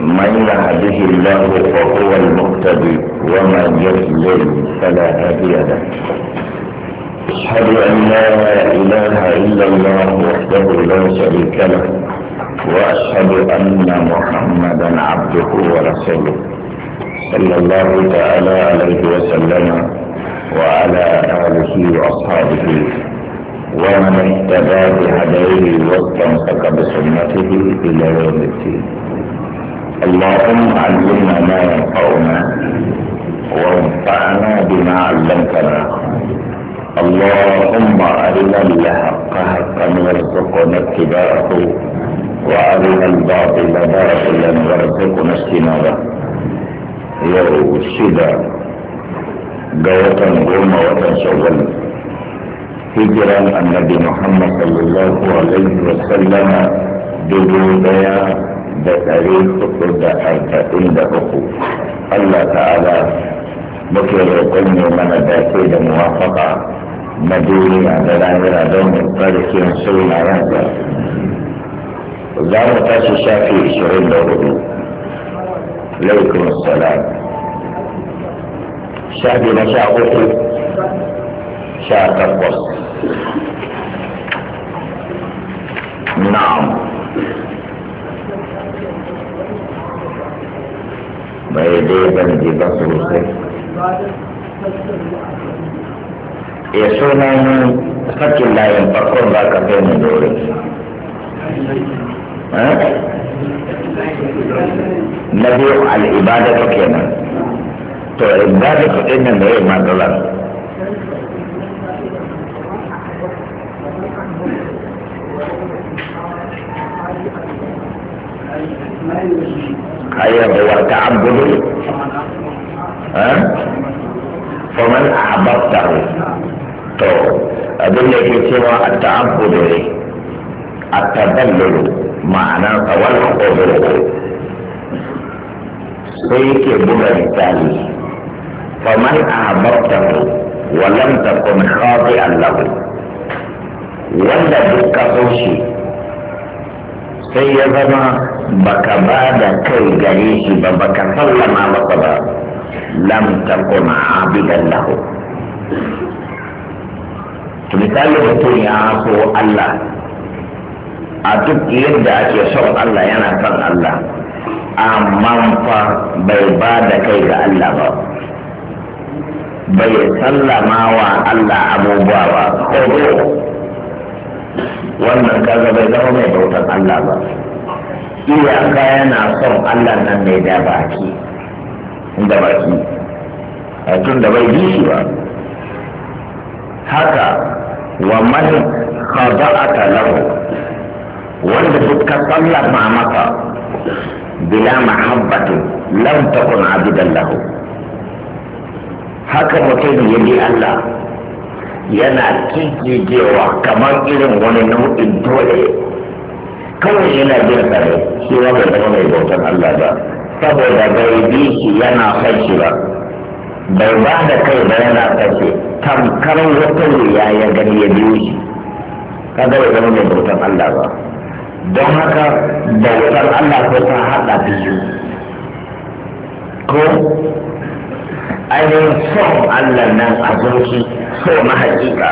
من يهده الله فهو المهتدي ومن يضلل فلا هادي له اشهد ان لا اله الا الله وحده لا شريك له واشهد ان محمدا عبده ورسوله صلى الله تعالى عليه وسلم وعلى اله واصحابه ومن اهتدى بهديه واستمسك بسنته الى يوم الدين اللهم علمنا ما ينفعنا وانفعنا بما علمتنا اللهم ارنا الحق حقا وارزقنا اتباعه وارنا الباطل باطلا وارزقنا اجتنابه يو شدا قوة غنى وتنشغل هجرا النبي محمد صلى الله عليه وسلم بدون بيان da ɗari uku da arba'in da uku Allah ta'ala muke roƙon ne mana dace da muwafaka na duniya da lahira don mu ƙarfin sunayensa za mu tashi shafi ishirin da hudu laikun salam shafi na sha uku sha takwas na'am bai dai ban ji ba sosai ya sunan sakin layin farkon ba ka kai mu dore na biyu al'ibada ta kenan to ibada ta ɗin nan da ya matsalar ايوه هو التعبد ها فمن احببته تو abin da ke cewa a ta'abbudu ne a taballulu ma'ana tsawon ƙoƙoro sai yake buga misali faman a habbabtahu walam takun khadi allahu wanda duk ka so shi sai ya zama baka ba da kai gare shi ba baka sallama masa ba lam takun abidan lahu to misali mutum ya so Allah a duk yadda ake son Allah yana son Allah amma fa bai ba da kai ga Allah ba bai sallama wa Allah abubuwa ba ko wannan kaga bai zama mai bautan Allah ba iyaka yana son Allah nan mai da baki da baki a tun da bai bishi shi ba haka wa man khada'aka lahu wanda suka sallama maka bila mahabbatin lam takun abidan lahu haka mutum ya Allah yana kikijewa kamar irin wani nau'in dole kawai yana jin tsare shi ba bai zama mai bautan Allah ba saboda bai bi shi yana fashi ba bai ba da kai ba yana fashi. tamkar wata wuya ya gani ya biyu shi kada bai zama mai bautan Allah ba don haka bautar Allah ko ta haɗa biyu ko ainihin son Allah nan a zuci so na hakika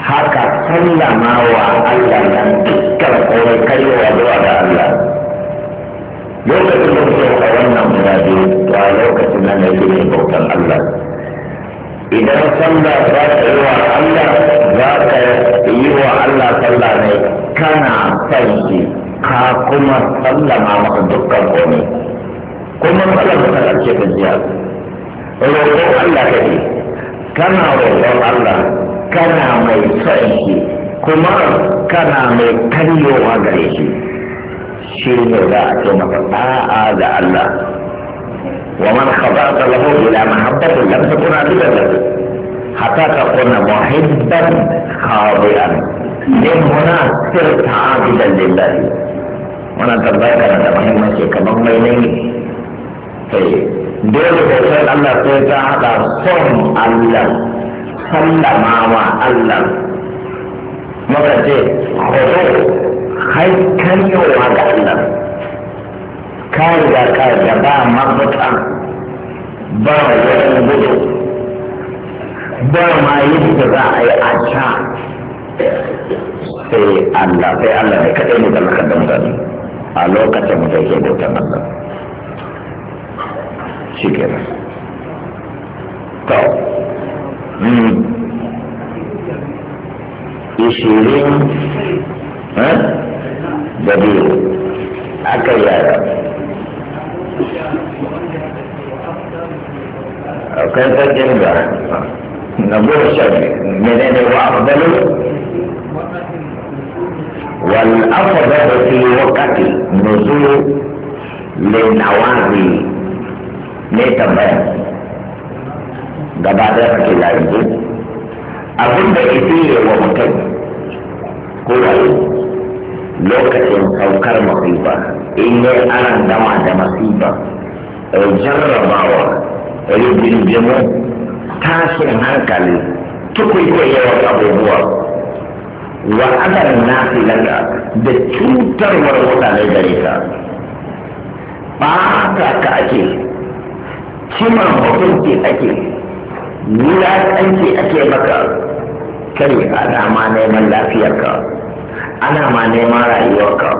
haka sallama wa Allah nan dukkan kowai kaiwa zuwa ga Allah lokacin da kuke a wannan guda biyu to a lokacin nan da yake bautan Allah idan sallah za ka yi wa Allah za ka yi wa Allah sallah ne kana son shi ka kuma sallama masa dukkan komai kuma matsalar da ake ce gajiya roƙon Allah ka ne kana roƙon Allah kana mai son shi kuma kana mai karyowa gare shi shi ne za a ce maka ba'a da Allah wa man khabata lahu ila mahabbatin lam takun adilan lahu hatta takuna muhibban khadi'an din huna sirta adilan lillahi wannan tambaya da muhimmanci kamar mai ne dole sai Allah sai ta hada son Allah sallamawa Allah maka ce hoto haikanyowa ga Allah ka riga ka da ba mabuta ba wani gudu ba ma da za a yi a sha sai Allah sai Allah ne kaɗai ne da maka dangane a lokacin da yake bautan Allah شكرا طب يشيرين ها دبير اكل كيف تجمع نقول شيء من ان افضل والافضل في وقت النزول للنوازل ne tambaya gaba ɗaya kake layi ko abin da ya fiye wa mutum ko wayo lokacin saukar masifa in yi aran dama da masifa jarrabawa rigingimu tashin hankali tukwaikwayewar abubuwa wa adar nasi laka da cutarwar mutane gare ka ba ka ake kiman hukunci ake wulaƙanci ake maka kai ana ma neman lafiyarka ana ma neman rayuwarka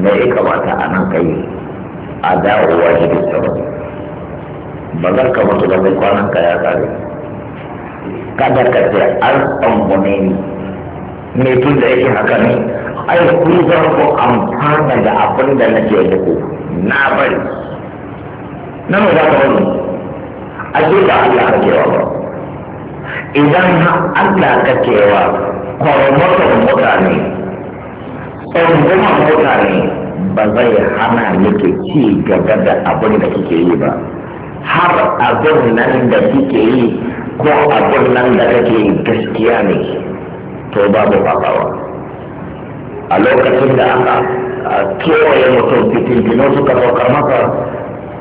me ya kamata a nan kai a dawowa jikin sauran ba zan ka mutu da mai kwanan ka ya tsare kada ka ce an tsambone ni me tun da yake haka ne ai kun za ku amfana da abin da nake muku na bari nan mai ka wani a ce da Allah ka kewa ba idan Allah ka kewa kwaromotar mutane tsangwamar mutane ba zai hana miki ci gaba da abin da kike yi ba har abin nan da kike yi ko abin nan da kake yi gaskiya ne to babu kawa, a lokacin da aka kewaye mutum fitintino suka saukar masa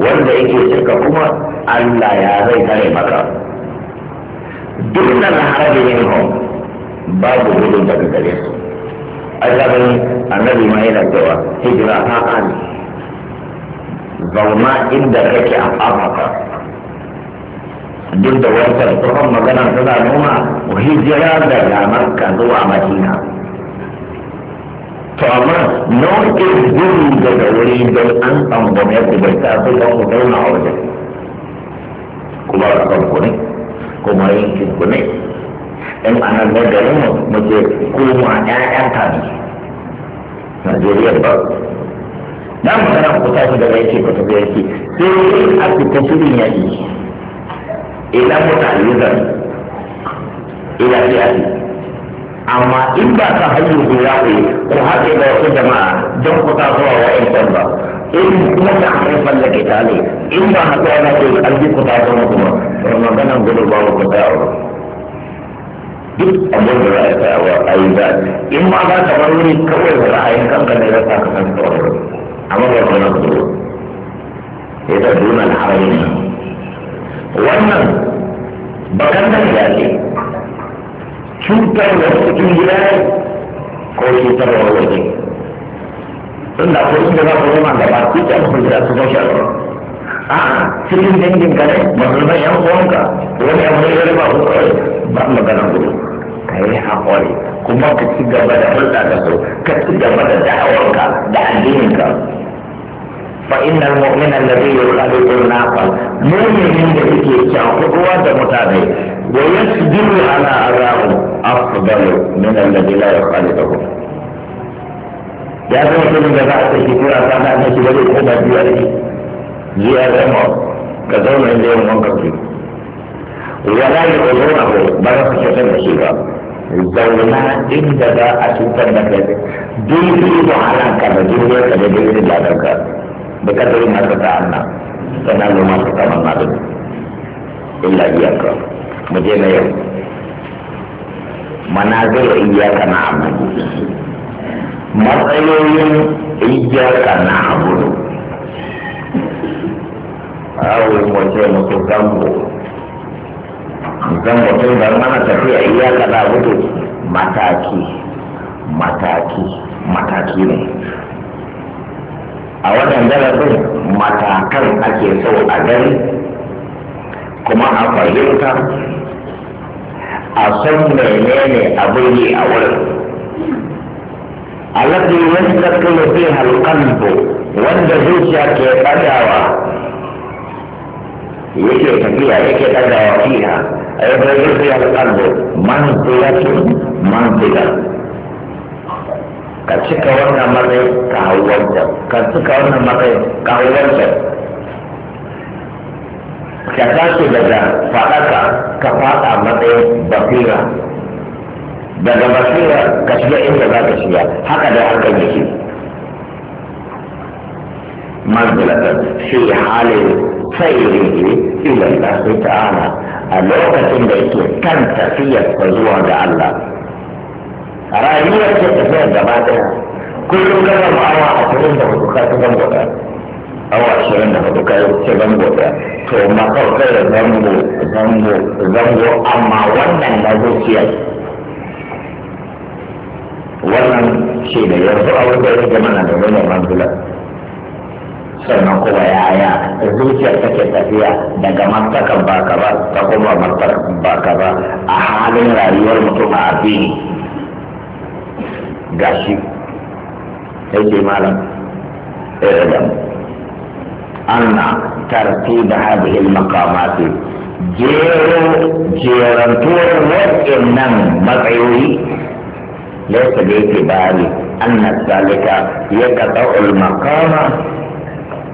wanda yake shirka kuma Allah ya zai tare maka dukkan harajin yin hau babu gudun daga gare su azabin annabi ma yana cewa hijira ta ƙari zauna inda kake a afaka duk da wancan tsohon magana suna nuna hijira da damar ka zuwa madina to amma ke gudu daga wuri don an tsangwame ku bai ta fi don mu zauna a wajen kuma a kan ku ne kuma yin ku ne in ana da garin mu muke kuma ƴaƴan ta ne Najeriya ba na mu kana ku tashi daga yake ku tafi yake sai a fita shirin yaƙi ila mutalizar ila fi'ati amma in ba ta hanyar goya ku ku haɗe da wasu jama'a don ku ta zuwa wa ƴan ba in kuma ta hanyar fallake ta ne in ba haɗuwa na ke alji ku ta zama kuma to maganan gudu ba ku ta aure duk abin da za a ta awa a yi za in ma za ka bar wuri kawai da ra'ayin kanka ne za ka san kawai amma ba ku na ku ya ta duna na haramin wannan bakan da ya ce cutar da cikin gida ko cutar da waje tun da kuma inda za ku zama da ba cutar da su zai shafi a cikin dangin ka ne musulman yan uwanka wani abu ne zai ba ku kawai ba magana gudu ka yi haƙuri kuma ka ci gaba da hulɗa da su ka ci gaba da da'awarka da addininka fa innal mu'mina alladhi yuqadu qurnaqan mu'minin da yake kyautu ruwa da mutane wa yasjudu ala arahu afdalu min alladhi la yuqadu qurnaqan ya zama kuma da za a sauki kura ta da ne shi bari kuma biyar a ciki zuwa zama ka zauna inda yawan wankan yi ko zauna ko ba za su kyautar da shi ba zauna inda za a cutar da kai duk duk a ranka da duniyar ka da duniyar da ranka da kadarin haka ta anna kana noma su ta na da illa iyaka mu je na yau manazir iyaka na abu matsayoyin iyaka na abu awon wace mutu zango zango tun da mana tafiya iyaka na abu mataki mataki mataki ne a wannan darasin matakan ake so a gani kuma a fahimta a san menene abin yi a wurin alladhi yastaqillu fiha al-qalb wanda zuciya ke tsagawa yake tafiya yake ɗagawa fiha ay bayyana al-qalb man tilatun man tilatun ka cika wannan matsayi ka hau wancan ka cika wannan matsayi ka hau wancan ka tashi daga faɗaka ka faɗa matsayin basira daga basira ka shiga inda za ka shiga haka da haka yake manzilatan fi halin sayrihi ila Allah ta'ala a lokacin da yake kan tafiyar zuwa ga Allah rayuwar ce tafiyar gaba daya kullum kana a cikin da hudu ka zan gwada awa ashirin da hudu ka ce zan gwada to kawai da zango zango zango amma wannan na zuciya wannan shi ne yanzu a wanda ya zama na domin ya manzula sannan kuma yaya zuciyar take tafiya daga martakan ba ka ba ta kuma martakan ba ka ba a halin rayuwar mutum a abin gashi yake malam ilam anna tartib hadhihi al-maqamat jero jerantuwar waɗannan matsayoyi laysa da yake bari anna zalika yaqta'u al-maqama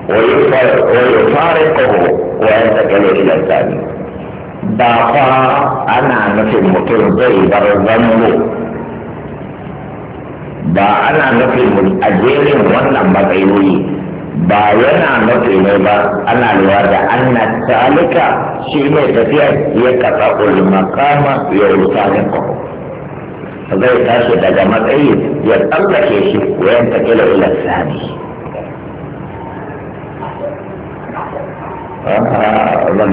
wa yufariquhu wa yantaqilu ila al-thani ba fa ana nufin mutum zai bar zango ba ana nufin a jerin wannan matsayoyi ba yana nufi ne ba ana lura da anna talika shi ne tafiya ya kasa ulmakama ya rusa ne ko zai tashi daga matsayi ya tsallake shi wayan ta kila ila sani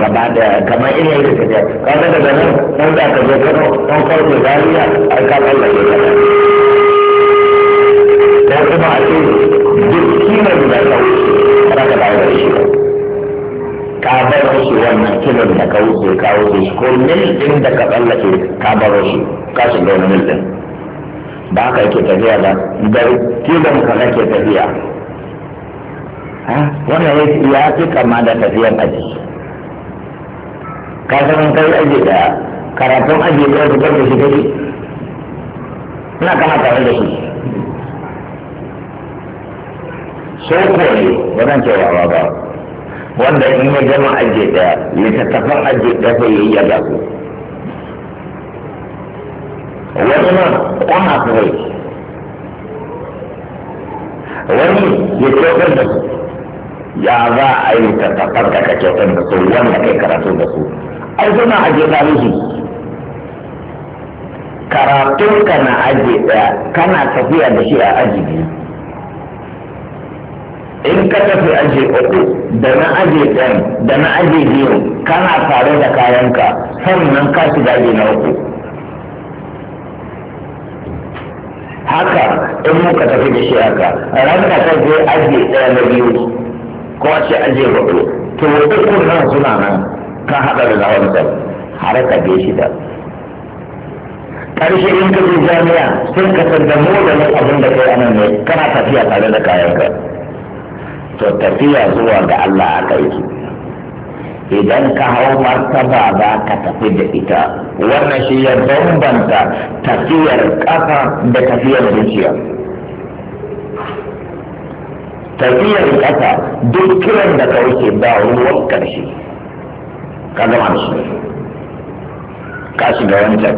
gaba da kamar ina yi tafiya kada daga nan sun da ka je kano sun farko zariya ai ka tsallake ka ko kuma a ce duk kimar da ka wuce kada ka dawo da shi ka bar shi wannan kimar da ka wuce ka wuce shi ko mil din da ka tsallake ka bar shi ka shiga wani mil din ba ka yake tafiya ba da kimar ka kake tafiya wannan ya fi kama da tafiyar aji ka san kai aji da karatun aji ɗaya da shi kake ina kama tare da shi sai ba zan cewa ba wanda in ya gama ajiye ɗaya littattafan ajiye ɗaya ko yayi ya gasu wani ma kwana kawai wani ya kyautar da su ya za a yi littattafan da ka kyautar da su wanda kai karatu da su ai suna ajiye ɗaya musu karatun kana ajiye ɗaya kana tafiya da shi a aji biyu in ka tafi aje uku da na aje ɗan da na aje biyu kana tare da kayanka sannan ka shiga aje na uku haka in muka tafi da shi haka ranka ta je aje ɗaya na biyu ko a ce aje hudu to uku nan suna nan ka haɗa da na wancan har ka je shida karshe in ka je jami'a sun kasance da mu da abin da kai anan ne kana tafiya tare da kayanka to tafiya zuwa ga Allah aka yi idan ka hau martaba za ka tafi da ita wannan shi ya bambanta tafiyar ƙasa da tafiyar zuciya tafiyar ƙasa duk kiran da ka wuce ba ruwan ƙarshe ka zama da shi ka shiga wancan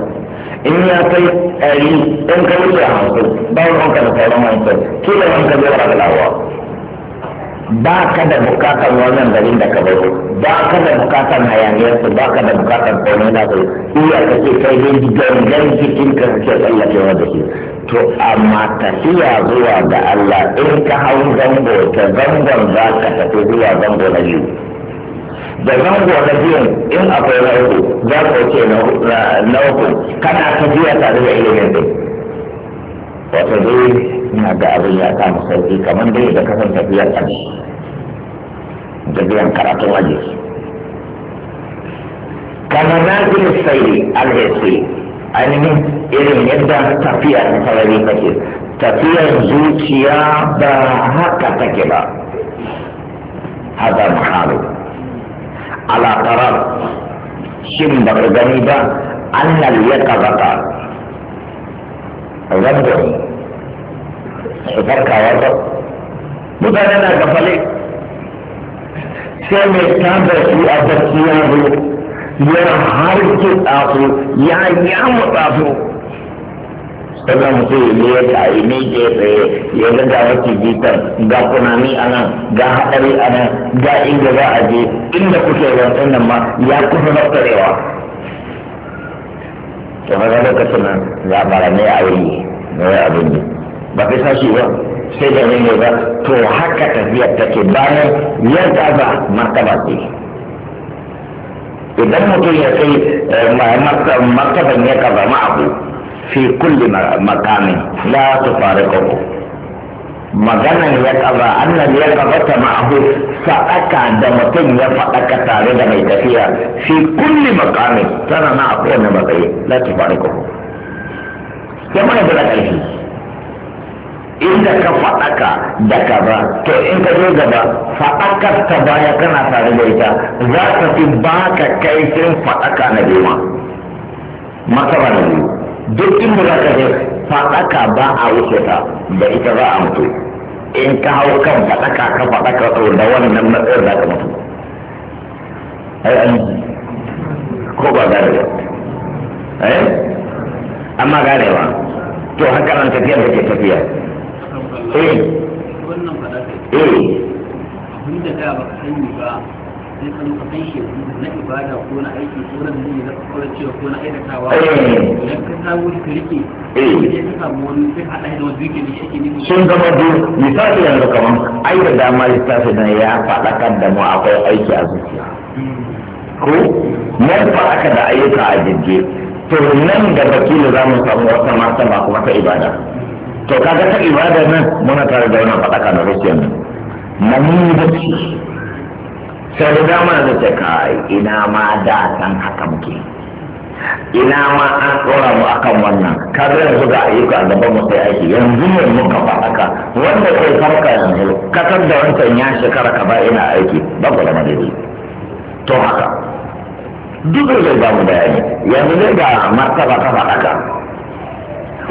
in ya kai ɗari in ka wuce a hankali ba ruwan ka da sauran wancan kila wanka zai wa ba ka da bukatar wannan garin da ka bai ba ka da bukatar hayaniyarsu ba ka da bukatar kone na su iya ka ce kai dai gidan cikin ka kake tsallakewa da shi to amma tafiya zuwa ga Allah in ka hau zango ta zangon za ka tafi zuwa zango na biyu da zango na biyan in akwai na uku za ka ce na uku kana biya tare da ilimin dai wato dai suna ga abin ya kama sauki kamar dai da kasan tafiyar ƙarshe tafiyan karatun waje kamar na gina sai alhessi ainihin irin yadda tafiya na sarari kake. tafiyar zuciya ba haka take ba haza muhalu ala tarar shin ba ka gani ba annal ya kabata su ba mutane na gafale sai mai su a barci ya zo ya harke tsaso ya yamu daga mutum ya ya tayi ne ke tsaye ya ga ga wacce ga kunami a nan ga haɗari a nan ga inda za a je inda kuke wancan nan ma lokacin nan za a ne a wuri ne abin yi ba ka sashi ba sai da rage ba to haka tafiyar take bayan ya gaba martaba ce idan mutum ya kai martaban ya gaba ma abu fi kulli makami la ta fara kawo maganan ya kaba annan ya kaba ta ma'ahu sa'aka da mutum ya faɗaka tare da mai tafiya fi kulli makami tana na a kowane matsayi la ta fara kawo ya mana da ƙarfi inda ka faɗaka da kaza to in ka zo gaba faɗakar ta baya kana tare da ita za ka fi ba ka kai kaifin faɗaka na biyu masaba na biyu duk inda za ka je faɗaka ba a wuce ta da ita za a mutu in ka hau kan faɗaka ka faɗaka to da wannan matsayar za ka mutu ai an ko ba gare ba eh? amma garewa to haka nan tafiyar da ke tafiya eh wannan sun zama biyu misali yanzu kaman ai da dama lissafi na ya faɗakar da mu akwai aiki a zuciya ko nan fa da ayyuka a jirgi to nan da bakila za mu samu wata martaba kuma ta ibada to kaga ta ibada nan muna tare da wannan fadaka na rashin nan mun yi bacci sai da dama da ta kai ina ma da san haka muke ina ma an tsora mu akan wannan kaga yanzu ga ayyuka gaban mu sai aiki yanzu ne muka fadaka wanda kai farka yanzu kasar da wancan ya shekara ka ba ina aiki ba ku da madadi to haka duk zai ba mu bayani yanzu zai ga martaba ta fadaka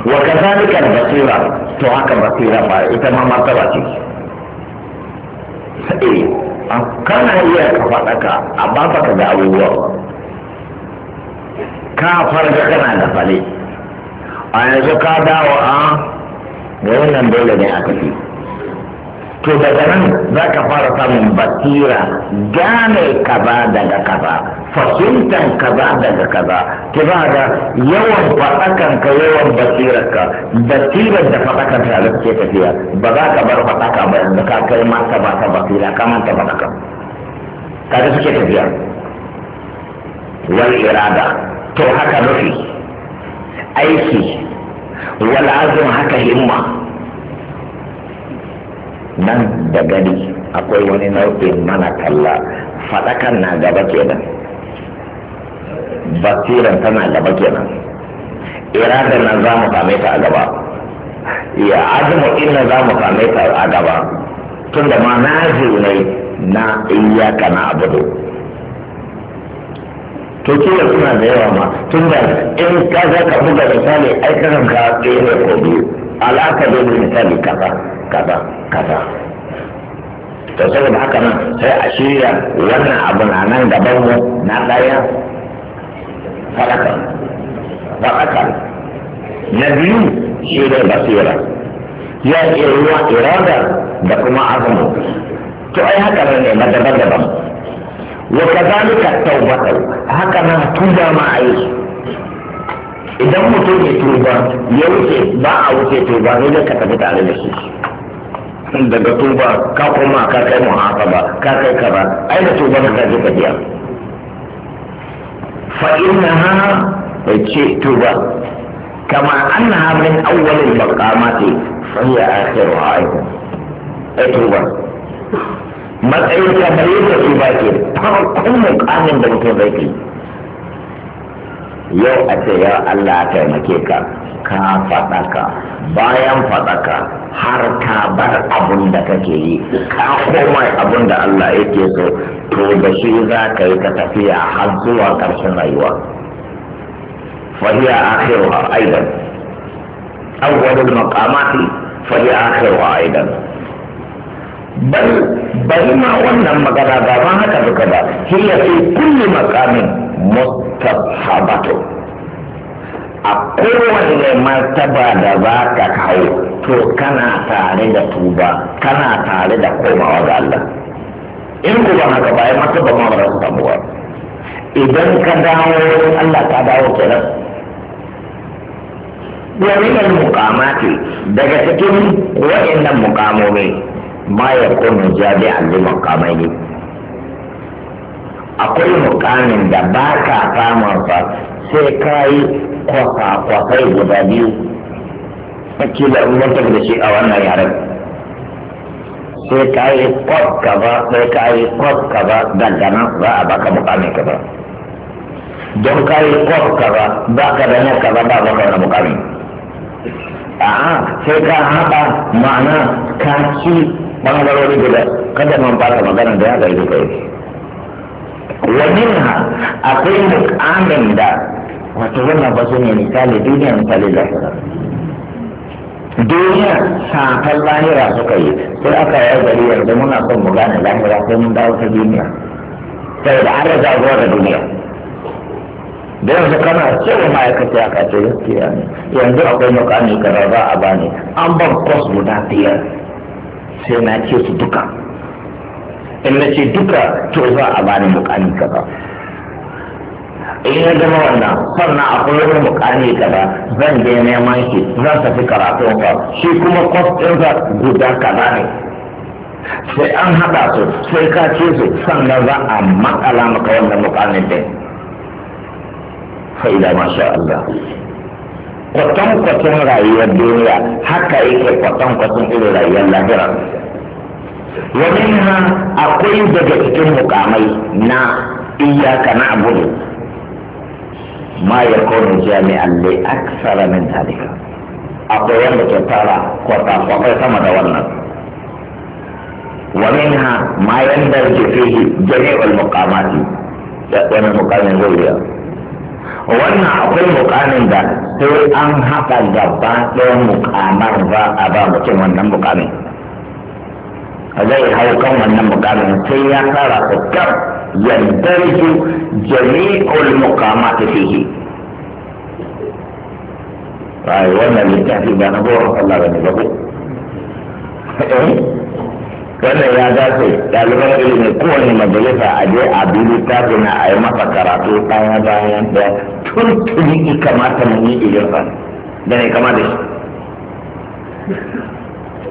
wa kazalika basira to haka basira ba ita ma martaba ce sai kana iya ka faɗaka amma ba ka da abubuwa ka farga kana da fale a yanzu ka dawo a ga wannan dole ne a fi. to daga nan za ka fara samun basira gane kaza daga kaza fahimtar kaza daga kaza ki ba ga yawan fadakanka yawan basirarka basirar da faɗakanka a ke tafiya ba za ka bar fadaka ba yanzu ka kai masa ba ka basira ka manta ka da suke tafiya wal irada to haka nufi aiki wal azum haka himma nan da gani akwai wani nau'in mana kalla faɗakan na gaba kenan basiran tana gaba kenan iradar nan za mu same ta a gaba ya azumu inna za mu same ta a gaba tun da ma na ne na iyaka na abudu to kila suna da yawa ma tun da in ka za ka buga misali ai kakan ka ɗaya ne ko biyu al'aka da misali kaza kaza kaza to saboda haka nan sai a shirya wannan abu na nan gaban mu na ɗaya faɗaka faɗaka na biyu shi ne basira ya iya ruwa irada da kuma azumu to ai haka ne na daban-daban wa kazalika tawbatu haka nan tuba ma a idan mutum ya tuba ya wuce ba a wuce tuba sai da ka tafi tare da shi daga tuba ka kuma ka kai mu ba ka kai ba ai da tuba ka je ka biya fa innaha ce tuba kama annaha min awwalil maqamati fa ya akhiru ai tuba matsayin kamar yadda su ba ke farkon mukamin da mutum zai kai yau a ce ya Allah ya taimake ka ka faɗaka bayan faɗaka har ka bar abun da kake yi ka koma abun da Allah yake so to da shi za ka yi ta tafiya har zuwa ƙarshen rayuwa fahiya akhiruha aidan awwalul maqamati fahiya akhiruha aidan bari bari ma wannan magana ba ma haka suka ba hiya fi kulli maqamin mustahabatu a kowane martaba da za ka kawo to kana tare da tuba kana tare da komawa ga Allah in ku ba haka ba ai martaba ma ba za samu ba idan ka dawo Allah ka dawo kenan wa ne mukamati daga cikin wa'annan mukamomi ma ya kunu jami'an liman kamai akwai mukamin da ba ka samun sa sai ka yi kwasa-kwasai guda biyu kila mutum da shi a wannan yaren sai ka yi kwafka ba sai ka yi kwafka ba dangana za a baka mukamin ka ba don ka yi kwafka ba ba ka da nan ka ba ba baka wani mukamin a'a sai ka haɗa ma'ana ka ci bangarori guda kada man fara magana da ya gari duka yake waminha akwai mukamin da wato wannan ba su ne misali duniya misali lahira duniya safar lahira suka yi sai aka yi gari yanzu muna son mu gane lahira sai mun dawo ta duniya sai da an raja zuwa da duniya da yanzu kana cewa ma'aikaci a kace gaskiya ne yanzu akwai mukami kaza za a bani an ban kwas guda biyar sai na ce su duka in na ce duka to za a bani mukami kaza in ya gama wannan sannan a wani mukami kaza zan je neman shi zan tafi karatu ba shi kuma kwas ɗinsa guda kaza ne sai an haɗa su sai ka ce su sannan za a matsala maka wannan mukamin din fa'ida masha Allah Kwatan kwatankwacin rayuwar duniya haka yake kwatankwacin irin rayuwar lahira wa minha akwai daga cikin mukamai na iyaka na abudu ma ya kone jami'an lai aksara min talika akwai wanda ke tara kwata kwakwai sama da wannan wa minha ma yanda ke fihi jami'ul mukamati da wani mukamin zuriya wannan akwai mukamin da sai an haka gaba ɗaya mukamar ba a ba mutum wannan mukamin zai hau kan wannan mukamin sai ya tsara su gab yardarju jami'ul ta fihi ai wannan littafi ba na goron Allah da nufafi eh? wannan ya dace ɗaliban ilimin kowane majalisa a je a bi littafi na a yi masa karatu ɗaya bayan ɗaya tuntuni ya kamata mu yi irin ba da ne kama da shi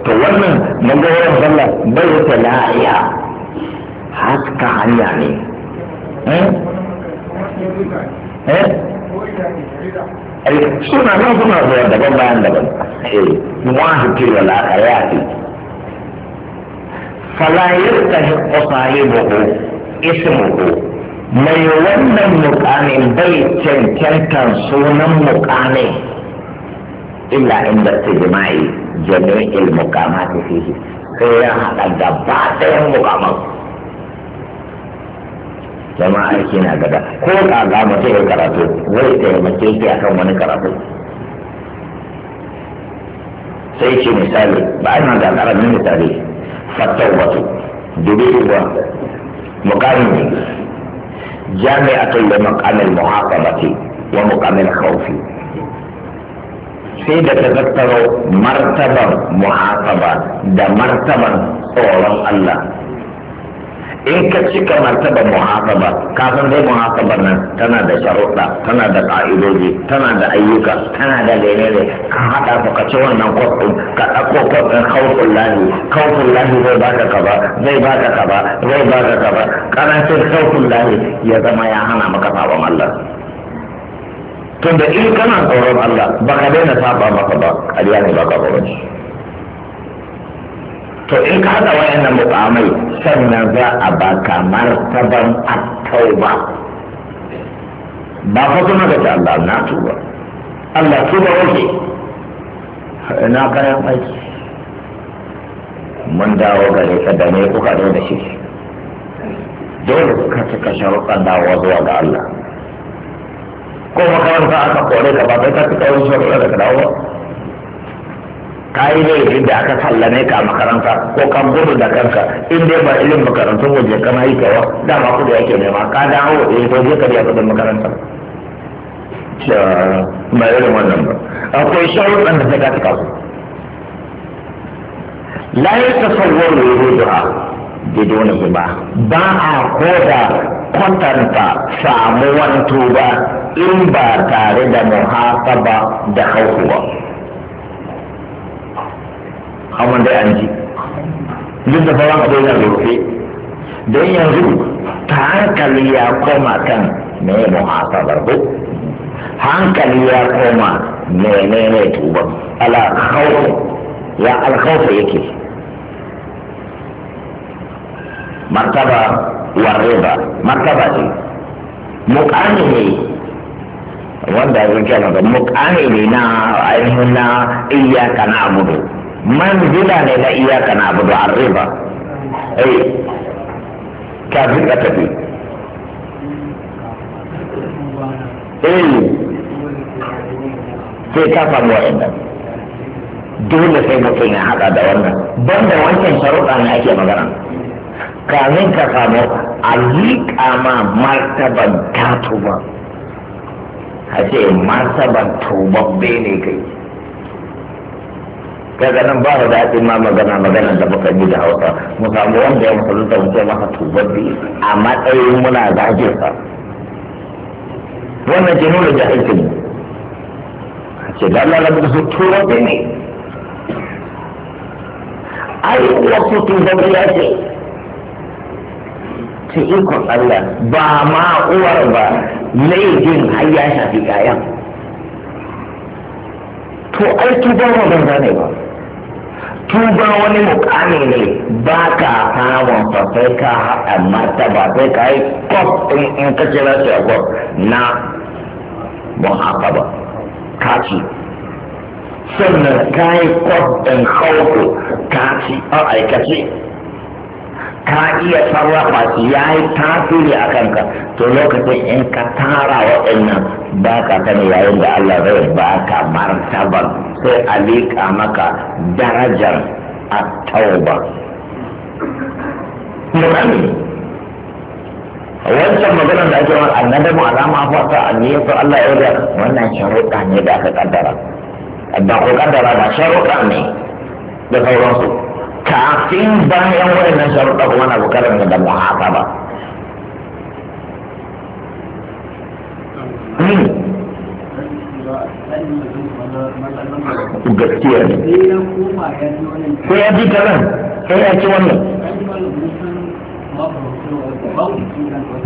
to wannan magawarar sallah bai wata la'iya haska hanya ne suna nan suna zuwa daban bayan daban eh muwahiki wa la'ayati fala yastahi sahibuhu ismuhu mai wannan mukamin bai cancantar sunan mukamin illa inda su jima'i tijma'i jami'il mukamati fihi sai ya haɗa gaba ɗayan mukaman jama'a aiki na gaba ko kaga mutum ya karatu wai taimake shi akan wani karatu sai ce misali ba ina da ƙaramin misali fatawatu dubi duba mukamin ne جامعة لمقام المحاطبة ومقام الخوف sai da ta tattaro martaban muhasaba da martaban tsoron Allah in ka ci ka martaba muhasaba ka san dai muhasabar nan tana da sharuɗa tana da ƙa'idoji tana da ayyuka tana da menene ka haɗa ka ci wannan kwafin ka ɗauko kwafin kawfin lahi kawfin lahi zai baka kaba, zai baka kaba, zai baka kaba, karancin kawfin lahi ya zama ya hana maka sabon Allah tunda in kana tsoron Allah baka daina saba maka ba ƙarya ne baka ba wani to in ka haɗa wa'annan muƙamai sannan za a baka martaban at-tauba ba fa kuma ga Allah na tuba Allah tuba wake na kayan aiki mun dawo gare ka da ne kuka da shi dole ka cika sharuɗan dawo zuwa ga Allah ko makaranta aka kore ka ba kai ka cika wani sharuɗa daga ba? ka yi da aka sallame ka a makaranta ko ka gudu da kanka in dai ba ilin makarantun waje kana yi kawa da ma kudu yake nema ka da hawa eh, da yanzu zai karya kudin makaranta ba irin wannan ba akwai sharuɗan da ta gata kasu ba a koda kwatanta tuba in ba tare da muhasaba da hauhuwa. ba amma dai an ji duk da fara abu yana rufe don yanzu ta hankali ya koma kan me muhasabar ko hankali ya koma menene tuban ala khawf ya al yake martaba ba martaba ce muƙani ne wanda ya kyanar da muƙani ne na ainihin na iyaka na abudu manzila ne na iyaka na abu da arriba ai eh, kafin ka tafi ai eh, sai ka samu wa'annan dole sai mutum ya haɗa da wannan ban da wancan sharuɗa ne ake magana kamin ka samu a liƙa ma martaban tatuba a ce martaban tubabbe ne kai daga nan ba da daɗi ma magana magana da muka yi da hausa mu samu wanda ya musulunta mu ce masa tubabbi a matsayin muna zagin sa wannan ke nuna jahilcin mu ce da Allah rabu su tubabbi ne ai wasu tubabbi ya ce ce ikon Allah ba ma uwar ba laifin har ya shafi kayan to aiki ba mu banza ne ba tuba wani mukami ne ba ka samun sa sai ka haɗa mata ba sai ka yi kwaf in ka kira shi kwaf na bon haka ba kaci sannan ka yi kwaf ɗin hauku kaci a aikace ka iya sarrafa shi ya yi tasiri a kanka to lokacin in ka tara waɗannan ba ka sani yayin da Allah zai ba ka martabar sai a liƙa maka darajar a tauba wancan maganar da ake wani annada mu alama fata a to Allah ya yi wannan sharuɗa ne da aka kaddara da ko kaddara ba sharuɗa ne da sauransu kafin bayan wannan sharuɗa kuma na bukatar da muhasaba hmm. gaskiya ne sai ya ji kalan sai ya ci wannan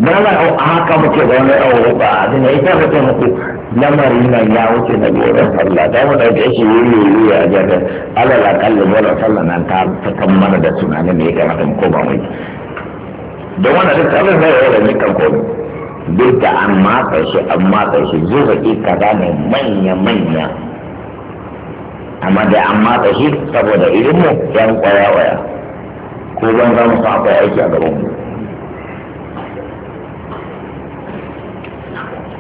dala a haka muke da wani awo ba a dina ita mutum muku lamarin nan ya wuce da goron sallah da mu da yake yi yi a jada alal akalli goron sallah nan ta fitan mana da tunanin ne ga mutum ko ba mai don wannan duk abin da ya rage kan komai duk da an matsa shi an matsa shi zuzaki kaza ne manya-manya amma da an matsa shi saboda ilimin yan kwaya-kwaya ko ban za mu sa akwai aiki a gaban mu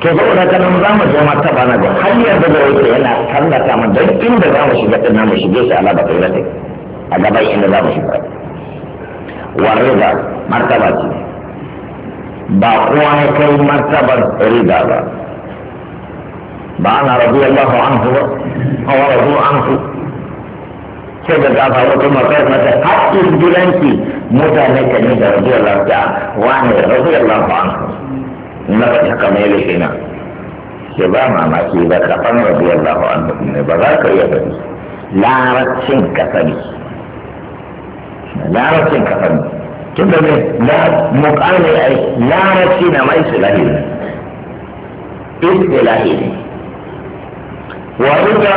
to saboda haka nan za mu zo martaba na da har yanzu da yake yana tallata mu don inda za mu shiga din mu shige shi ala basira ba a gaban inda za mu shiga warriba martaba ce ba kowa ya kai martabar riba ba ba ana rabu Allah anhu ba hawa rabu anhu Ke da gafa wata matar ta haƙƙin gidanki mutane kan yi da rabu Allah ta wani rabu Allah anhu nafi haka mai laifina ke ba mamaki ba kafan radiyallahu anhu ne ba za ka iya bari larabcin ka sani larabcin ka sani tun da ne muƙami ai larabci na mai silahi ne istilahi ne wa ruga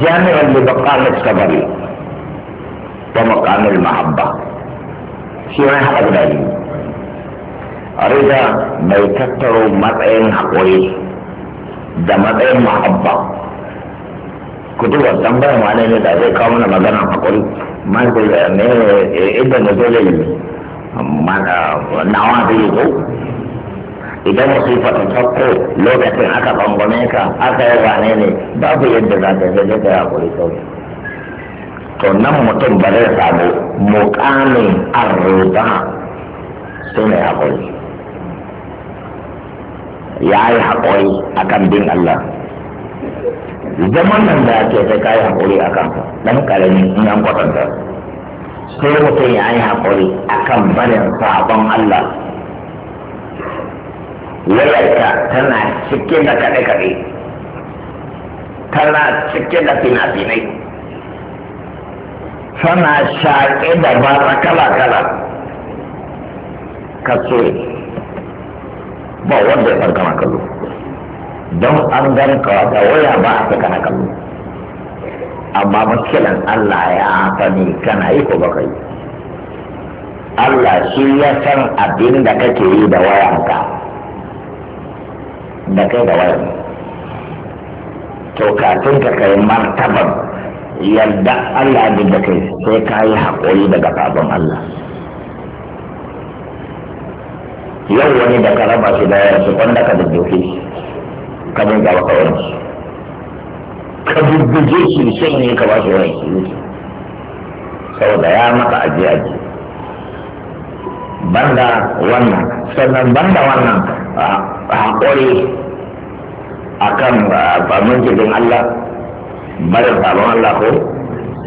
jami'an li baqalat sabari wa maqamil mahabba shi wani haɗa guda biyu riga mai tattaro matsayin haƙuri da matsayin mahabba ku duba bayan wani ne da zai kawo mana magana haƙuri ne eh, eh, inda na zo zai eh, nawa yi zo idan musifa fata tafko lokacin aka bangome ka aka yi rane ne babu yadda za ta zai da haƙuri kawai to nan mutum ba zai samu muƙamin arzuta sai mai haƙuri ya yi haƙuri a kan bin Allah zaman nan da ake sai ka yi haƙuri a kan ɗan ƙarami in an kwatanta sai mutum ya yi haƙuri a kan barin sabon Allah wayarka tana cike da kaɗe-kaɗe tana cike da fina-finai tana shaƙe da ba kala-kala ka tsoro ba wanda ya farka na kallo don an gani kawai da waya ba a saka na kallo amma makilan Allah ya fani kana yi ko baka yi Allah shi ya san abin da kake yi da wayanka da kai da wayan to kafin ka kai martaban yadda Allah da kai sai ka yi haƙuri daga baban Allah yau wani da ka raba shi da yawan su wanda ka dudduke shi ka bin gaba ka wani ka dudduke shi sai ne ka ba shi wani shi saboda ya maka ajiye ajiye banda wannan sannan banda wannan haƙuri a kan famin jirgin Allah barin sabon Allah ko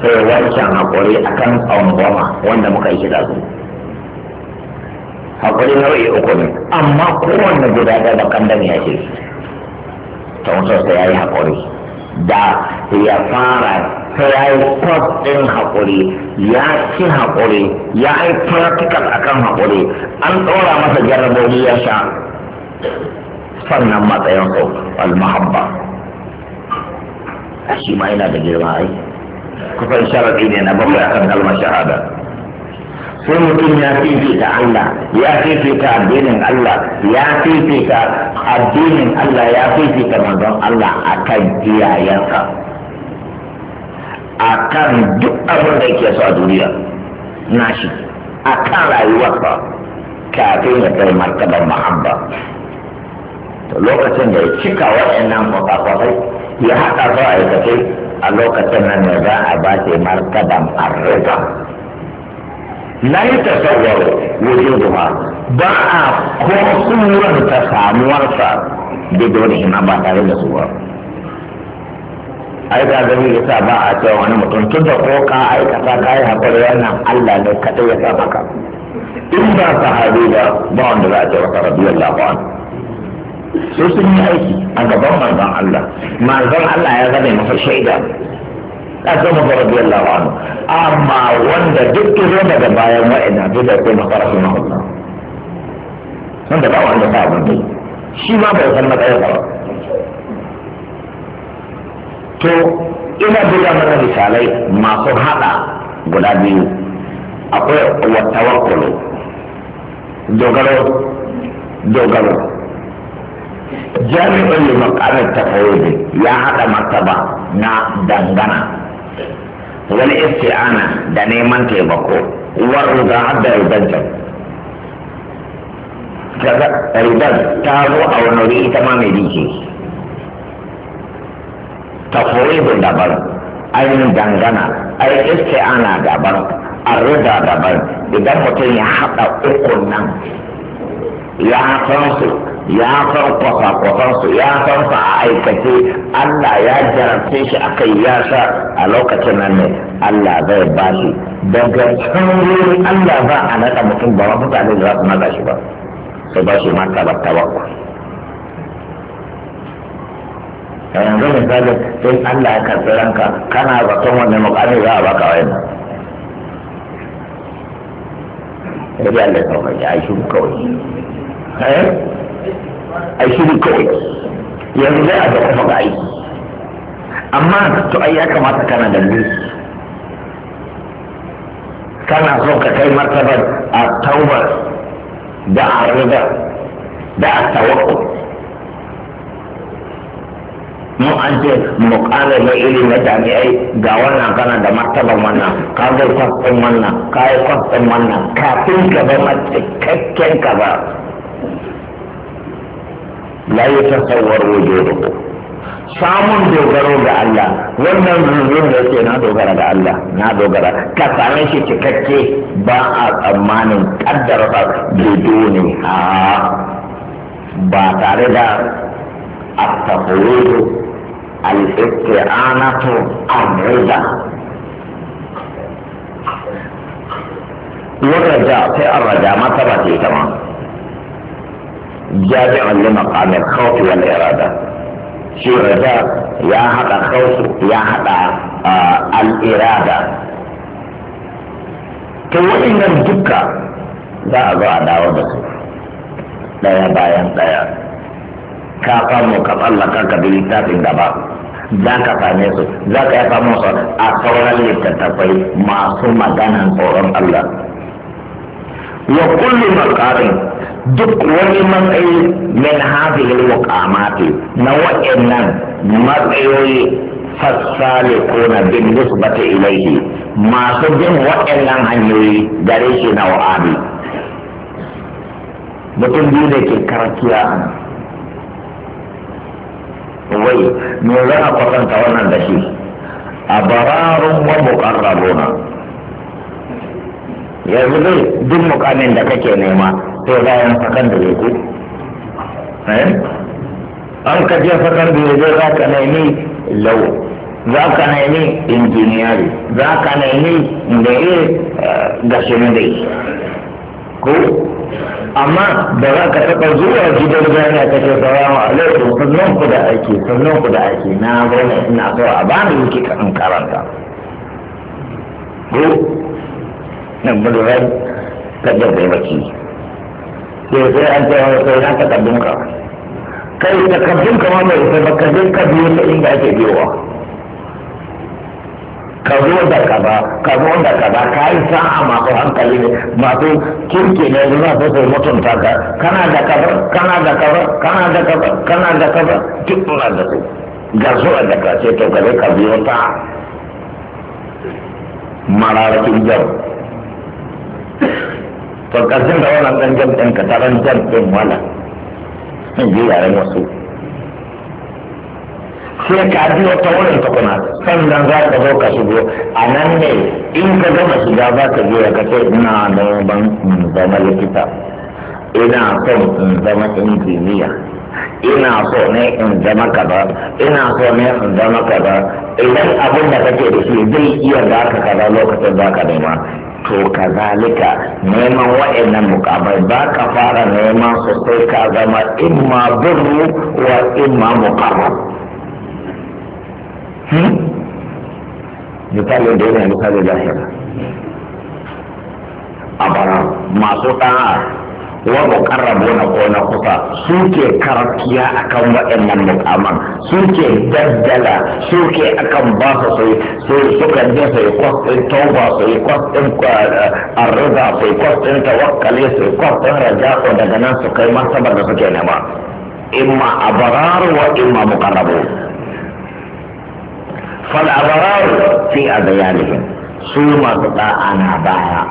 sai wancan haƙuri a kan tsawon goma wanda muka yi shi da su hakuri nau'i uku ne amma kowanne guda ɗaya bakan da ya ce ta wasu ya yi hakuri da ya fara sai ya yi kwas ɗin haƙuri ya ci haƙuri ya yi practical a kan haƙuri an ɗora masa jarrabobi ya sha sannan matsayin ko almahabba shi ma yana da girma ai kusan sharaɗi ne na bakwai akan kalmar shahada sai mutum ya fifita Allah ya fifita addinin Allah ya fifita addinin Allah ya fifita manzon Allah a akan iyayensa kan duk abin da yake so a duniya nashi kan rayuwarsa kafin ya kai martabar mahabba lokacin da ya cika waɗannan kwakwakwai ya haɗa zuwa aikace a lokacin nan ne za a ba shi martaban arriba la yi wajen wujuduha ba a ko surar ta samuwarsa da dole hima ba tare da su ba ai ga gani sa ba a cewa wani mutum tun da ko ka aikata ka yi haƙuri wannan Allah ne kaɗai ya sa maka in ba haɗu ba ba wanda za a ce maka radiyallahu anhu sai sun yi aiki a gaban manzon Allah manzon Allah ya zama masa shaida kasan mafi rabi Allah wa anu amma wanda duk ke zo daga bayan wa'ina duk da kuma fara suna hulɗa wanda ba wanda ta abin dai shi ma bai san na matsayin ba to ina buga mana misalai masu haɗa guda biyu akwai wakulu dogaro dogaro jami'in liman ƙarar tafayyaji ya haɗa martaba na dangana wani isti'ana da neman taimako warda da ribantar ribar ta zo a wani wuri ita ma mai biki tafuribin daban ainihin dangana a ai isti'ana daban arida daban idan mutum ya haɗa ukun nan ya san su ya san kwasa su ya san su a aikace Allah ya jarabce shi a kai ya sa a lokacin nan ne Allah zai ba shi daga can wurin Allah za a naɗa mutum ba wa mutane da za su naɗa shi ba sai ba shi mata ba ta ba a yanzu misali in Allah ya karɓi ranka kana zaton wani mukami za a baka wayan sai Allah ya sauka ya shi kawai Eh? a shiru kawai yanzu zai a da kuma ga aiki amma to ai ya kamata kana da lissi kana so ka kai martabar a tauba da a rida da a tawakku mu an ce mukalar na iri na jami'ai ga wannan kana da martabar wannan ka zai kwastin wannan ka yi kwastin wannan kafin ka mace cikakken ka ba la ya tasawwar wujudukum samun dogaro ga Allah wannan zunzun da yake na dogara ga Allah na dogara ka same shi cikakke ba a tsammanin kaddar ba bido ne ha ba tare da at al-isti'anatu ar-rida wanda ja sai ar-raja ma ce ta ma jami an lima kamin kawai wani irada shi ya haɗa kawai ya hada al irada ta wani nan duka za a zo a dawo da su daya bayan daya ka kamo ka ka biyu ta fi gaba za ka same su za ka yi a sauran littattafai masu maganin tsoron allah wa kullu maqarin duk wani matsayi min hadhihi alwaqamati na wa'annan matsayoyi fasale na bin nisbata ilaihi masu bin wa'annan hanyoyi gare shi na wa'abi mutum biyu da ke karatiya wai me za a kwatanta wannan da shi a bararun wa muqarrabuna yanzu dai duk mukamin da kake nema sai bayan sakandare ku eh? an ka je da yake za ka nemi lau za ka nemi injiniyari za ka nemi da ya eh, gashin dai ko amma da za ka taɓa zuwa gidan jami'a ka ce salamu alaikum sannan ku da aiki sannan ku da aiki na gwamnati ina so a bani yake kan karanta ko nan budurai kajar da baki K'e sai an ce wani sai na takardun ka kai takardun ka kama mai sai baka je ka biyo ta inda ake biyowa ka zo da ba, ka zo da ba, ka yi sa'a masu hankali ne masu kirki ne zuwa su su mutunta ka kana da ba, kana da ba, kana da ba, kana da ba, duk muna da su ga zuwa da ka ce to gare ka biyo ta mararakin jaru to da wannan dan jam ɗin ka taron jam ɗin wala in ji yaren wasu sai ka biyo ta wurin tukuna sannan za ka zo ka shigo a nan ne in ka gama shiga za ka je ka ce ina neman in zama likita ina son in zama injiniya ina so ne in zama kaza ina so ne in zama kaza idan abin da kake da shi zai iya za ka kaza lokacin za ka nema to kazalika neman wa'annan mukamai ba ka fara neman su sai ka zama imma birru wa imma mukamai hmm? misali da yana misali lahira a bara masu ɗa'a wa muqarrabuna ko na kusa suke karatiya akan wa'annan mukaman suke daddala suke akan ba su sai sai suka je sai kwas ɗin tauba sai kwas ɗin eh, arza sai kwas ɗin tawakkali sai kwas raja ko daga nan su kai martabar da suke nema imma abrar wa imma muqarrabu fal abrar fi adyanihim su masu da'a na baya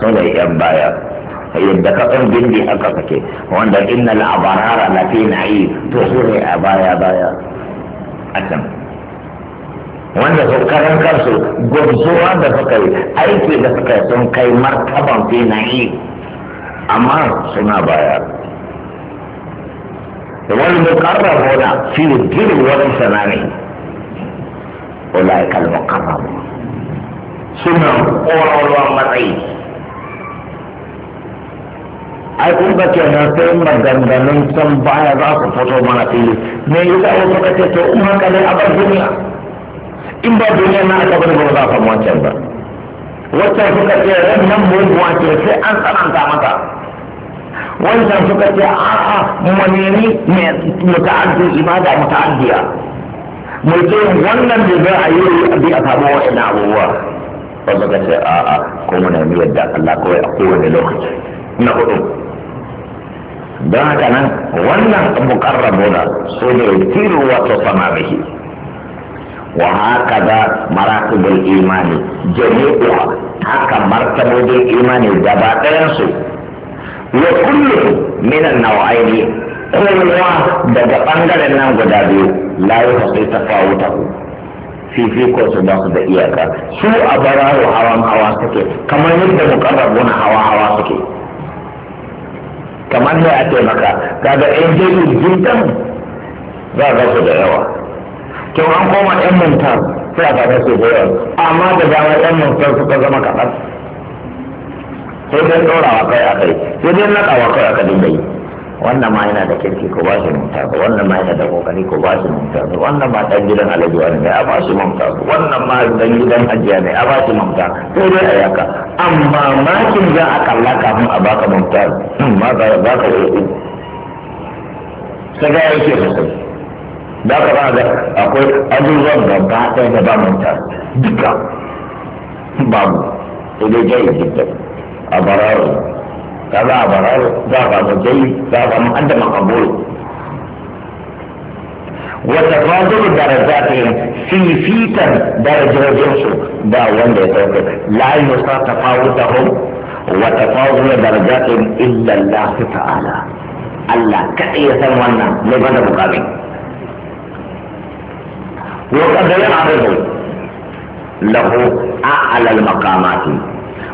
sun ne baya yadda ka ɗan bindi aka kake wanda inna al'abarara la fi na'i to su ne a baya baya a can wanda su karan kansu gwamzowa da suka yi aiki da suka yi sun kai martaban fi na'i amma suna baya wani mukarrabuna fi jirin wani sanani ulaika al-muqarrabun suna ƙwararwa matsayi ai kun ba kenan sai maganganun san baya za su fito mana fili me yasa wasu ce to in haka ne a bar duniya in ba duniya na aka bari ba za a samu wancan ba wancan suka ce ran nan muguwa ce sai an tsananta mata wancan suka ce a'a manini ne muta'addi ibada muta'addiya mu ce wannan da za a yi bi a samu wa'ina abubuwa wasu ka ce a'a ko mu nemi yadda Allah kawai a kowane lokaci na hudu don haka nan wannan rabona su ne tiru wato sama shi. wa haka za maratibul imani jami'u haka martabobin imani gaba ɗayansu wa kullum minan nau'aini kowa daga ɓangaren nan guda biyu fawo ta ku fifi ko su ba su da iyaka su a barawo hawan hawa suke kamar yadda muqarrabuna hawa hawa suke kamar ne a taimaka kaga yan jeji jirgin za a su da yawa to an koma yan manta sai a same su da amma da dama yan mantar suka zama kaɗan sai dai wa kai a kai sai dai naɗawa kai a kadin bai wannan ma yana da kirki ko ba su mumta ba wannan ma yana da kokari ko ba su mumta ba wannan ma dan gidan alajuwa ne a ba su mumta ba wannan ma dan gidan ajiya ne a ba su mumta ko dai a yaka amma makin za a kalla kafin a baka mumta hmm, ma ba za ka yi sai ga yake sosai da ka ba da akwai da ba ta da ba mumta duka babu sai dai jayi jidda a barawa كذا ضرر ضاق زي ضاق أنت مقبول وتفاضل درجاتهم في فيتا درجة جنسو دا وندي توقف لا يصاب تفاوتهم وتفاضل درجاتهم إلا الله تعالى الله كأي ثمنا لبدا مقابل وقد يعرض له أعلى المقامات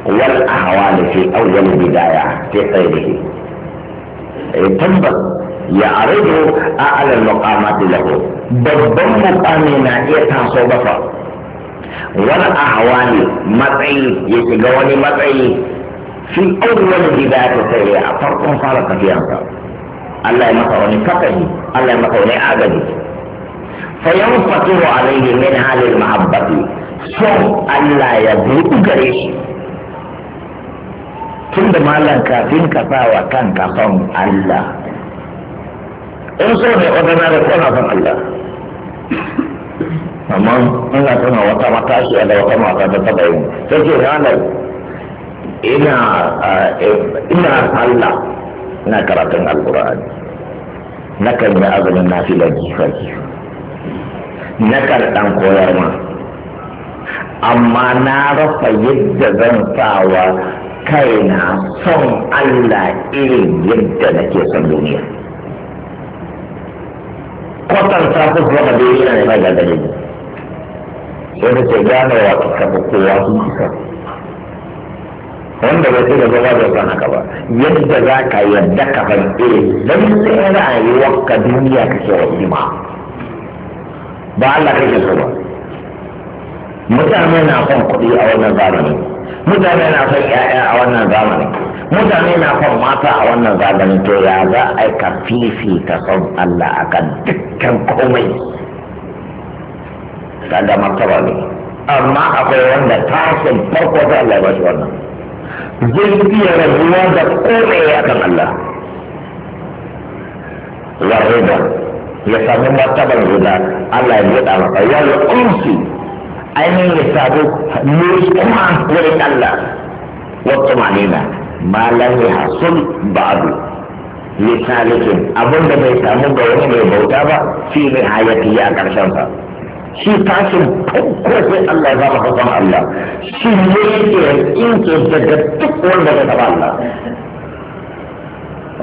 wal ahwal fi awwal bidaya fi qayrihi eh, tabbas ya aridu a'la al-maqamat lahu babban mukami na iya taso bafa wal ahwal matsayi ya shiga wani matsayi fi awwal bidaya fi a farkon fara tafiyansa Allah ya maka wani fakahi Allah ya maka wani agaji fayanfatuhu alayhi min halil mahabbati son Allah ya buɗu gare shi tun da malam kafin ka sa wa kanka son Allah in so ne wadana da kona son Allah amma ina tuna wata matashi da wata mata da taɓa yin sai ce ranar ina e, ina Allah ina karatun alkur'ani na kan yi azumin na fi lagifa na kan ɗan koyar ma amma na rasa yadda zan sawa kaina son Allah irin yadda nake son duniya kwatan ta su zuwa da duniya ne ba gagare ne ni, da ke gane wa kuka ba kowa sun kisa wanda ba sai da zama da sana ka ba yadda za ka yadda ka ban irin don sai ra'ayuwar ka duniya ke wa ima ba Allah kake so ba mutane na son kuɗi a wannan zamanin mutane na son ƴaƴa a wannan zamanin mutane na son mata a wannan zamanin to ya za a ka fifita son Allah kan dukkan komai kaga martaba ne amma akwai wanda son farko ta Allah ba shi wannan zai iya rabuwa da komai a kan Allah ya ya sami martabar da Allah ya buɗa maka ya yi ƙunshi ainihin ya sabu nutsuwa wurin Allah wata manina ma lahi hasul ba'adu lisalikin abin da bai samu ga wani mai bauta ba shi ne hayati a ƙarshen sa shi tashin farko sai Allah ya zama hasan Allah shi ne yake tsinke daga duk wanda bai taba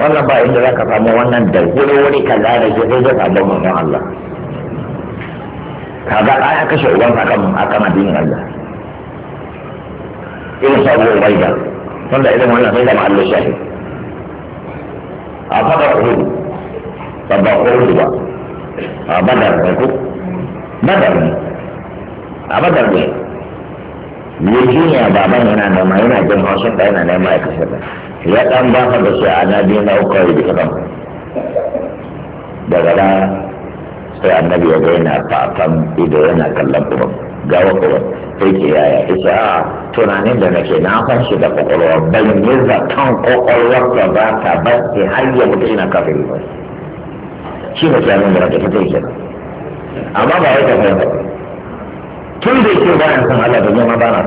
Allah wannan ba inda za ka samu wannan da wuri wuri kaza da shi sai ka samu manzon Allah kaga ai aka kashe uban akan akan addinin Allah irin sa uwan baida wanda idan wannan sai da ma'allo shahi a fada uhudu babba uhudu ba a badar ne ko badar ne a badar ne ya jiya baban yana da ma yana jin wasu da yana da ya kashe da ya dan ba ka da shi a na na uku da kadan daga baya sai annabi ya ga yana fafan ido yana kallon ga gawa kuban sai ke yaya ita a tunanin da nake na san shi da kwakwalwa ban yi zaton kwakwalwarsa ba ta ba sai har ya mutu ina kafin ba shi ne sai annabi da take ke amma ba wai ta ba tun da yake bayan san Allah da zama ba na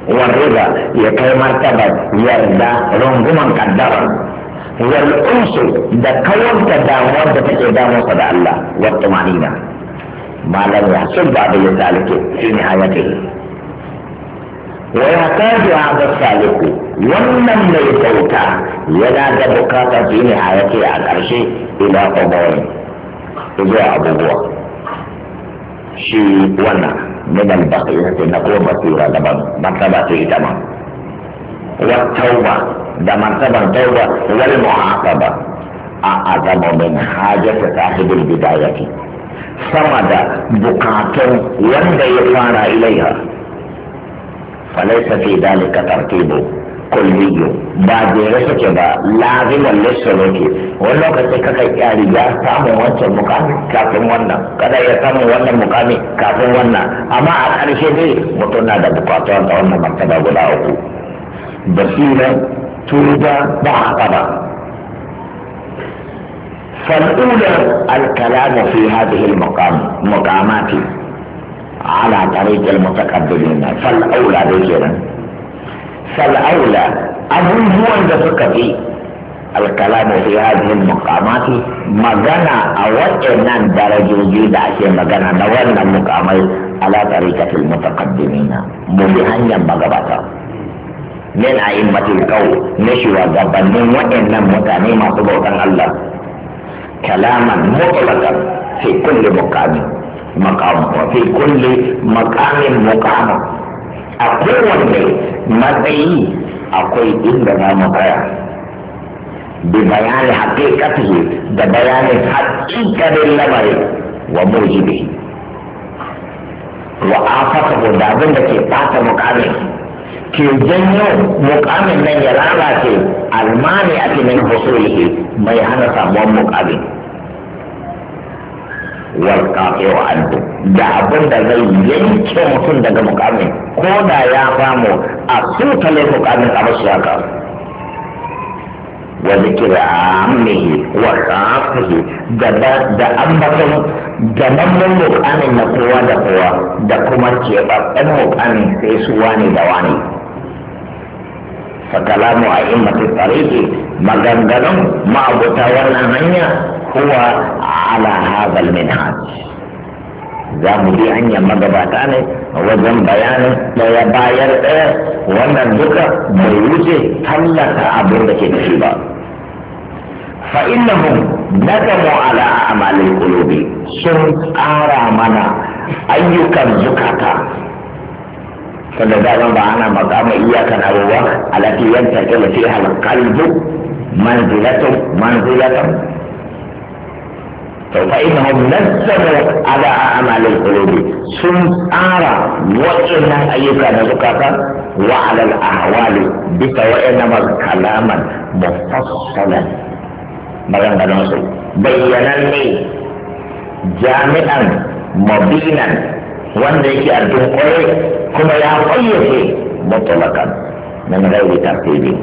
san warriga ya kai martabar yarda runguman kaddara والأنس ده كون تدامر ده تدامر صدى الله والطمأنينة ما لم يحصل بعد ذلك في نهايته ويحتاج هذا السالك ولم يفوتا ينادى بكاتا في نهايته على الأرش إلى قبور إذا أبوه شيء ونا من البقية نقوم بصيرة لمن مرتبة إتمام والتوبة da martabar dauda wal mu'aqaba a azama min hajata sahibul bidayati sama da bukatun wanda ya fara ilaiha falaisa fi dalika tartibu kulliyu ba jere suke ba lazimin lissaloki wani lokaci kaka kyari ya samu wancan mukami kafin wannan kada ya samu wannan mukami kafin wannan amma a ƙarshe dai mutum na da bukatun da wannan martaba guda uku basiran تريد بعضنا فالأولى الكلام في هذه المقام مقامات على طريق المتقدمين فالأولى بجرا فالأولى اظن هو عند فكري الكلام في هذه المقامات مغنى أوجنا درجوجي داشي مغنى نوانا المقامات على طريقة المتقدمين مبهنيا مغبطا min batin qawl na shugabannin waɗannan mutane masu bautan Allah kalaman mutlaqan fi kulli muqami maqam wa fi kulli maqamin muqam a kowanne matsayi akwai inda za mu tsaya bi bayani haqiqatihi da bayani haqiqanin lamari wa mujibi wa afatahu da abin da ke fata muqamin ke janyo mukamin nan ya lalace almani ake min husulihi mai hana samuwar mukamin wal kafiru anhu da abin da zai yanke mutum daga mukamin ko da ya mu a sutale mukamin a masu haka wa zikira amnihi wa kafihi da ambaton gamammin mukamin na kowa da kowa da kuma keɓaɓɓen mukamin sai su wani da wani فكلام أئمة الطريق مغنغن ما بتولى هنيا hanya, على هذا المنهج za mu bi hanyar magabata ne wajen bayanin ɗaya bayan ɗaya wannan duka bai wuce tallata abin da ke nufi ba fa innahum nadamu ala amalil qulubi sun ƙara mana ayyukan zukata tunda dama ba ana magana iyakan abubuwa alati yanta kala fi hal qalbu manzilatu manzilatu to fa innahum nazzaru ala a'mal al sun tsara wa'annan ayyuka na zukata wa ala al-ahwali bisa wa'annan kalaman mufassalan maganganun su bayyanan ne jami'an mabinan wanda yake a dunkule kuma ya fayyace mutlakan min ghairi tartibi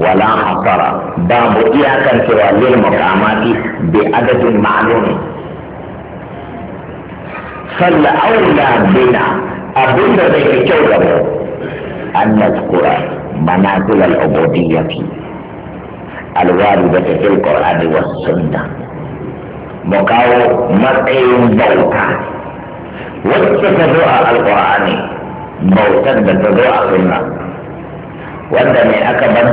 wala hasara babu iyakan cewa lil muqamati bi adadin ma'lum salla aula bina abinda zai fi kyau da mu an nazkura manazil al-ubudiyyati al-waridati fil was sunnah mu matsayin bauta wacce ta zo a alƙur'ani bautar da ta zo a sunna wanda ne aka ban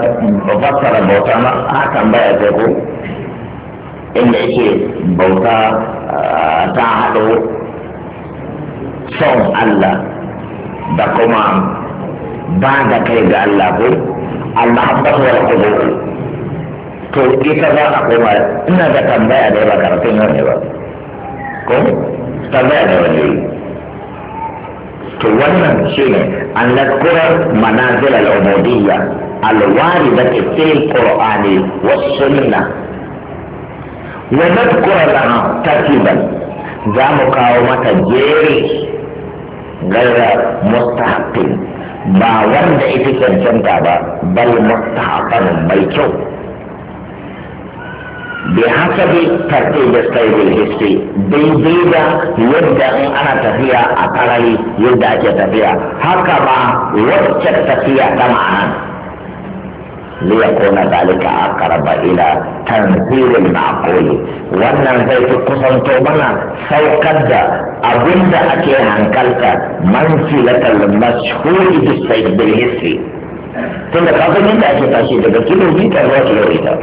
fassara bauta ma hakan baya sai ko inda yake bauta ah, ta haɗo son Allah da kuma ba da kai ga Allah ko Allah ta haɓɓar wa to ita za a koma ina da tambaya da ba karatun yau ne ba ko zai da wani yi to wannan shi ne an lakurar manazil al'ubudiyya alwari da ke fil qur'ani wa sunna wa nadkura laha tartiban za mu kawo mata jeri gaira mustahaqqin ba wanda ita cancanta ba bal mustahaqqan mai kyau بحسب ترتيب السير الهستي بالبيضة يبدأ أنا تفيا أقلي يبدأ تفيا هكذا وقت تفيا كما ليكون ذلك أقرب إلى تنفيذ المعقول وأن زيت قصن توبنا فوقد أبند أكي هنكلك منزلة المشهور بالسيد بالهستي تلك أظن أنت أكي تشيدك كيلو بيتا وكيلو بيتا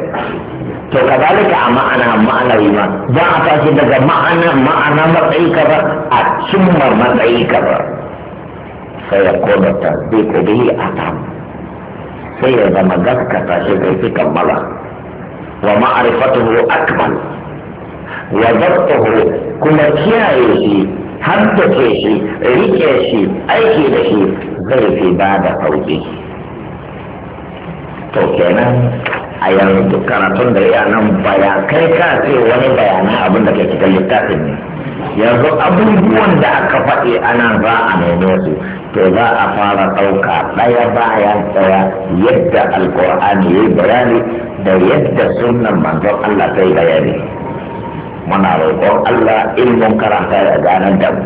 to kazalika a ma'ana maana yi ma ba a tashi daga ma'ana ma'ana matsayi kaza a cimma matsayi kaza sai ya koda ta zai kudi a ta sai ya zama gaskata shi kai fi kammala wa ma'arifatuhu akmal wa zabtuhu kuma kiyaye shi haddace shi rike shi aiki da shi zai fi ba da sauki to kenan a yanzu karatun da ya nan baya kai ka ce wani bayanan abin da ke cikin littafin ne yanzu abubuwan da aka faɗi ana za a neme su to za a fara ɗauka ɗaya baya ɗaya yadda alkur'ani ya yi bayani da yadda sunan manzon Allah ta yi bayani muna roƙon Allah ilmin karanta ya ganin da mu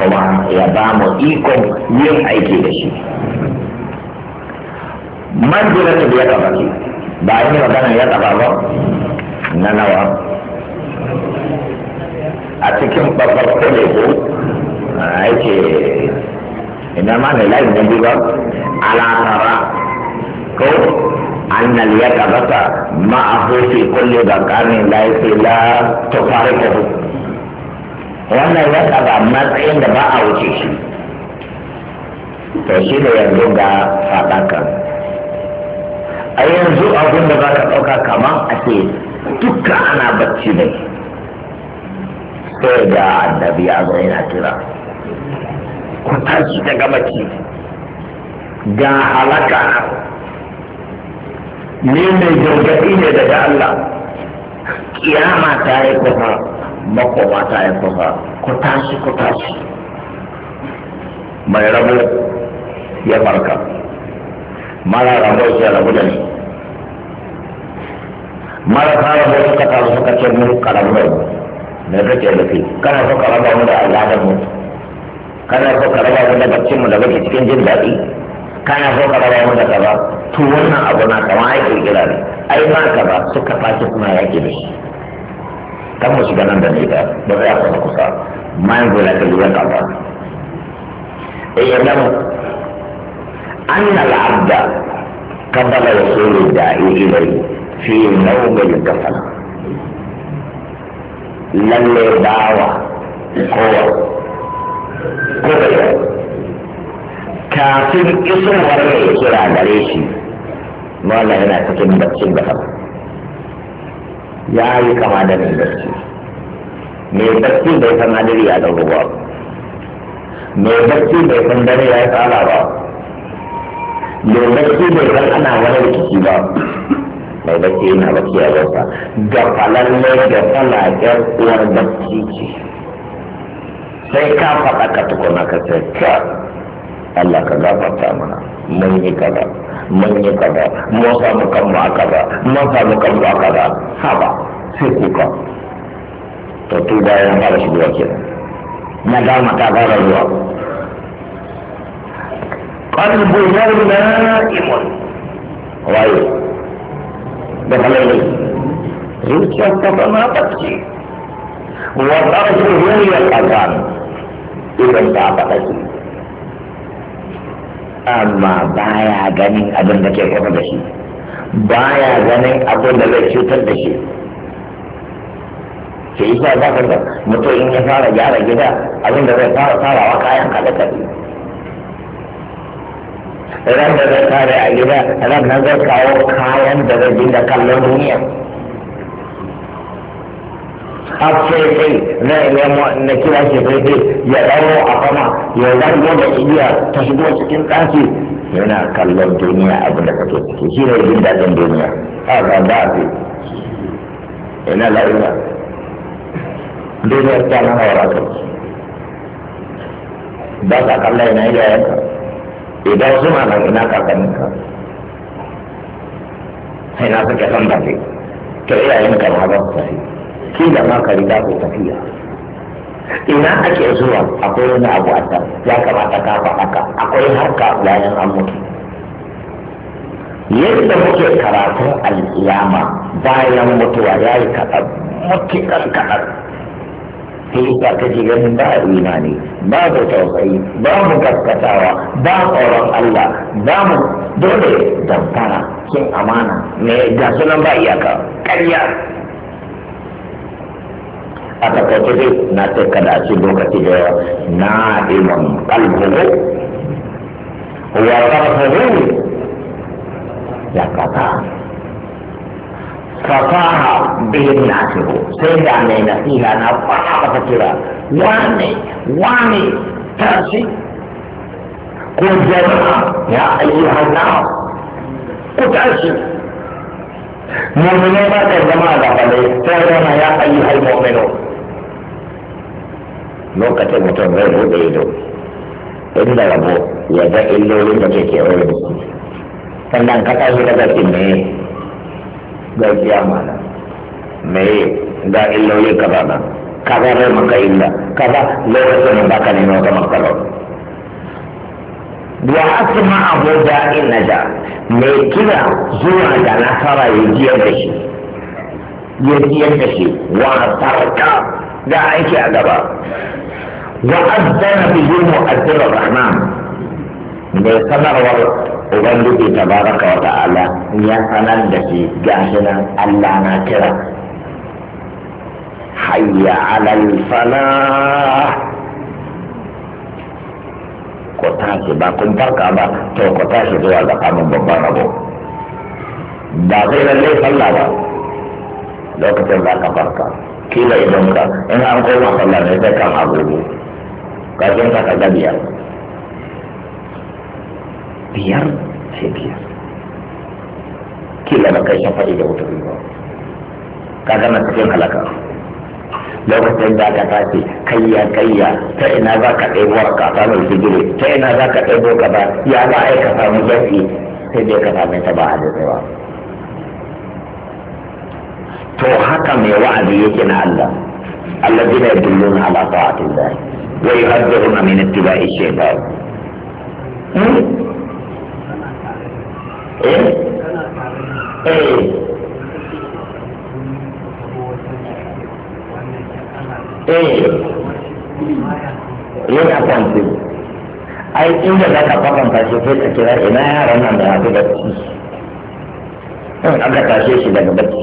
kuma ya ba mu ikon yin aiki da shi manzila ta biyar da ba a yi maganin ya taba ba ba, na nawa a cikin babbar kwalekwo a yake idan ma ne layin na biyu alakara ko an na liya gabata ma a hoshe ka ga kane laifi la ta fara kudu wannan ya taba matsayin da ba a wuce shi to shi da yanzu ga faɗakar a yanzu abin da za ka ɗauka kama a ce duka ana bacci ne sai da annabi a zai yana kira ku tashi daga bacci ga halaka ne mai gargaɗi ne daga Allah kiyama ta yi kusa makoma ta yi kusa ku tashi ku tashi mai rabu ya farka mara rabu ya rabu da ni mara fara da suka taru suka ce mu ne da me da nufi kana so ka mu da al'adar mu kana so ka mu da bacci mu da muke cikin jin daɗi kana so ka mu da kaza to wannan abu na kama ya kirkira ne ai ma kaza suka fashe kuma ya ke da shi kan mu shiga nan da ne da ba za a kusa ma yanzu na kalli ya kaza eh ya أن العبد قبل وصول الداعي إليه في نوم الكفن لم يدعوى هو كبير كافر اسم ورمي كرا غريشي ما لنا تكن بكين بكم يا ya كما kama da mai bacci bai san hadiri ya ɗauro ba mai bacci bai san dare ya yi tsala ba mai bacci bai san ana wani rikici ba mai bacci yana bacci a ba ga falalle ga falaƙyar uwar bacci ce sai ka faɗa ka tukuna ka ce ka Allah ka gafarta mana mun yi kaza mun yi kaza mun samu kanmu a kaza mun samu kanmu a kaza haba sai kuka to tuba ya fara shigowa kenan na dama ta fara zuwa قلبنا نائم waye دخل الليل zuciyar ta zama bacci wa tsarki zuriyar azan idan ta amma baya ganin abin da ke kwafa da shi baya ganin abin da zai cutar da shi ke yi sa za da mutum in ya fara gyara gida abin da zai fara farawa kayan kaɗe ran da zai tare a gida ran nan zai kawo kayan da zai dinga kallon duniya afefe na nemo na kira shi fefe ya dawo a fama ya zango da igiya ta shigo cikin ɗaki yana kallon duniya abin da kake ciki shi ne jin daɗin duniya a ga ba fi ina la'ina duniya ta nan haura kai ba ka kallon ina iyayenka idan suna nan ina kakanninka sai na suke san tafi ta iyayen ka ma ba su tafi ki da ma ka riga ko tafiya ina ake zuwa akwai wani abu a ta ya kamata ka haka, akwai harka bayan an mutu yadda muke karatun al'iyama bayan mutuwa ya yi kaɗan mutukan kaɗan sai ka kake ganin ba imani babu tausayi babu gaskatawa ba tsoron Allah babu dole damfara cin amana ne ga sunan ba iyaka ƙarya a takaice dai na ce kada lokaci da na iman kalbuhu wa ya kata فطه بهم ناسه سيدا لينا فيها نفعه فكرا واني واني ترسي قل جماعة يا أيها الناس اتعشي مؤمنين بعد الزمان لا بلي تعلم يا أيها المؤمنون لو كتب تنظر بيدو إلا ربو يدعي اللي لما تكي عربي فلن كتب تنظر بيدو ga kiyama na me ga ka ba ka kaza mai maka illa ba lokacin da ka nemi wata matsalar wa asma abu da'in naja mai kira zuwa da nasara ya jiyar da shi ya jiyar da shi wa tarka da aiki a gaba wa azzana bihi mu'azzir rahman mai sanarwar ubangiji tabaraka wa ta'ala ya sanar da shi gashi nan Allah na kira hayya alal falah ko tashi ba kun farka ba to ko tashi zuwa ga kamun babban rabo ba sai lalle sallah ba lokacin za ka farka kila idan ka in an koma sallah ne sai kan agogo kafin ka ka gabiya biyar sai biyar kila ba kai shafa'i da wutar ba ka gana cikin halaka lokacin da aka tafi kayya kayya ta ina za ka ɗebo ka samu sigiri ta ina za ka ɗebo ka ba ya ba ai ka samu zafi sai dai ka same ta ba a ba to haka mai wa'azi yake na Allah Allah zai da dullun ala ta'atin da wa yuhaddiruna min ittiba'i shaytan eh, eh. eh. yana kwanci ai inda za ka kwatanta shi sai ka kira ina yaran nan da hafi bacci in aka tashe shi daga bacci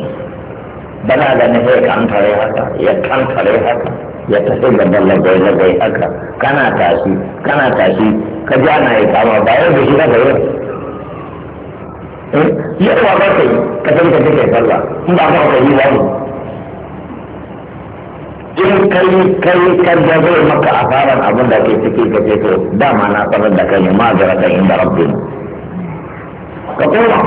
bana da na sai kankare haka ya kankare haka ya tafi gaban na lagai haka kana tashi kana tashi ka ja na yi kama bayan da shi na gari Eh? yawa ba ka yi ka san ka kake sallah in ba ka yi ba ne in kai kai ka da zai maka a asaran abin da ke ciki ka ce to dama na sanar da kai ma zara kan inda rabbin ka koma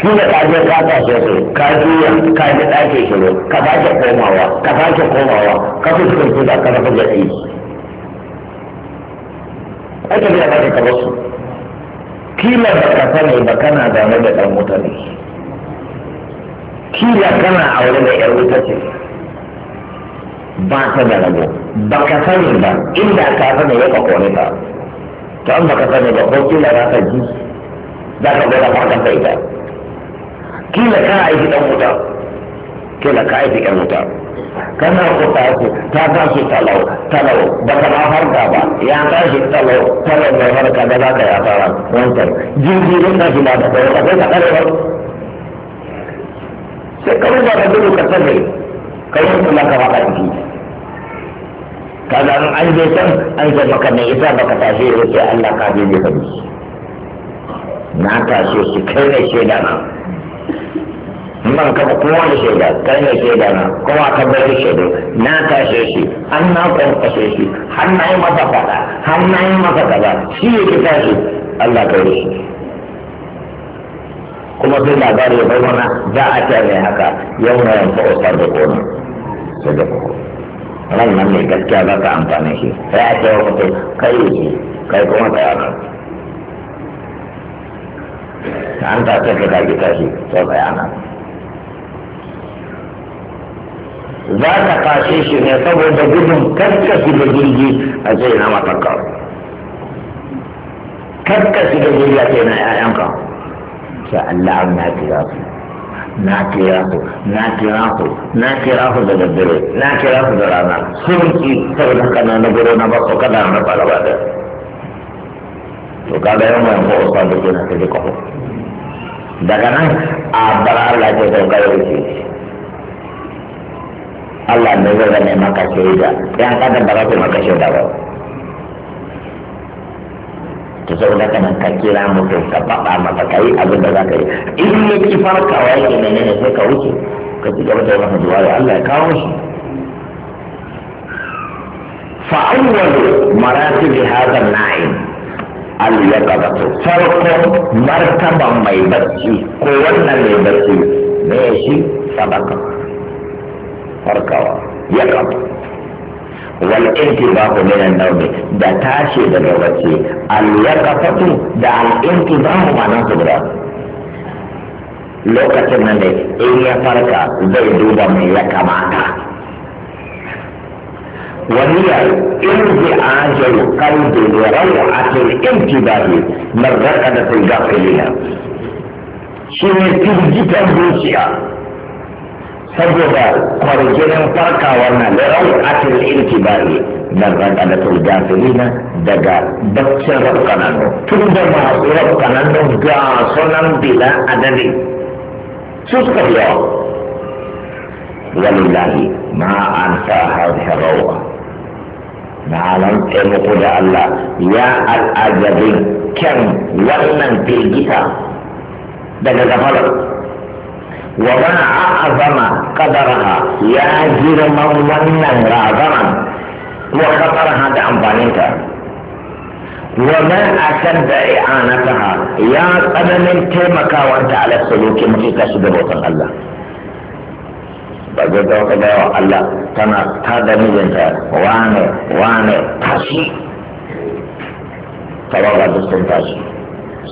kila ka je ka ta tashe so ka juya ka ji ɗake shiru ka ba sake komawa ka sake komawa ka fi fuskanci da ka rafa jaɗi ake biya ba ka taɓa su kila baka ka sani ba kana zane da ɗan wuta ne kila kana aure da ƴar wuta ce ba ta da rago ba ka sani ba inda ka sani ya ka kore ta to an ba ka sani ba ko kila za ka ji za ka gwada farkon ta ita kila ka aiki ɗan wuta kila ka aiki ƴar wuta kana kuka ko ta tashi talau talau ba ka ma harka ba ya tashi talau talau mai harka da za ka ya fara wancan jirgin na shi ba da kai ka kai ka kare ba sai ka ba da duk ka tafi kai ku na ka ba ka ji da an je can an ce maka ne isa baka tashi ya ce Allah ka je ka bi na tashi su kai ne shaida na man kafa kowane shaida kai ne shaida na kuma ka bai shaidu na ta shi an na kwankwashe shi har na yi masa faɗa har na yi masa kaza shi yake tashi Allah ka yi shi kuma sai labari ya bai mana za a ce mai haka yau na yanka usar da kona sai da kuku ran nan mai gaskiya za ka amfana shi sai a ce ka mutum kai yi kai kuma tsaya nan an ta ce ka gaji tashi sai tsaya nan za ka fashe shi ne saboda gudun karkashi da jirgi a ce na matakka karkashi da jirgi a ce na ƴaƴanka sai Allah na kira su na kira su na kira su na kira su da daddare na kira su da rana sun ki saboda kana na gudu na basu kada na fara ba da to kada yau mai ko usa da kina ta ji daga nan a bara Allah ke da gauri Allah ne zai zama maka shaida Ya ka kada ba za ku maka shaida ba to sai da kana ka kira mu to ka faɗa maka kai abin da za ka yi in ne ki farka wa yake ne ne sai ka wuce ka ci gaba da wannan duwa ya Allah ya kawo shi fa awwal maratib hadha na'im al yaqabatu farqu martaba mai bacci ko wannan mai bacci ne shi sabaka farkawa ya kafa wal intibahu min an-nawm da tashi daga bacci al yaqafatu da ba intibahu ma'anar su guda lokacin nan ne in ya farka zai duba mai ya kamata wani ya irzi ba qalbi na rawatil intibahi man raqadatil ghafilina shi ne firgitar zuciya saboda kwarjinin farkawar na da rau'atul irtibari dan raɗaɗatul gafilina daga baccin rafkananu tun da masu rafkananu ga sunan bila adadi su suka fi yawa walillahi ma an sa hadhihi rawa na nan taimako da Allah ya al'ajabin kyan wannan firgita daga gafalar ومن أعظم قدرها يا جرمان ونن رازما وخطرها بأمبانيتا ومن أشد إعانتها يا قدم تيمك وأنت على السلوك مكيكا شبه الله بجد وقد ga تنا bawa Allah tana ta da mijinta wane wane tashi tawaga duk sun tashi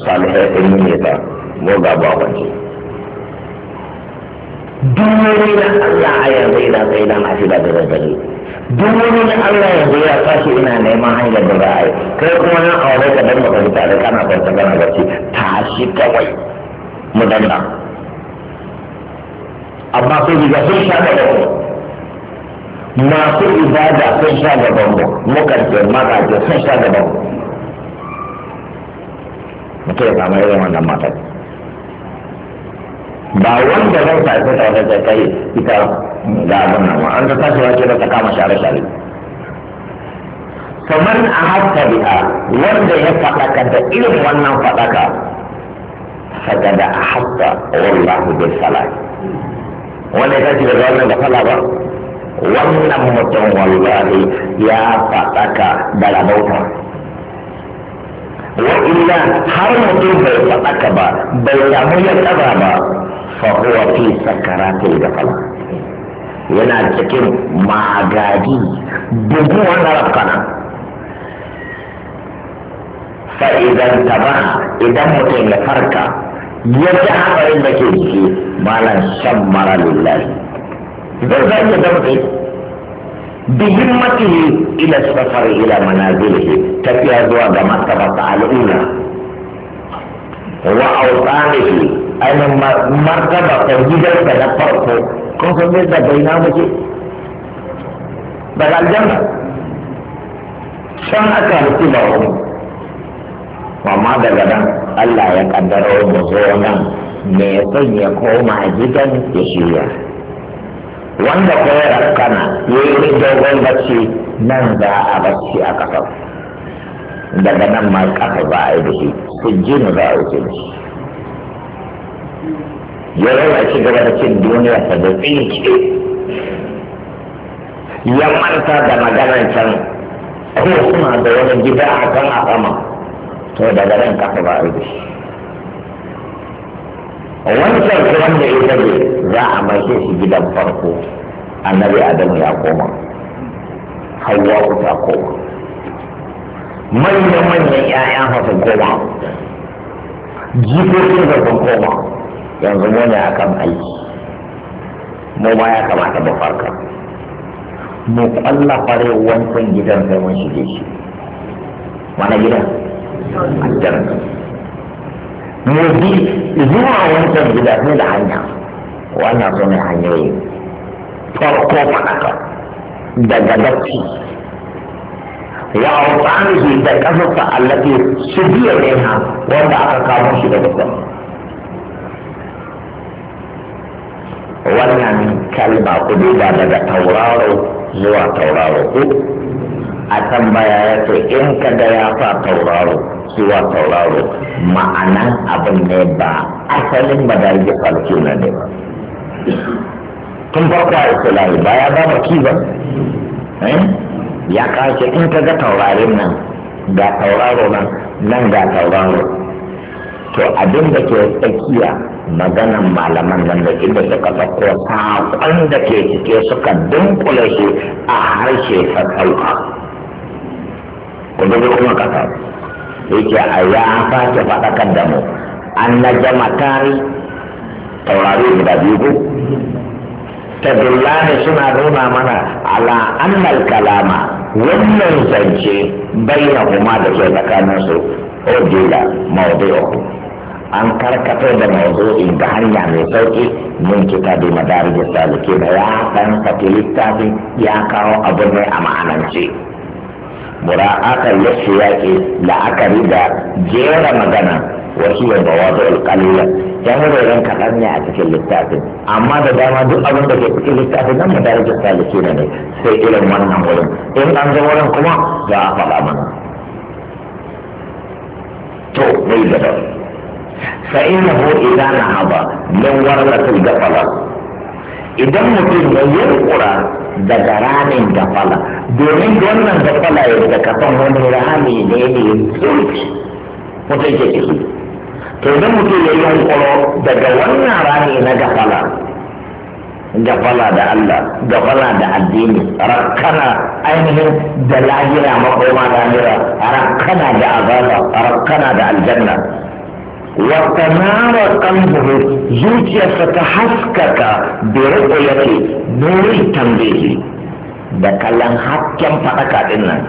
salihai duk na Allah a yanzu ina tsaye da masu da na Allah yanzu ya tashi ina a yi kai kuma na aure ka dan baka kana tashi kawai mu danna amma sun sha da ku masu ibada sun sha mu sun sha mutum ya samu irin wannan matakin ba wanda zan sa ta tsaye da kai ita ga abin nan an ga tashi wace da ta kama share-share kamar a haka bi'a wanda ya fadaka da irin wannan fadaka, haka da a haka wallahu bai salati wanda ya tashi da wannan da fala ba wannan mutum wallahi ya fadaka da rabauta wa illa har mutum bai fadaka ba bai samu ya tsaba ba fahuwa fi da kala. yana cikin dubu buguwan rafkana fa'idan taba idan mutum ya farka ya ji haɗarin da ke jiki malam shan mara lullahi zai zai ya bihin bihimmatihi ila safar ila manazilihi tafiya zuwa ga ta al'ula wa autanihi ana martaba ta gidansa na farko kun san yadda bai na muke daga aljanna can aka halittu ba wani amma daga nan Allah ya kaddara mu zo nan me son ya koma gidan ya shirya wanda ko ya rakkana ya yi dogon bacci nan za a bacci a kasar daga nan ma ƙasa za a yi da shi sujjinu za a wuce da shi ya rarra ci gaba da cin duniya ta da tsinke ya manta da maganar can ko suna da wani gida a kan a sama to daga nan ƙasa ba a yi da shi wancan kiran wanda ya gabe za a maishe shi gidan farko annabi adamu ya koma hawa ta koma manya-manyan 'ya'yan haka koma jikokin kan koma yanzu mone a kan aiki mu ma ya kamata mu farka mu kwalla fare wancan gidan sai mun shige shi mana gidan aljanna mu bi zuwa wancan gida sai da hanya wannan su ne hanyoyi farko faɗaka daga gaske ya awsanihi da kasarsa allati sudiya minha wanda aka kawo shi da ta wannan kalma ku duba daga tauraro zuwa tauraro ko a tambaya ya ce in ka ga ya fa tauraro zuwa tauraro ma'anan abin ne ba asalin ba da yake na ne ba tun farko a islahi ba ya ba ba kiba eh ya kace in ka ga taurarin nan ga tauraro nan nan ga tauraro to abin da ke tsakiya maganan malaman nan da inda suka ɗauko saƙon da ke cike suka dunkule shi a harshe fasalka kuma kuma kasa yake a ya sake faɗakar da mu an na jama tari taurari guda biyu ta dullani suna nuna mana ala annal kalama wannan zance bayyana kuma da ke tsakanin su ojila mawdu'u an karkatar da mawdu'in da hanya mai sauki mun kita da madarij salike da ya dan sake littafin ya kawo abin ne a ma'anance mura'atar yaƙi la'akari da jera magana wasu mai ba wata kalila ya mura ran kaɗan ne a cikin littafin amma da dama duk abin da ke cikin littafin nan mu dara jasta da ne sai irin wannan wurin in an zama wurin kuma za a faɗa mana to mai gaba fa ina ho idan na haba don warlatar gafala idan mutum ya yi kura daga ranin gafala domin wannan gafala ya kafan wani rami ne ne ya tsurci mutum ke ke to mutum ya yi yankoro daga wannan rani na gafala gafala da Allah gafala da addini rakkana ainihin da lahira makoma lahira rakkana da azaba rakkana da aljanna wata nara kalbuhu zuciyarsa ta haskaka da rikon yake nurin da kallon hakken faɗaka dinnan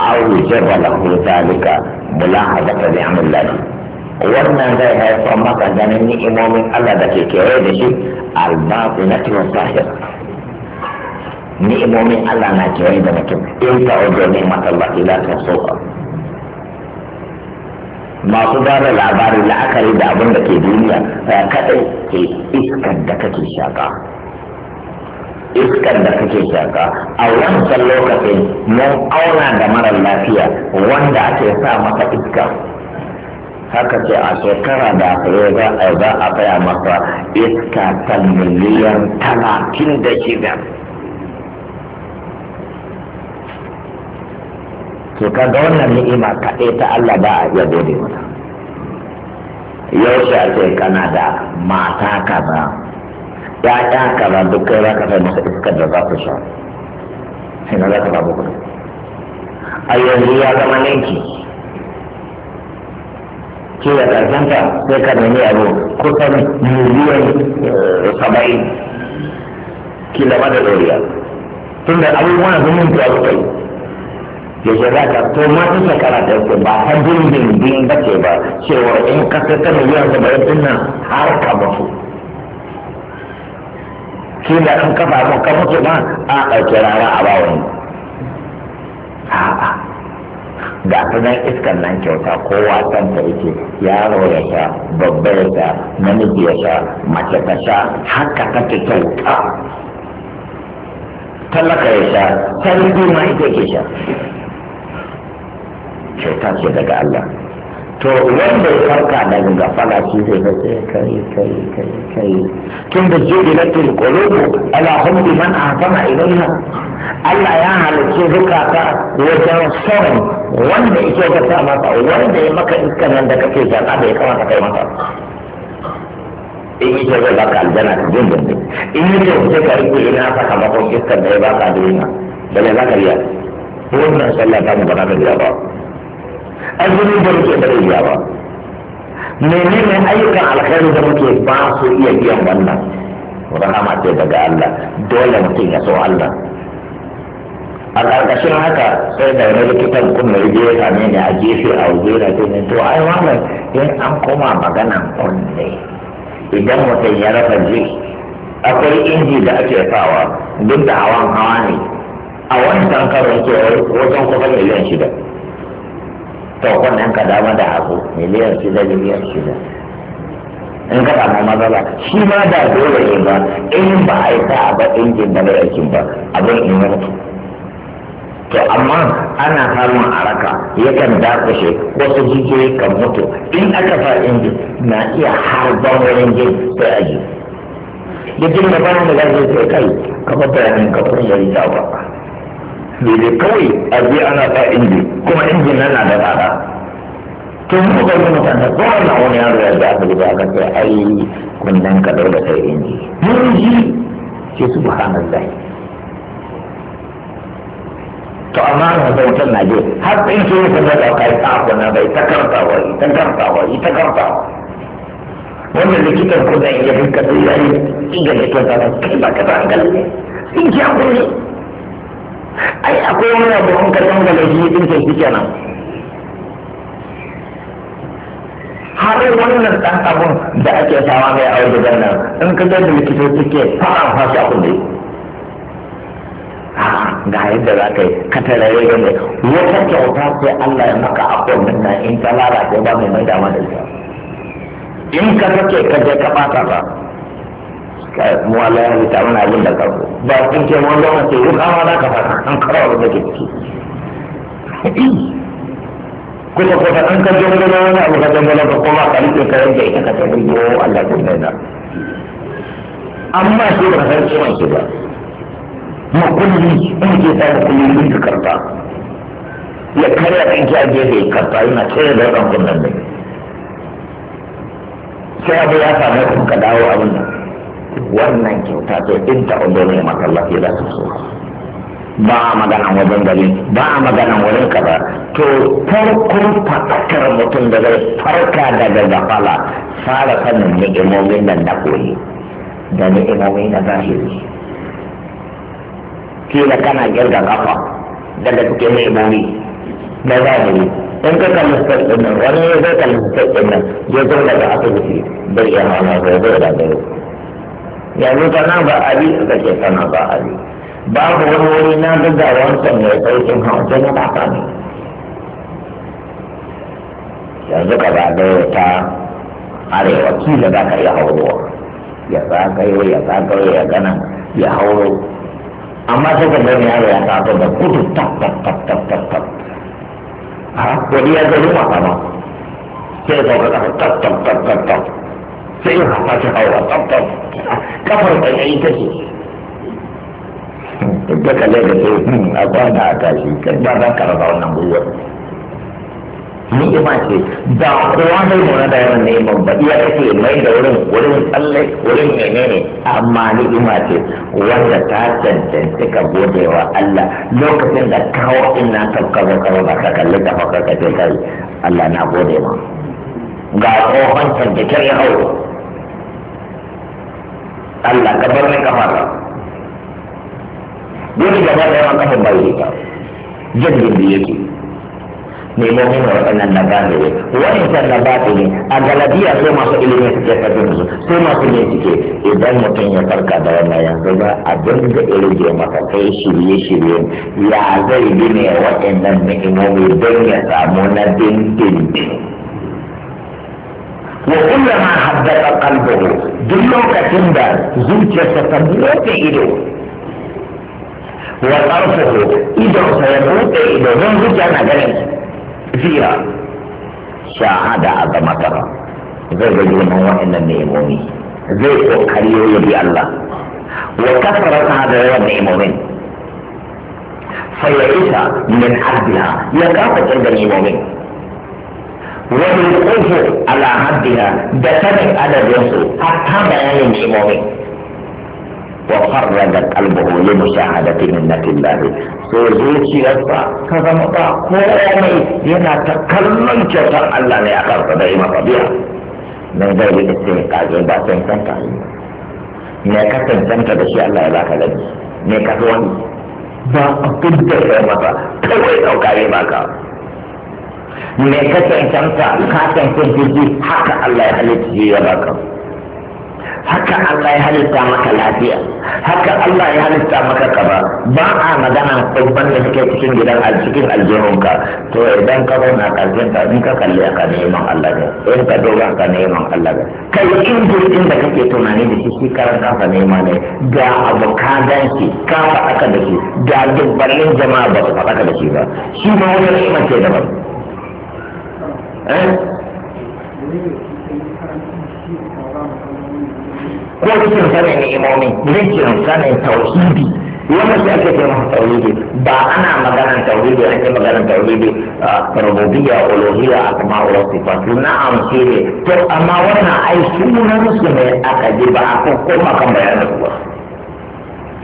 a wujen balakun talika mula a zaɓa da amin lalata wannan zai haifar masa ganin ni'imomin Allah da ke kewaye da shi al na was-sahira ni'imomin Allah na kewaye da mutum in ta wajen ne matallafi la ta soka masu ba da labari la'akari da abin da ke duniya ya kaɗai ke iskar da kake shaƙa iskar da kake shaƙa a wancan lokacin mun auna da marar lafiya wanda ake sa masa iskar. haka ce a shekara da aka za a za a tsaya masa iska ta miliyan talatin da shida to kaga wannan ni'ima kaɗai ta Allah ba a iya gode mata yaushe a ce kana da mata kaza ya'ya kaza duk kai za ka sai masa iskar da za ku sha sai na za ka samu kuɗi a yanzu ya zama ninki ke da ƙarfinta sai ka nemi abu kusan miliyan eh, saba'in kila ma da ɗoriya tun da abubuwan sun mun tuwa suka ya ce za ka to ma ta shekara da yake ba ta dindin din ba ce ba cewa in ka sai ta miliyan saba'in din nan har ka mutu kila in kafa ka mutu ma a ɗauki rara a bawon a'a ga nan iskan nan kyauta kowa san ta yake yaro ya sha babba ya sha namiji ya sha mace ta sha haka take kyauta talaka ya sha sarari ma ita ke sha kyauta ce daga Allah to wanda ya farka daga gafala shi zai ga sai kai kai kai kai tun da jubilatul qulubu ala hubbi man ahsana ilayha Allah ya halicce zukata wajen son wanda yake ka sa maka wanda ya maka iska da kake jaka da ya kamata kai maka in yake zai baka aljanna ka jin dindin in yake ce ka rike ina saka makon iskar da ya baka duniya da ne za riya wannan sallah ta mu ba ka riya ba azumi da muke da rayuwa ba menene ayyukan alkhairi da muke ba su iya biyan wannan rahama ce daga Allah dole mutum ya so Allah a ƙarƙashin haka sai da wani likitan kuma ya je ya same a gefe a waje na ce to ai wannan in an koma magana kunne idan mutum ya rasa ji akwai inji da ake sawa duk da hawan hawa ne a wani karin ce wajen kusan miliyan shida to wannan ka dama da abu miliyan shida miliyan shida in ka samu matsala shi ma da dole ne ba in ba a yi a ba injin ba da aikin ba abin in yi mutu to amma ana samun araka yakan dakushe wasu jijiyoyi kan mutu in aka sa injin na iya harban wani jin sai a ji da jin da ba da zai kai kafa bayanin kafin yari ba. dai kawai a je ana sa inji kuma injin nan na da tsada to mu ga wani mutane ko na wani yaro ya ga aka gudu aka ce ai kunnen ka dole sai inji mun ji ce subhanallah to amma na da wutar na je har in ce ka da ka yi tsako na bai ta kartawa ita wa ita kartawa wannan likitan ko yake ka fuskata yayi inga ne ta ta kai ba ka ta hankali ne in ki hakuri ai akwai wani abu in ka canza da shi din sai nan har wannan dan abun da ake sawa mai a audugar nan in ka ga da likitoci ke fara fasa kuɗi ga yadda za ka yi ka tarare ga mai wata kyauta ce Allah ya maka akwai nan in ka lalace ba mai mai dama da ita in ka sake ka je ka fata ba mu Allah ya rubuta mana abin da karbo ba kun ce mun zama ce ruka ma za ka fara an karawa abin da ke ciki kuma ko an ka dangana wani abu ka dangana ka kuma ka rike ka yanke ita ka tabi ko oh, Allah ko mai na. amma shi ba san ciwon shi ba ma kulli in ke sa kulli din ka karba ya karya kan ki a gefe karba yana cire da wannan kunnan ne sai abu ya samu ka dawo abin nan wannan kyauta ce in ta maka masallaci za su so ba a magana wajen gari ba a magana wajen kaza to farkon fadakar mutum da zai farka daga gafala fara sanin ni'imomin nan na koyi da ni'imomin na zahiri kila kana girga kafa daga cikin ni'imomi na zahiri in ka kalli state nan wani ya zai kalli state nan ya zo daga asibiti bai iya hana zai zo da gari yanzu kana ba abi suka ce kana ba abi babu wani wuri na daga wancan mai a hamsin na baka ne yanzu ka ba da ta arewa kila za ka iya haurowa ya zagayo ya zagayo ya gana ya hauro amma sai ka gani yaro ya taso da kudu tak tak tak tak tak tak ha wani ya gani masama sai ka ga tak tak tak tak tak sai yi hafa ta hawa tsabtar kafar ta ke da kalle da ce hmm, a kwana a tashi kai ba za ka raba wannan gwiwar ni ima ce da kowa zai nuna da yawan neman ba iya kake mai da wurin wurin tsalle wurin menene amma ni ima ce wanda ta cancanci ka gode wa Allah lokacin da kawo in na tafka zo karo ba ka kalli ka faka ka ce kai Allah na gode ma ga tsohon cancanci ya hau Allah ka bar ni kafa ka duk ba ɗaya ma kafa ba yi ba jirgin da yake nemo min waɗannan na gane ne waɗannan na baɗi ne a galadiya sai masu ilimi suke kafin su sai masu ne suke idan mutum ya farka da wannan yanzu ba abin da ya rage kai shirye-shirye ya zai bi ne waɗannan ni'imomi don ya samu na dindindin وكلما حدث قلبه دلوك تندى زوجة ستموت إليه وطرفه إذا سيموت إليه من زوجة مدني فيها شاهد عظمة مطر زي بجون هو إن النعمومي زي قريو يبي الله وكثرت هذا النعمومين فيعيش من حدها يكافئ عند النعمومين wani ƙunfu al'ahadina da sanin adadinsu hatta bayanin imomi wa farra da kalbahu ya musa hadafi min na tillahi sai ya zuwa ciyarsa ka zama ba komai yana ta kallon kyautar Allah ne a karfa da yi mafabiya nan zai yi ɗin kaje ba sun santa yi ne ka tantanta da shi Allah ya baka da ne ka zo wani ba a kudda sai mata kawai ɗauka yi baka. ka me ka cancanta ka cancan jirgi haka Allah ya halitta ya ba ka haka Allah ya halitta maka lafiya haka Allah ya halitta maka kaba ba a magana babban da suke cikin gidan cikin aljihunka to idan ka zauna karshen ta in ka kalli ka neman Allah ga in ka a ka neman Allah ne kai in jirgin da kake tunani da shi shi karan kafa nema ne ga abu ka gan shi ka faɗaka da shi ga dubbalin jama'a ba su faɗaka da shi ba shi ma wani ni'ima ce daban ko rikin sanin ni'imomi rikin sanin tauhidi wannan shi ake ce masa tauhidi ba ana maganar tauhidi an yi maganar tauhidi rububiyya uluhiyya asma wa sifatu na'am shi ne to amma wannan ai sunan su ne aka ji ba a ko koma kan bayanin su ba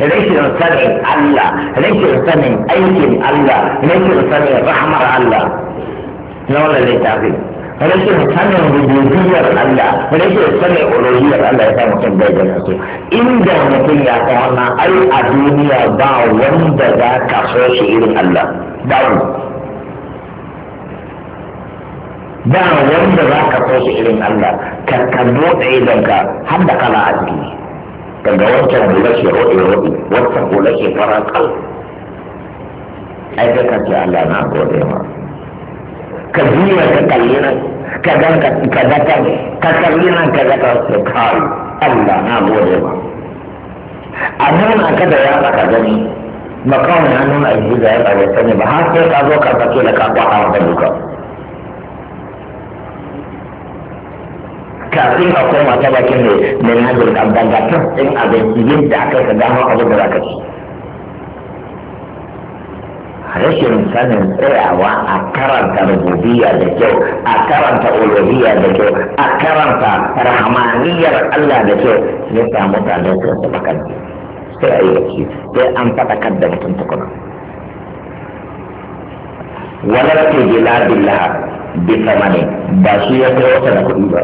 rashin sanin Allah rashin sanin aikin Allah rashin sanin rahmar Allah na wannan littafi rashin sanin rububiyar Allah rashin sanin uluhiyar Allah ya sa mutum bai ganin su inda mutum ya san wannan ai a duniya ba wanda za ka so shi irin Allah babu ba wanda za ka so shi irin Allah ka ka bude idonka har da kala a ciki daga wancan hula shi roɗe roɗe wancan hula shi farakal ai ka ce Allah na gode ma كبيرة كبيرة كذا كذا كبيرة كذا كبيرة الله نعم وجبا أنا أكاد يأبى كذني مقام أنا ما أجد يأبى كذني بحاجة كذا كذا كذا كذا كذا كذا kafin akwai mata bakin ne mai hajjar kan banga kan sun abin yin da aka ga dama abin da za ka ci rashin sanin tsayawa a karanta rububiya da kyau a karanta uluhiyya da kyau a karanta rahmaniyar Allah da kyau ya sa mutane su su bakan sai a yi baki sai an faɗakar da mutum tukuna walar tujila billah bi samani ba shi ya kai wata da kuɗi ba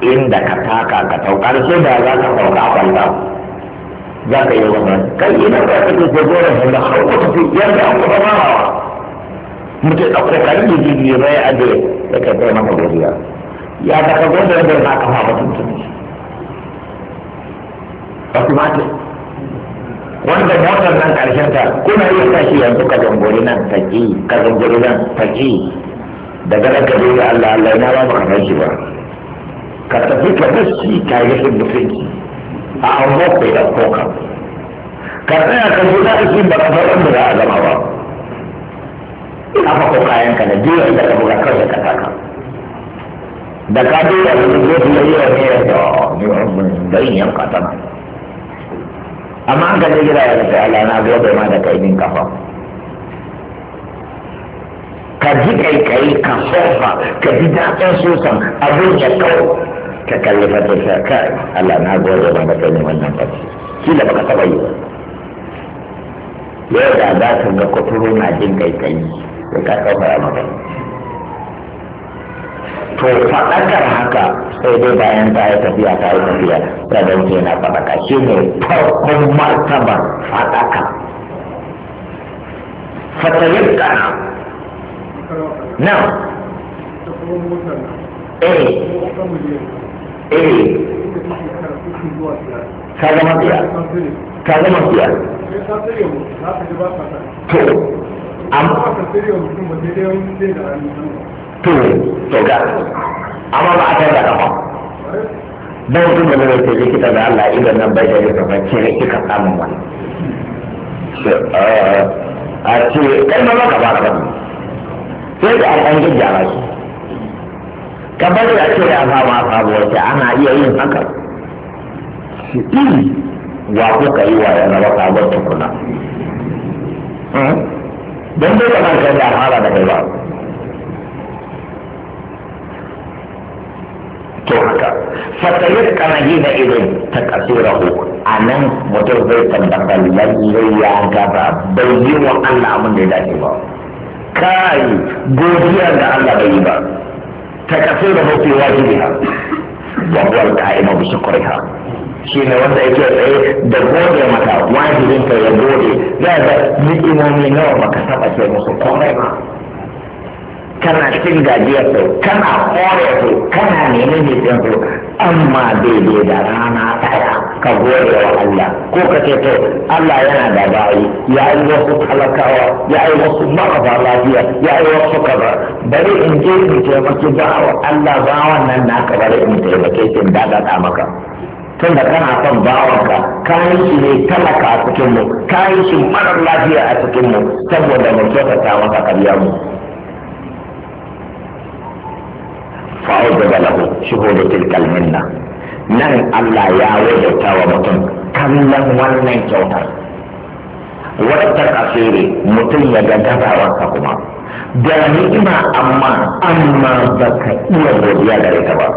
inda ka taka ka taukar sai da za ka tauka kwalba za ka yi wannan kai idan za ka je jagoran hula har wata fi yadda an kuma mamawa mutum ɗauko karin da jini ya bai aje da ka bai mama godiya ya da ka gwada yadda na kama mutum tun automatic wanda motar nan karshen ta kuna iya tashi yanzu ka zambori nan taki ka zambori nan taki daga nan ka da Allah Allah ina ba ka san shi ba ka tafi ka tashi ka yi mutunci a auno ko ya ɗauko ka ka tsaya ka zo da shi ba ka bar za a zama ba haka ko kayan ka na jiya da ka buga kawai ka taka da ka dora da zo yi ne ya ce ni wannan tana amma an ka je gida ya ce Allah na zo bai ma da kai din kafa ka ji kai kai ka sofa ka ji daɗin sosan abin ya kawo ka kalli ka sha kai Allah na gode ba maka ne wannan ba. shi da baka taba yi ba yau da za ka ga kuturu na jin kai kai da ka kafara maka to faɗakar haka sai dai bayan ta yi tafiya ta yi tafiya ta don ke na faɗaka shi ne farkon martabar faɗaka fatayin kana na eh eh ka zama biya ka zama biya to amma to to ga amma ba a tarda kafa dan mutum da zai ce likita da Allah idan nan bai da rika ba ce kika samun wani eh, a ce kai ba ka ba ka ba sai da an gyara shi ka bari a ce a fama sabuwar ce ana iya yin haka iri hmm. wa ka yi wa ya zama sabuwar tukuna hmm. don dai kamar kai da fara da kai ba to haka fatayar kanaji na irin ta kasirahu a nan mutum zai tambata lalle ya gaba bai yi wa Allah abin da ya dace ba kai godiya da Allah bai yi ba takasai da mafi wajibi ha babuwar da a bisa kwarai ha shi ne wanda yake tsaye da gode mata wajibinka ya gode za a ga ni'imomi nawa baka saba ce musu komai ba kana cin gajiyar su kana kore su kana neman jikin su amma daidai da rana ɗaya ka gode wa Allah ko ka ce to Allah yana da bayi ya yi wasu talakawa ya yi wasu marasa lafiya ya yi wasu kaza bari in je in taimaki ba wa Allah ba wannan naka bari in taimake shi in dadata maka tun da kana son bawanka kayan shi ne talaka a cikinmu kayan shi marar lafiya a cikinmu saboda mu kyautata maka karya mu fa'awjaba lahu shuhudu tilkal minna nan Allah ya wajauta wa mutum kallon wannan kyautar wata kasiri mutum ya ga gazawarsa kuma da ni'ima amma amma ba ka iya godiya da ita ba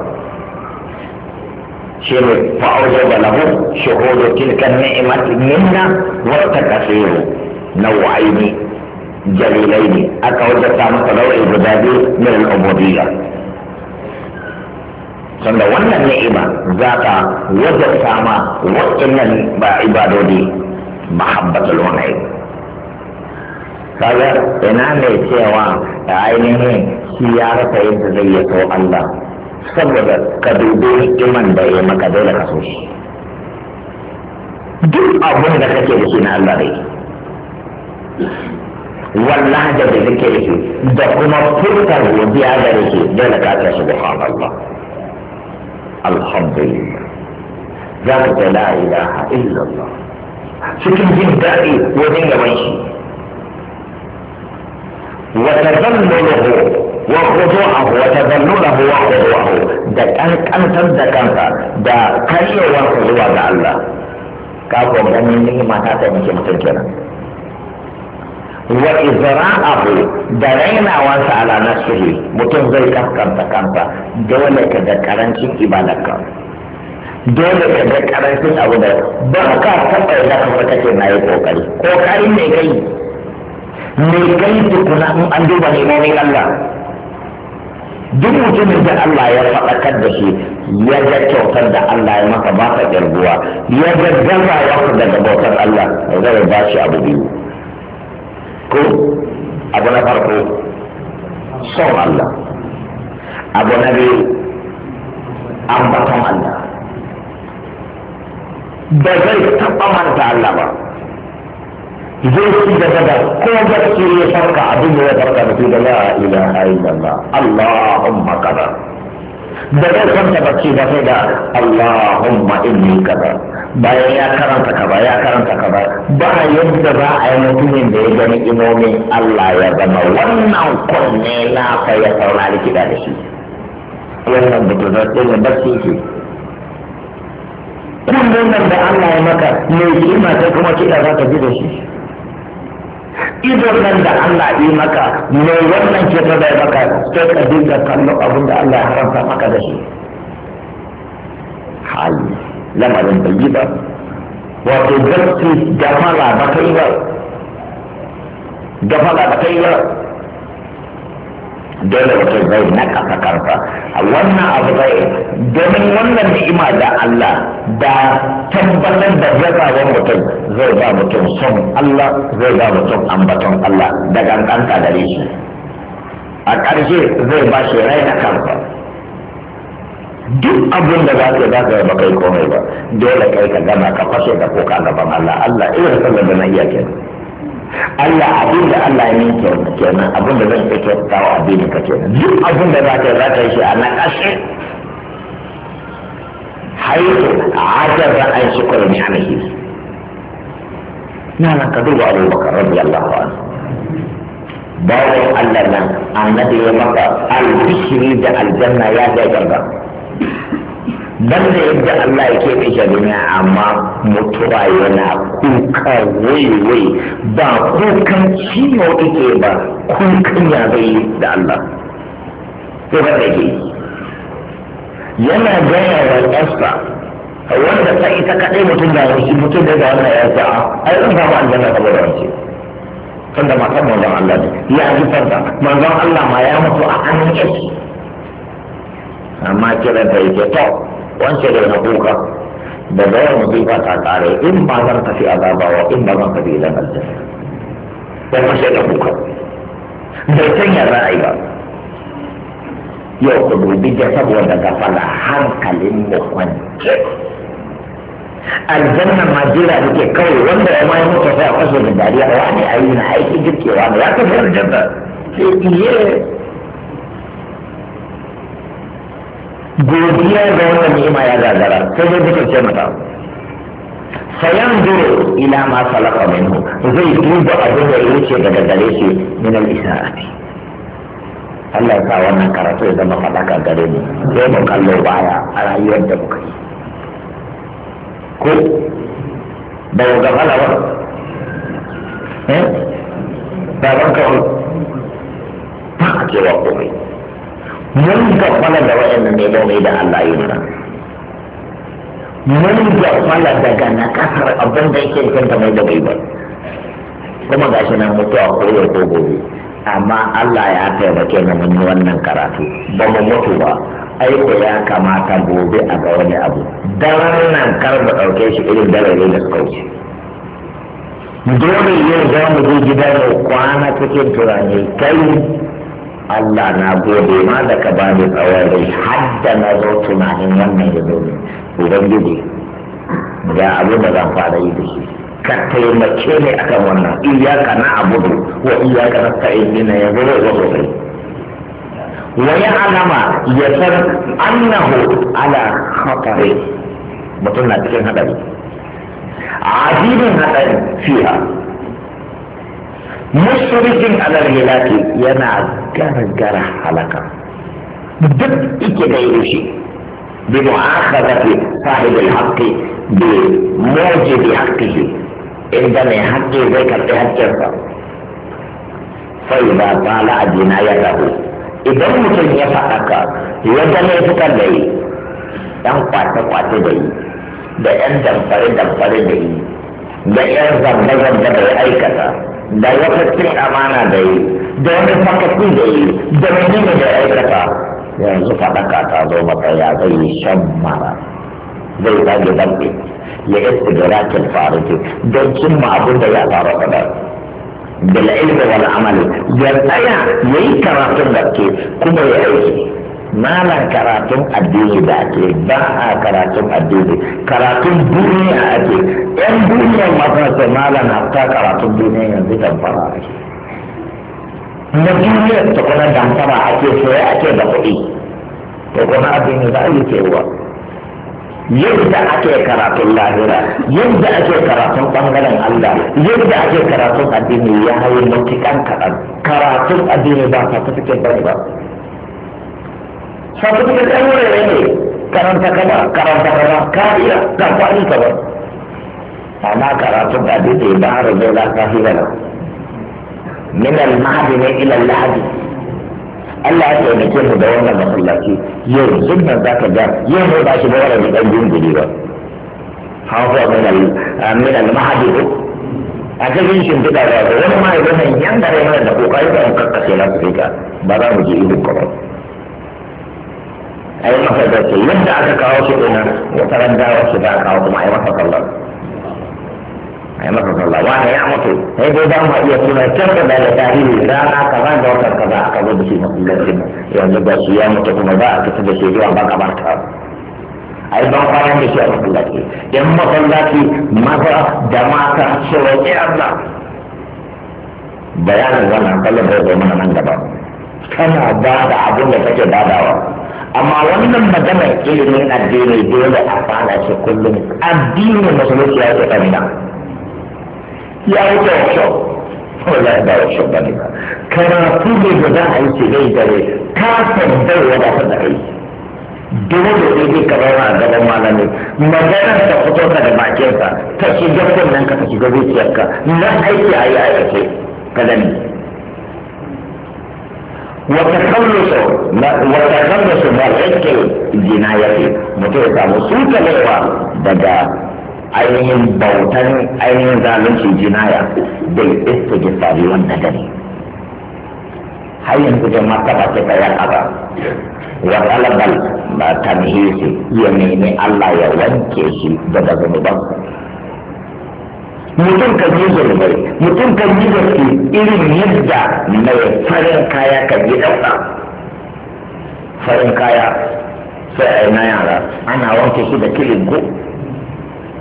shi ne da lahu shuhudu tilkal ni'imati minna wata na nau'aini jalilai ne aka wajauta masa nau'i guda biyu min al'ubudiyya sanda wannan ni'ima za ta sama ma waɗannan ba ibadodi mahabbatul wani kaga ina ne cewa da ainihin shi ya rasa yadda zai yi so Allah saboda ka dubi iman da ya maka dole ka so shi duk abin da kake da shi na Allah dai wallahi da da kake da shi da kuma furtar godiya da shi dole ka ta Allah. الحمد لله ذات لا اله الا الله سكن في الداء وبين وجهه وتذلله وخضوعه وتذلله وخضوعه ده كان كان تبدا كان ده كان يوم خضوع الله كافو مني ما تاتي من كلمه wa izra'ahu da rainawansa ala nafsihi mutum zai kaskanta kansa dole ka ga karancin ibadarka dole ka ga karancin abu da ba ka taba da ka kake ke yi kokari kokarin ne kai ne kai tukuna in an duba mai Allah duk mutumin da Allah ya faɗakar da shi ya ga kyautar da Allah ya maka ba ka ƙirguwa ya ga gazawa daga bautar Allah zai ba shi abu biyu ko abu na farko son Allah abu na biyu ambaton Allah ba zai taɓa manta Allah ba zai ci gaba da ko gaske ya farka abin da ya farka da su da la ilaha illallah Allahumma kaza da zai kwanta bacci ba sai da Allahumma inni kaza bayan ya karanta ba ya karanta ka ba yadda za a yi mutumin da ya gani imomin Allah ya zama wannan kwanne na fa ya saurari kiɗa da shi wannan mutum zai tsaye su ke kun nan da Allah ya maka mai kima sai kuma kiɗa za ka ji da shi idon nan da Allah yi maka mai wannan ke ta bai maka sai ka dinga kallon abin da Allah ya haramta maka da shi hali lamarin bai yi ba wato gaske gafala ba kai ba gafala ba kai ba dole mutum zai na kasa karfa wannan abu zai domin wannan ni'ima da Allah da tabbatar da gazawan mutum zai ba mutum son Allah zai ba mutum ambaton Allah daga kanta da shi a ƙarshe zai ba shi rai na kansa duk abin da za ka za ba kai komai ba dole kai ka gama ka fashe ka koka gaban Allah Allah irin sallar da na iya kenan Allah abin da Allah ya yi kenan abin da zan iya kyautawa abin ka kenan duk abin da za ka za ka yi shi a na ƙashe haitu ajar ra'ayin shukur ana alaihi na nan ka duba abu abubakar radiyallahu anhu bayan Allah nan annabi ya maka albishiri da aljanna ya ga gangan dan da yadda Allah ya keɓe shi duniya amma mutuwa yana kuka waiwai ba kukan ciwo take ba kukan ya zai da Allah Ko ba da ke yana gaya wa ƙasa wanda ta ita kaɗai mutum da wani mutum da ga wannan ya ayyukan ai an samu saboda wance tunda matan manzon Allah ne ya ji farda manzan Allah ma ya mutu a hannun yake amma kira da yake to wance da na kuka daga yau musifa ta kare in ba zan tafi azabawa in ba zan tafi idan aljanna sai fashe da kuka bai sanya za a yi ba yau ku dubi da saboda gafala hankalin mu kwance aljanna ma jira yake kawai wanda ya ma yi mutu sai a kwashe da dariya wani ayi na aiki girkewa ne ya tafi aljanna sai iye godiya ga wannan ni'ima ya gagara sai dai duka ce mata sayan duro ila ma salaka minhu zai duba abin da ya wuce daga gare shi min al-isa'ati Allah ya sa wannan karatu ya zama fadaka gare ni sai mu kallo baya a rayuwar da muka yi ko ba ga gafala ba eh ba ban ka ba a cewa komai mun kwallon da waɗannan nemomi da Allah yi mana mun kwallon daga na kasar abin da yake kanta mai da bai ba kuma ga shi nan mutuwa ko yau ko gobe amma Allah ya taimake na mun yi wannan karatu ba mu mutu ba aiko ya kamata gobe a ga wani abu daren nan kar mu ɗauke shi irin dalilin da suka wuce dole yau za mu je gida mu kwana cikin turani kai Allah na gode ma da ka ba ni tsawon rai hadda na zo tunanin wannan ya zo ne gidi da abin da zan fara yi da shi ka taimake ni akan wannan iyaka na abudu wa iyaka na ta yi na ya zai zo sosai wa ya alama ya san annahu ala khatari mutum na cikin hadari azibin hadari fiha mushrikin ala hilaki yana gara-gara halaka duk ike da shi bi mu'akhazati sahibul haqqi bi mujibi haqqihi inda mai haƙƙi zai karɓi haƙƙinsa sai ba tsala a jinayatahu idan mutum ya faɗaka ya ga laifukan da yi ɗan kwace-kwace da yi da ƴan damfare-damfare da yi da ƴan zamba zamba da ya aikata da wata cin amana da yi da wani fakakku da yi da wani ne da aikata yanzu faɗaka ta zo maka ya zai yi shan mara zai zage zambe ya iska da rakin faruki don cimma abin da ya faru sadar bil ilmi wal amali ya tsaya yi karatun da ke kuma ya aiki malan karatun addini da ake ba a karatun addini karatun duniya ake yan duniyar masu malan hafta karatun duniya yanzu kan fara ake na duniya ta kuma a ke soya ke da kuɗi to kuma abin da za a yi cewa yadda ake karatun lahira yadda ake karatun bangaren Allah yadda ake karatun addini ya hayi kan kaɗan karatun addini ba ta fi ba ba certificate ɗan wurare ne karanta kaza karanta kaza kariya ka kwari kaza amma karatun addini ba har zai hira na. من المعدن الى اللحد Allah ya taimake mu da wannan masallaci yau duk nan za ka ga yau ne ba shi ba wani ɗan jingiri ba hawa min al-mahadi ko a cikin shimfiɗa da ga wani ma yanzu nan yan gare mana da kokari da kakkashe na su ka ba za mu je ido kuma ai maka da yadda aka kawo shi ɗina wata ran dawo shi da aka kawo kuma ai maka kallon ai masa sallah wani ya mutu sai dai dan ma iya tuna kyauta da da tarihi kaza da wata kaza aka zo da shi masallacin yanzu ba shi ya mutu kuma za a fita da shi zuwa makabarta ai ban kwanan da shi a masallaci yan masallaci maza da mata su roƙi Allah bayanin wannan kallon da zai mana nan gaba kana ba da abin da kake badawa amma wannan maganar ilimin addini dole a fara shi kullum addinin musulunci ya ce kamina ya wuce workshop wallahi ba workshop ba ne ba karatu ne da za a yi ce dai dare ka sandar wadatar da kai dole da yake ka zauna a gaban malami maganar ta fito ka da bakinsa ta shiga kunnen ka ta shiga ka na aiki a yi a ce ka gani وتخلص وتخلص mutum ya samu sun kalewa daga ainihin bautan ainihin zalunci jinaya bai iska gifari wanda gani har yanzu jama'a ta ba ta tsaya a ba wa talabal ba tamhisi ya nemi Allah ya wanke shi daga zunuban mutum kan yi zurbai mutum kan yi zurfi irin yadda mai farin kaya kan yi ɗauka farin kaya sai a yi na yara ana wanke shi da kilin ko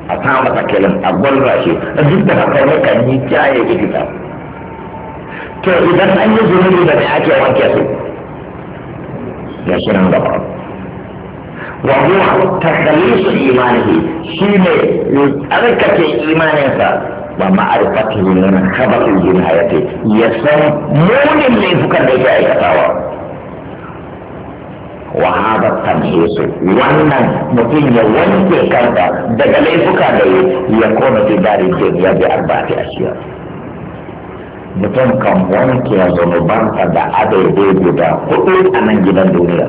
a kama kelen a gwalwa shi a duk da haka ne kan yi jaye ikita to idan an yi zunubi da ne ake wanke su ya shi nan gaba wa huwa takhalisu imanihi shine tsarkake imaninsa ba ma'arifatihi min khabatil jinayati ya san munin laifukan da yake aikatawa wa hada tamhisu wannan mutum ya wanke kanta daga laifuka da ya kona fi dari dunya bi arba'ati ashiya mutum kan wanke zunubansa da dai guda hudu a nan gidan duniya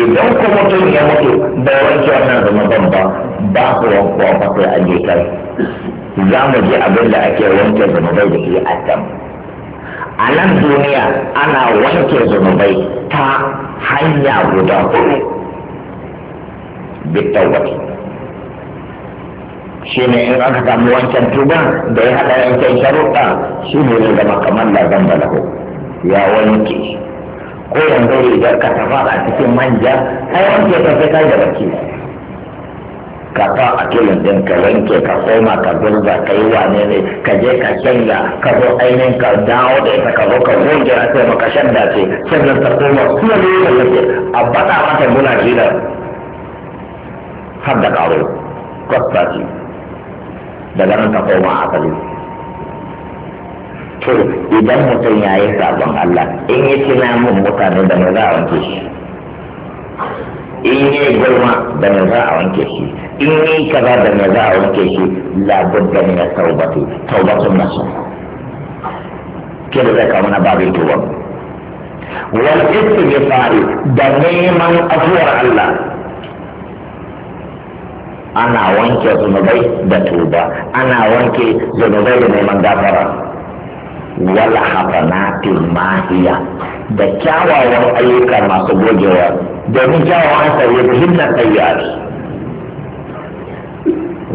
idan ku mutum ya mutu da wanke wannan zunuban ba ba ku wankuwa ba sai an je kai za mu ji abin da ake wanke zunubai da ke a can a nan duniya ana wanke zunubai ta hanya guda hudu bitawati shi ne in aka samu wancan tuba da ya haɗa yankin sharuɗa shi ne ya zama kamar lazan balahu ya wanke ko yanzu rigar ka tafa a cikin manja ai wanke ka sai kai da baki ka sa a tulun din ka yanke ka koma ka gurza ka yi wane ne ka je ka canza ka zo ainihin ka dawo da ita ka zo ka goge a ce maka shan dace sannan ta koma suna ne da take a faɗa mata muna jira har da karo kwasta ce daga nan ka koma a asali to idan mutum ya yi sabon Allah in yi mun mutane da mai za a wanke shi in ne gulma da me za a wanke shi in ne kaza da me za a wanke shi labudda ne na taubatu taubatun nasu ke da zai kawo na babin tuwa wal istighfari da neman afuwar Allah ana wanke zunubai da tuba ana wanke zunubai da neman gafara wal hafanatil mahiya da kyawawan ayyuka masu gogewa domin kyawawan an sauye da himnan tsayyar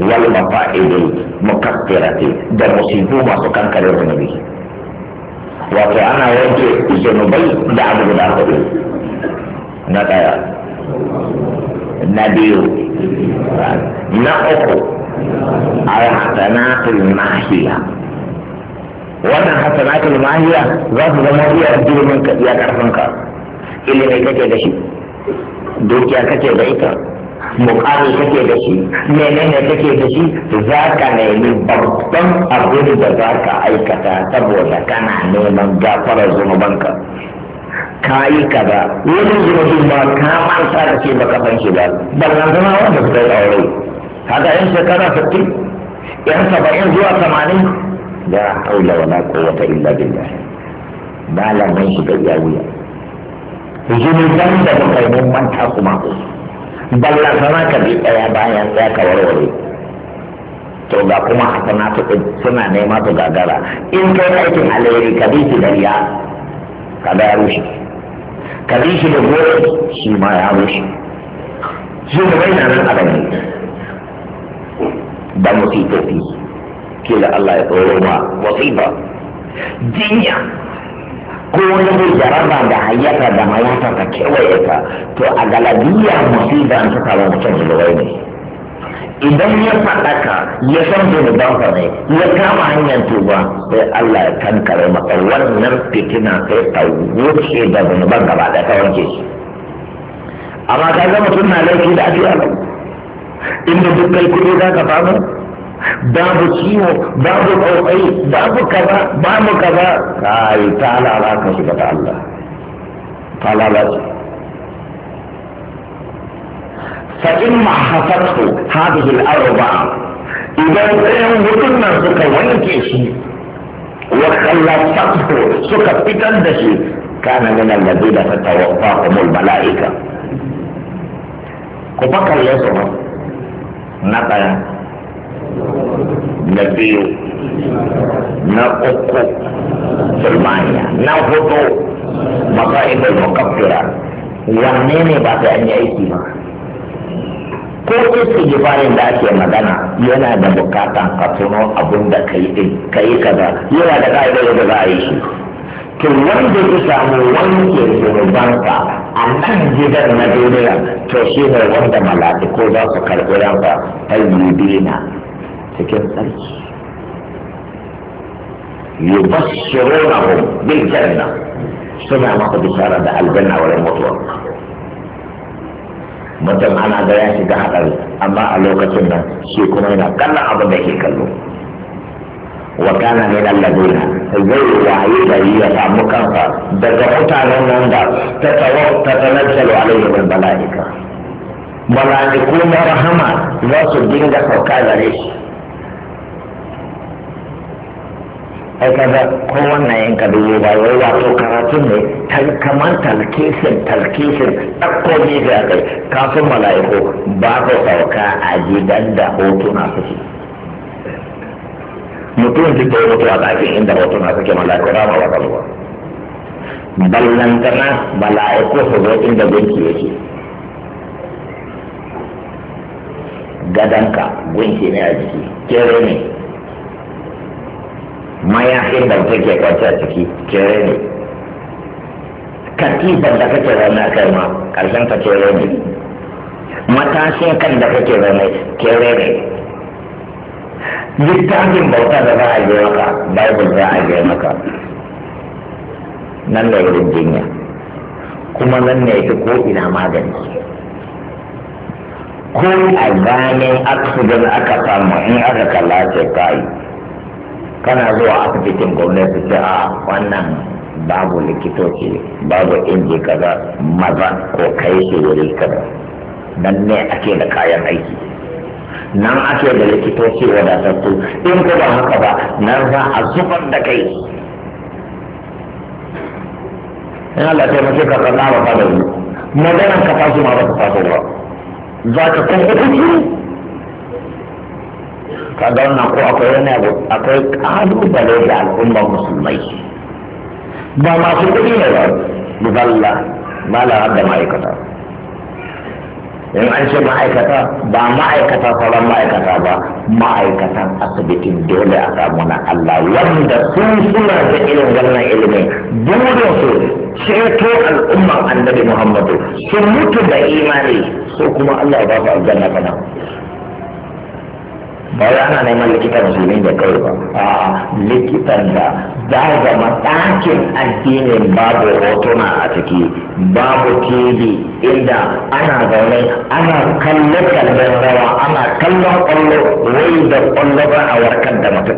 wal mafa'ili mukaffirati da musibu masu kankare zunubi wato ana wanke zunubai da abu guda hudu na ɗaya na biyu na uku a hasanatul mahiya wannan hasanatul mahiya za su zama iya girman ka iya karfin ka ilimi kake da shi dukiya kake da ita mukami kake da shi menene kake da shi za ka nemi babban abin da za ka aikata saboda kana neman gafarar zunuban ka yi kaza wani zunubi ba ka manta da shi baka san shi ba ballan zama wanda su yi aure haka yan shekara sittin yan saba'in zuwa 80 la haula wala quwwata illa billah malamin shi da yawiya zunuban da muka yi mun manta kuma balla sana ka bi daya bayan za ka warware to ga kuma hasana su suna nema su gagara in kai aikin alheri ka bi da riya ka da rushe ka bi shi da gore shi ma ya rushe zunubai na nan a Ba gani da musibobi kila Allah ya tsoro ma musiba jinya ko wani mai jaraba da hayyata da mayata ka kewaye ka to a galabiya musiba an suka ba mutum zubai ne idan ya faɗaka ya san zunubansa ne ya kama hanyar tuba sai Allah ya kankare masa wannan fitina sai ta wuce da zunuban gaba da ta wanke shi amma ka zama mutum na laifi da ake inda dukkan kai za ka samu باب ciwo باب tsautsayi باب كذا باب كذا قال تعالى على su daga قال ta lalata فإما حفظته هذه الأربعة إذا كان مدن سكا ونكيشي وخلصته سكا بتندشي كان من الذين تتوفاهم الملائكة كفكر يسوع نقل na biyu na uku sulmaniya na hudu masa'idul mukaffira wanne ne ba sai an yi aiki ba ko istighfarin da ake magana yana da bukatan ka tuno abin da yi din kaza yana da ka'idar da za a yi shi to wanda ya samu wanke zunubanka a nan gidan na duniya to shi ne wanda mala'iku za su karɓi ranka ayyubina كده يبصرونهم بالجنة سمع ما قد يسارى ده الجنة ولا المطلق متى أنا ده ياسي ده حقل أما ألو كتنة سيكون هنا كلا عبده يكلم وكان من الذين زي وعيد هي فمكافا بتقطع لنا عند تتنزل عليهم الملائكه ملائكه رحمه لا تدين لك وكان ليش ai kaga ko wannan in ka dubo ba wai wato karatun ne kamar talkishin talkishin ɗauko ne da kai kafin mala'iku ba ka sauka a gidan da hotuna suke mutum duk da ya mutu a ɗakin inda hotuna suke mala'iku rama ba kalwa ballantana mala'iku su zo inda gunki yake gadanka gunki ne a jiki kere ne maya inda mutum ke kwanci a ciki kere ne katifar da kake zaune a kai ma ƙarshen ta kere ne matashin kan da kake zaune kere ne littafin bauta da za a je maka bible za a je maka nan da wurin jinya kuma nan ne fi ko ina magani ko a ganin accident aka samu in aka kalla ce kai kana zuwa asibitin gwamnati ce a wannan babu likitoci babu inji kaza maza ko kai shi wuri kaza nan ne ake da kayan aiki nan ake da likitoci wadatattu in ko ba haka ba nan za a zubar da kai in Allah ta mace ka kana ba da maganan ka fasu ma ba ka fasu ba za ka kan kuɗi kaga wannan ko akwai wani abu akwai kalubale da al'ummar musulmai ba masu kuɗi ne ba muballa malaha da ma'aikata in an ce ma'aikata ba ma'aikata sauran ma'aikata ba ma'aikatan asibitin dole a samu na Allah wanda sun suna da irin wannan ilimi dole su ceto al'umman annabi Muhammadu sun mutu da imani su kuma Allah ya ba su aljanna kana ba ana neman likita musulmi da kai ba a likitan da daga zama ɗakin addinin babu hotuna a ciki babu tv inda ana zaune ana kallo kallon rawa ana kallon kwallo wai da kwallo ba a warkar da mutum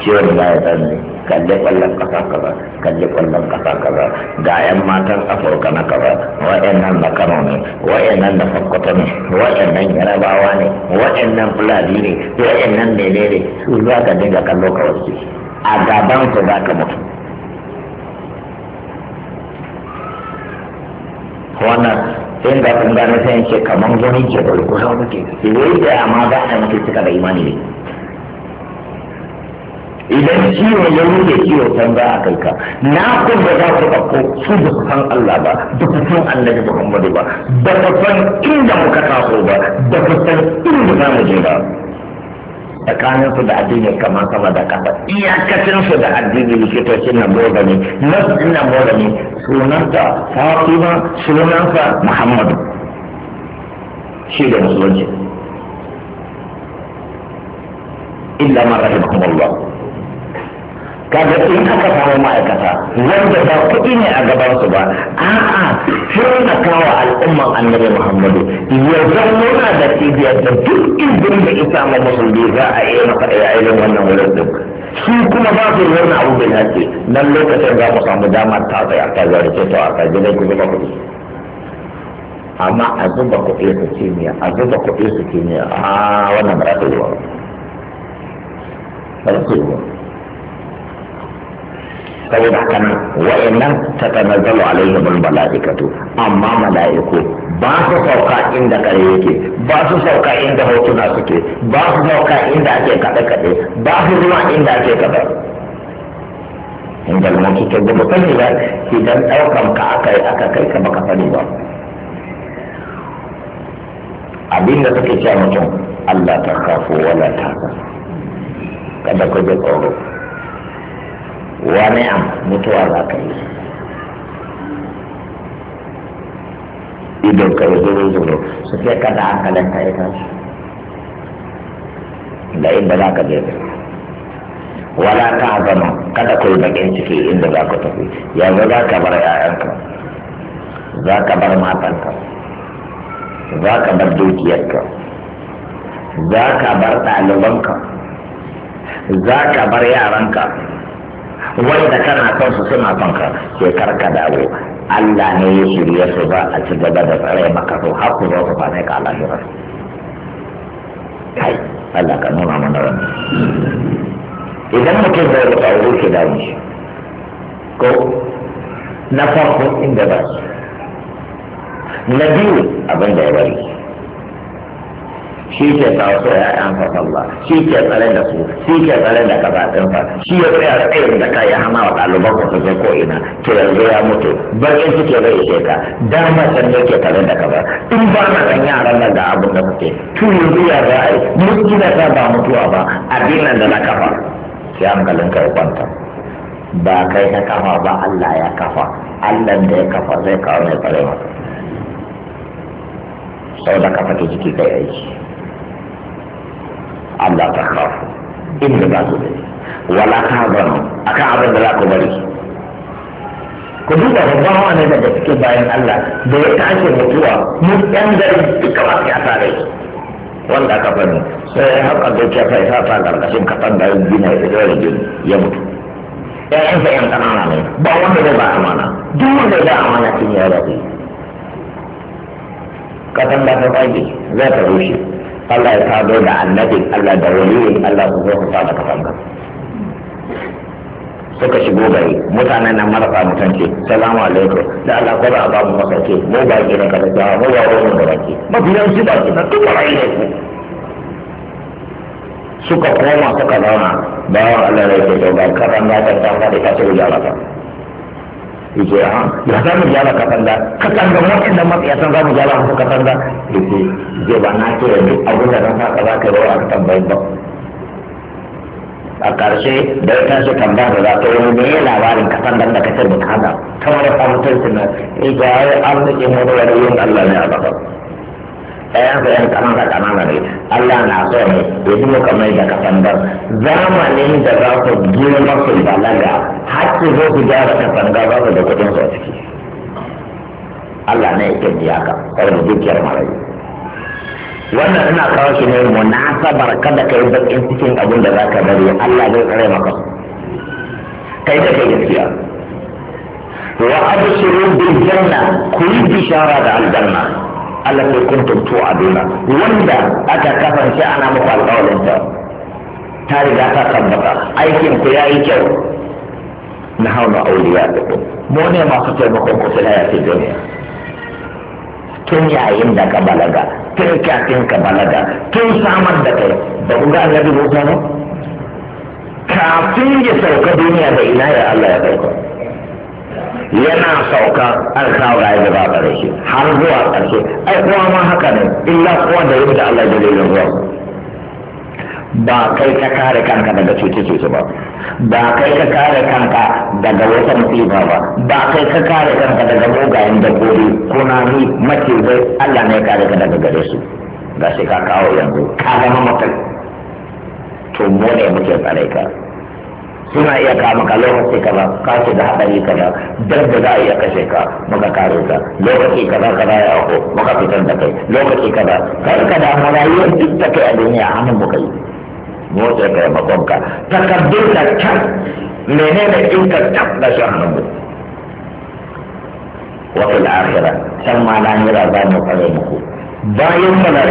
ciwon da ya tsanani kalli kwallon kasa kaza kalli kwallon kasa kaza ga yan matan afirka na kaza wa'annan na kano ne wa'annan na fakkwato ne wa'annan yarabawa ne wa'annan fulani ne wa'annan ne su za ka dinga kallo ka wasu a gaban su za ka mutu wannan sai da kun gane sai in ce kamar wani jebal kusa muke sai da amma ba a yi mutu cika da imani ne idan ciwo ya rude ciwo kan za a kanka na kun da za ku ɗauko su da ku san Allah ba da ku san annabi Muhammadu ba da ku san inda muka taso ba da ku san inda za mu je ba tsakanin su da addini kamar sama da kafa iyakacin su da addini likitocin na boda ne su ina boda ne sunanta fatima sunansa muhammadu shi da musulunci illa ma rahimakumullah kaga in aka samu ma'aikata wanda ba kuɗi ne a gaban su ba a'a na kawo al'umman annabi muhammadu ya na da cibiyar da duk izin da isa ma musulmi za a iya masa irin wannan wurin duk su kuma ba su zauna abu ya ce nan lokacin za mu samu dama ta tsaye a kaza da ke to a kaji dai kuma kuɗi amma a zuba kuɗi su kimiyya a zuba kuɗi su kimiyya a wannan ba za su yi ba ba za su yi ba saboda haka nan wayannan ta tanazzalu alaihim almalaikatu amma malaiku ba su sauka inda kare yake ba su sauka inda hotuna suke ba su sauka inda ake kaɗe kaɗe ba su zuwa inda ake kaɗe inda mun kike gaba sani ba idan ɗaukan ka aka yi aka kai ka baka sani ba abinda suke cewa mutum Allah ta kafo wala ta kada ku ji tsoro wa ni'am mutuwa za ka yi Idan ka yi zuru zuru su ke kada hankalin ka yi kansu da inda za ka je wala ta zama kada ku yi bakin ciki inda za ku tafi yanzu za ka bar 'ya'yanka za ka bar matanka za ka bar dukiyarka za ka bar ɗalibanka za ka bar yaranka wanda kana kan su suna kan ka ke karka dawo Allah ne ya shirya su ba a ci gaba da tsare maka to har ku zo ku fane ka lahira kai Allah ka nuna mana wannan idan mutum zai da tsaro ke dawo shi ko na farko inda ba na biyu abin da ya bari shi ke su ya ya'yan sa sallah shi ke tsare da su shi ke tsare da kazaɗin fa shi ya tsaya tsayin da ka yi hana wa ɗaliban ku su ko ina to yanzu ya mutu bakin ke zai ishe ka dama can ne ke tsare da kaza in ba na san yaran nan da abin da kuke tun yanzu ya ra'ayi mutu da ta ba mutuwa ba abin nan da na kafa sai hankalin ka ya kwanta ba kai ka kafa ba Allah ya kafa Allah da ya kafa zai kawo mai tsare masa sau da kafa ta jiki kai aiki Allah ta kafu inda ba su da wala hazanu akan abin da za ku bari ku duba babban wani daga cikin bayan Allah da ya tashi mutuwa mu yan gari duka ba su yasa rai wanda aka bani sai ya haƙa dokiya sai ya sa gargashin kafan da yin gina ya da gini ya mutu ƴaƴansa ƴan ƙanana ne ba wanda zai ba amana duk wanda zai amana cin ya rafi kafan da ta ƙage za ta rushe Allah ya kado da annabin Allah da waliyin Allah su zo su saba katanga suka shigo gari mutanen nan marasa mutunci salamu alaikum da Allah ko ba ba mu masauke mu ba ki da kada jawa mu ba wani da baki mafi yawanci ba ki da duk ne suka koma suka zauna bawan Allah ya ce to ba karan ya ta ta da ka ce ya ba yake ha ya za mu gyara katanga katanga waɗannan za mu gyara musu je ba na ce yanzu abin da na za ka rawa a tambayin ba a ƙarshe da ya tashi tamba da za ta yi me labarin katangar da kace bukata da samun tarsi na da eh, ya an nake mu da yin Allah ne a ƙasar ɗayan sa yan kanana kanana ne Allah na so ne ya ji muka mai da katangar zamanin da za su gina masu balaga har su zo su gyara katangar za su da kuɗin su a ciki Allah ne yake biya ka da dukiyar marayu wannan ina kawo shi ne sabar kada yi bakin cikin abin da za ka bari Allah zai tsare maka kai da kai gaskiya wa shirin bin janna ku yi bishara da aljanna allati a tu'aduna wanda aka kasance ana muku alƙawarin ta ta riga ta tabbata aikin ku yayi kyau na hauna auliya da ku mu ne masu taimakon ku ya hayati duniya tun yayin da ka balaga tun kafin ka balaga tun samar da kai da ku ga annabi Musa ne kafin ya sauka duniya da ina ya Allah ya sauka yana sauka an kawo ga da ba a har zuwa ƙarshe ai kuma ma haka ne illa kuma da yadda Allah ya jere zuwa ba kai ka kare kanka daga cuce-cuce ba ba kai ka kare kanka daga wata musiba ba ba kai ka kare kanka daga mugayen dabbobi kunami macizai Allah ne kare ka daga gare su ga sai ka kawo yanzu ka zama mutum to mu ne muke tsare ka suna iya kama ka lokaci kaza ka ce da haɗari kaza dan da za a iya kashe ka muka kare ka lokaci kaza kaza ya ako muka fitar da kai lokaci kaza kai ka da marayuwar duk ta kai a duniya hannun mu yi motsa ka ya makonka takardun da can menene in ka tab da shi hannun mu wafil akhira san ma lahira za mu kare muku bayan kuna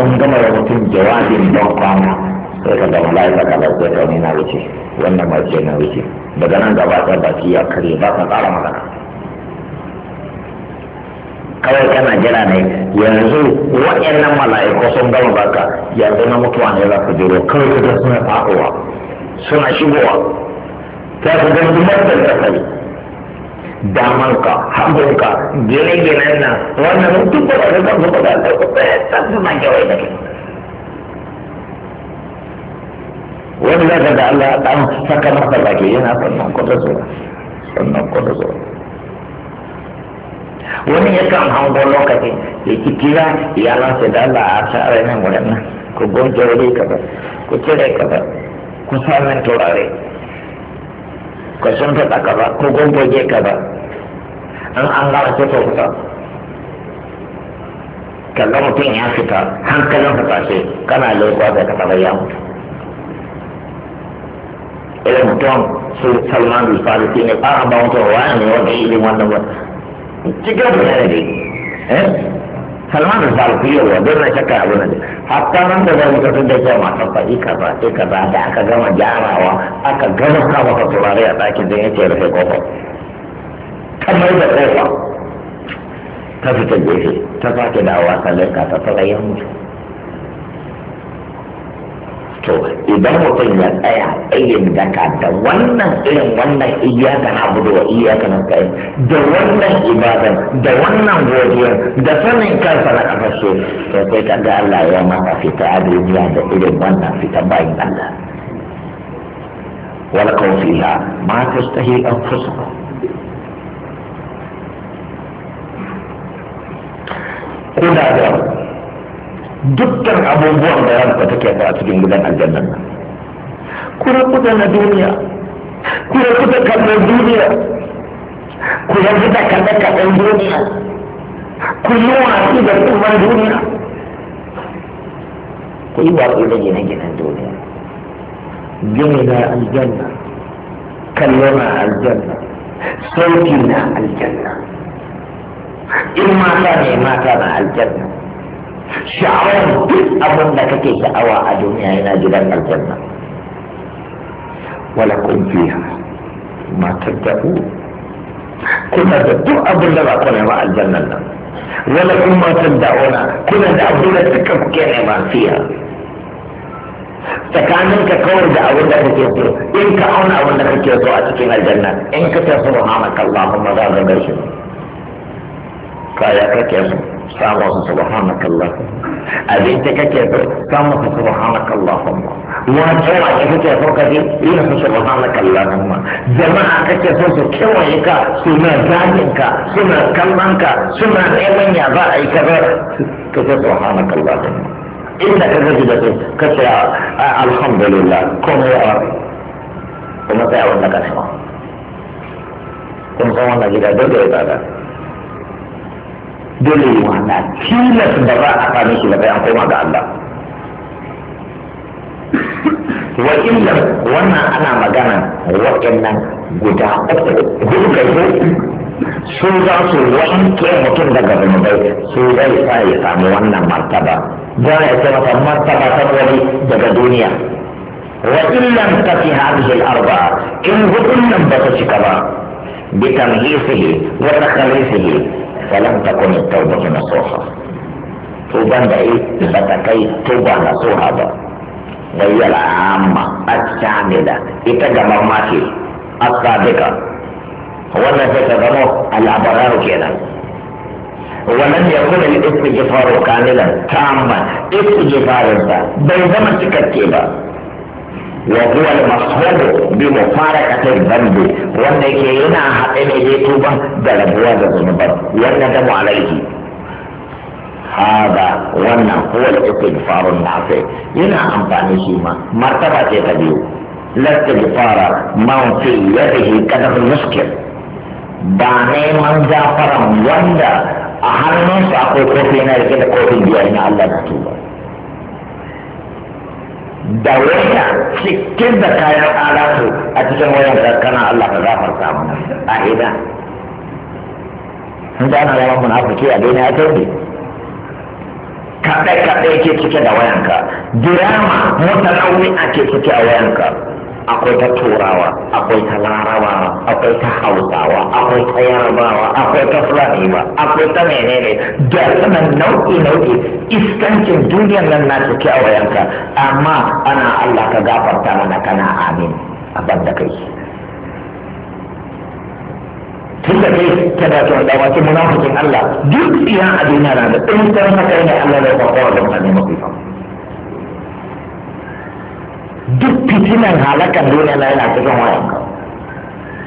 sun gama da mutum jawabin don kwana sai ka gama layi ka gaba sai ka na wuce wannan ma ce na wuce daga nan gaba ta baki ya kare ba ka tsara magana kawai kana jira ne yanzu wa'annan mala'iku sun gama baka yanzu na mutuwa ne za ka jiro kawai ka ga suna faɗowa suna shigowa ta ka ga dumar da ta kai damanka hagunka gine-ginen nan wannan duk da ka ga da ta kuma ya tsarsu na gawai da kai wani zaka da Allah dan saka masa baki yana sannan kwata zuwa sannan kwata zuwa wani kan hango lokaci ya ki kira iyalansa da Allah a tsara yana wurin nan ku goge wuri kaza ku cire kaza ku samun turare ku sun faɗa kaza ku goge kaza an an gara ce ku kusa kalla mutum ya fita hankalin ka tashe kana leƙwa da ka ya mutu irin don su salman al-farisi ne a ba a waya ne wanda irin wannan ba cikin da ya dai salman al-farisi yau wa don na shakka abu na hatta nan da zai mutu da ke masu faɗi kaza sai kaza da aka gama a aka gama kama ka a ɗakin don yake rufe kofar Ka da kofa ta fita gefe ta sake dawowa ta leka ta tsara ya mutu to idan mutum ya tsaya tsayin daka da wannan irin wannan iyaka na abu da iyaka na tsaye da wannan ibadan da wannan godiyar da sanin kansa na kafashe to sai ka ga Allah ya maka fita a duniya da irin wannan fita bayan Allah wala walqaw fiha ma ta stahi an anfusuhum kuna da dukkan abubuwan da ranka take ba a cikin gidan aljannan nan kura kuda na duniya kura kuda kallon duniya kura kuda kallon kallon duniya ku yi watsi da tsuman duniya ku yi watsi da gine-ginen duniya gini na aljanna kallo na aljanna sauki na aljanna in mata ne mata na aljanna sha'awar duk abin da kake sha'awa a duniya yana gidan aljanna wala kun fiya ma tattabu kuna da duk abin da ba ku nema aljannan nan wala kun ma tattauna kuna da abin da suka kuke nema fiya tsakanin ka kawar da abin da kake so in ka auna abin da kake so a cikin aljanna in ka ta subhanaka allahumma za ka gaishe kaya kake so samu su subhanaka Allah abin da kake da samu su subhanaka Allah wa kewa ke kake farka ji ina su subhanaka Allah kuma jama'a kake so su kewa ka su na zalin ka su na kallon ka su na neman ya za a yi ka ba ka ce subhanaka Allah kuma inda ka gaji da kai ka ce ah, alhamdulillah kuma ya ba kuma sai a wannan kasuwa kuma sai wannan gida dole ya tsada dole wanda tilas da za a same shi daga an koma ga Allah wa illa wannan ana magana waɗannan guda uku gudu kai ko su za su wanke mutum daga zunubai su zai sa ya samu wannan martaba za ya ce masa martaba ta wani daga duniya wa illan ta fi hadhihi al-arba'a in hudun nan ba ta cika ba bi tamhisihi wa takhallisihi فلم تكن التوبة نصوحة توبة ده ايه بتكي توبة نصوحة ده وهي العامة الشاملة اتجمع ماشي الصادقة هو وانا ستجمع الابرار كده ولم يكن الاستجفار كاملا تاما استجفار ده بينما تكتبه وهو المصحوب بمفارقة الذنب وأنك هنا حقنا يتوبة دلبوا الذنوب والندم عليه هذا وانا هو الاستغفار النافع هنا أمباني شيما مرتبة تبيو الاستغفار من في يده قدر المشكل باني من جافر وندا أهل نصف أقول كوفينا لكي كوفي بيارنا الله نتوبة da waya cikin da kayan alatu a cikin wayan kana Allah ka gafarta mana a ina sun ta ana zama munafiki a daina ya tauke kaɗai-kaɗai ke cike da wayanka dirama mutanaunin ake cike a wayanka akwai ta turawa akwai ta larawa akwai ta hausawa akwai ta yarabawa akwai ta fulani ba akwai ta menene da sanan nau'i nau'i iskancin duniyar nan na cike a wayanka amma ana Allah ka gafarta mana kana amin a banda kai tun da kai kada ta wanda wasu munafikin Allah duk iya a duniya na da ɗin ta kai ne Allah zai kwakwa wa da mutane mafi fama duk fitinan halakar duniya na yana cikin wayan ka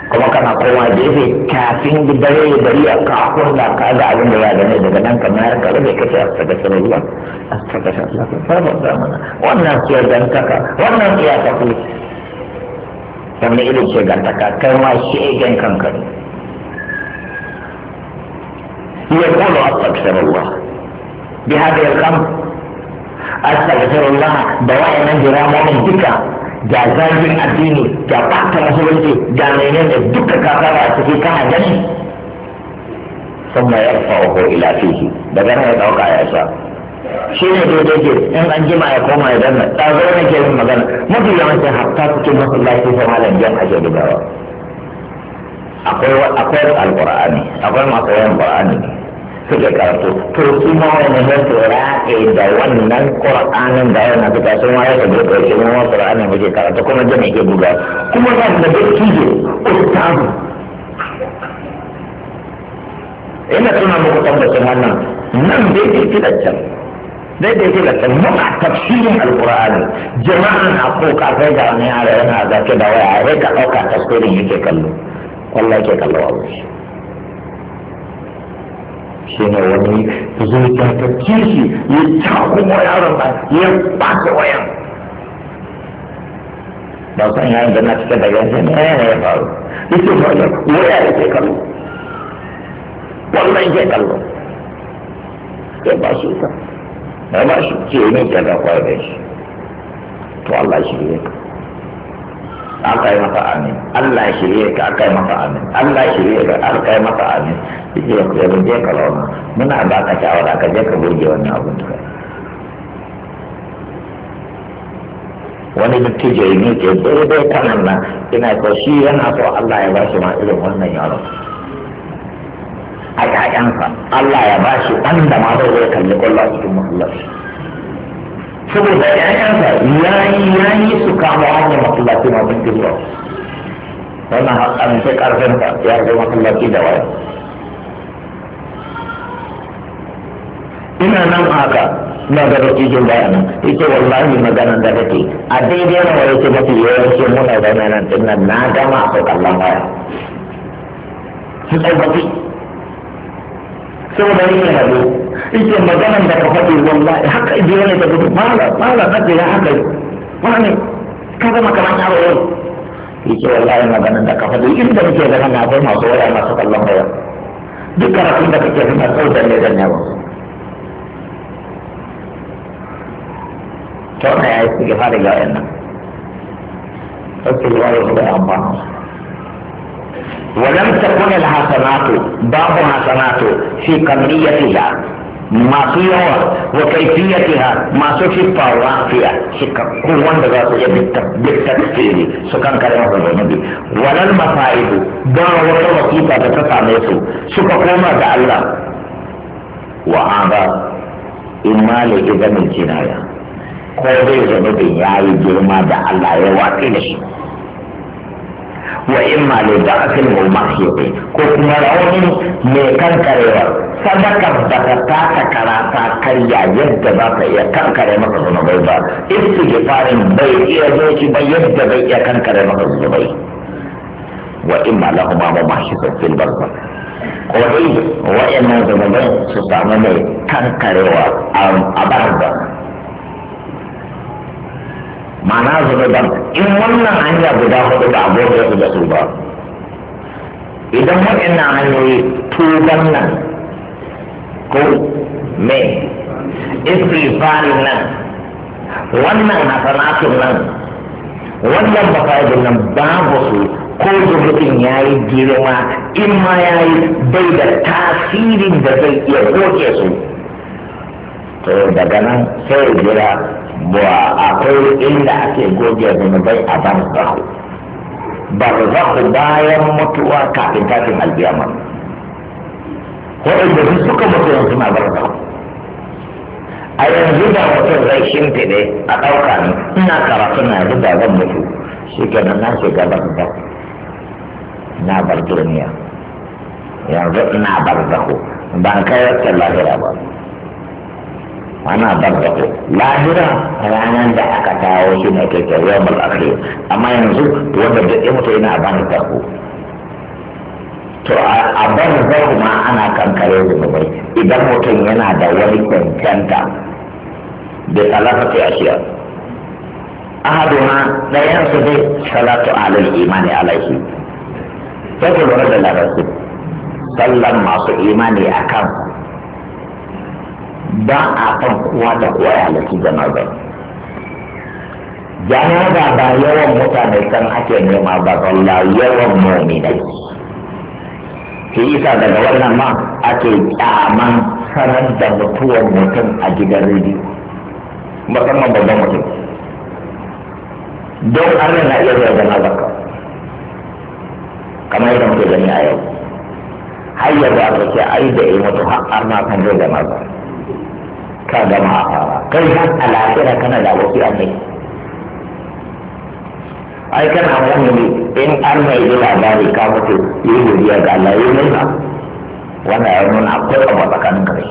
kuma kana koma gefe kafin dare ya bari a kafin da ka ga abin da ya gane daga nan ka mayar ka rage kace a saka sanarwa a saka sanarwa sabon zamana wannan ke gantaka, wannan ke iyaka kuma wanda irin ke gantaka kai ma shi ejen kanka ne ya kolo a tsaksar Allah bi hada ya kama astagfirullah da wayannan jiramomin duka ga zagin addini ga ɓata musulunci ga menene duka kakara a ciki kana gani ya mai ko ila fihi daga gana ya ɗauka ya sa shi ne daidai ke in an jima ya koma ya danna ta zo ne ke yin magana ya yawancin hatta cikin masallaci sai malam jan ake gudawa akwai akwai alqur'ani akwai masu yawan qur'ani suke karatu to su ma wani ne su da wannan ƙur'anin da yana fita sun waye da duk da shi ma ƙur'anin muke karatu kuma jin yake buga kuma za da duk kije ustazu ina tuna muku tabbacin wannan nan dai dai filaccen dai dai filaccen muna tafsirin alƙur'ani jama'an a kafai da wani yara yana zafi da waya a rika ɗauka tasirin yake kallo ke kallo a wuce shi wani kishi ya ya ba na cike da gaske ne ya faru yake faru waya ya da shi shi ne aka yi masa amin Allah shirye ka aka yi masa amin Allah shirye ka aka yi masa amin ya ku yabi je ka launa muna ba ka shawara ka je ka burge wannan abun da wani ne ya miƙe daidai ta nan ina ko shi yana so Allah ya ba shi ma irin wannan yaron a ƴaƴansa Allah ya ba shi wanda ma zai kalli kwallo a cikin masallaci saboda ƴaƴansa ya yi ya yi su kama hanyar masallaci ma sun zuwa wannan hakan sai ƙarfinsa ya rage masallaci da waya ina nan haka na ga dattijon baya nan yake wallahi magana da kake a daidai nawa yake mafi yawancin muna zaune nan din nan na gama a sauƙan lambaya. Sun ɗaukaki saboda yake hado yake maganan da ka faɗi wallahi haka ibi wani da gudu mala mala kaje ya haka wani ka zama kamar yaro yau yake wallahi magana da ka faɗi inda muke da na akwai masu waya masu kallon waya duk karatun da kake suna tsautar ne zan yawa ta wannan ya yi su gefa da gawayen nan. Ɗauke zuwa da su bai amfana. ولم تكن الحسنات بعض حسنات في كميتها ما فيها وكيفيتها ما في الطاوة فيها كون دغاس بالتكفير سكان كلمة النبي ولا المصائب دار وتوكيتا نيسو سكا كوما دا الله وهذا إما لإذن الجناية ko zai zama da ya yi girma da wa da li da'atil mumakhiyati ko kuma raunin kan karewa sadaka da ta ta karata karya yadda ba ta iya kankare maka bai ba farin bai iya zo ki ba yadda bai iya kankare maka bai wa ma lahuma mumakhiyatu fil barka ko dai wa'annan zunubai su samu mai kankarewa a barza ma'ana zunuban in wannan hanya guda hudu da abokan su da su ba idan waɗannan hanyoyi tuban nan ko me istighfarin nan wannan hasanatun nan wannan mafaidun nan babu su ko zubutun ya yi girma in ma ya yi bai da tasirin da zai iya koke su to daga nan sai jira ba akwai inda ake goge zunubai a barzahu barzahu bayan mutuwa kafin tashin aljiyama waɗanda su suka mutu yanzu na barzahu a yanzu da mutum zai shimfi ne a ɗauka ne ina karatu na yanzu da zan mutu shi kenan na shiga barzahu na bar duniya yanzu ina barzahu ban kai wata lahira ba ana barbato lahira ranar da aka kawo shi ne ke ta yau bal amma yanzu wanda da ya mutu yana ban tarko to a ban zarku ma ana kankare zunubai idan mutum yana da wani cancanta da salafati ashiya ahaduna ɗayan su dai salatu alal imani alaihi sai ku lura da larabci sallan masu imani akan ba a kan kowa da kowa ya halarci janaza janaza ba yawan mutane kan ake nema ba zalla yawan mominai ke isa daga wannan ma ake kyaman sanar da mutuwar mutum a gidan rediyo musamman babban mutum don arna na iya zuwa janaza ka kamar yadda muke gani a yau har aka ce ai da ya mutu har arna kan zai janaza ka gama a fara kai har a lafiya kana da wasu yan kai ai kana wani in an mai yi labari ka mutu yi godiya ga Allah yi ba wanda ya nuna akwai abu a tsakanin kare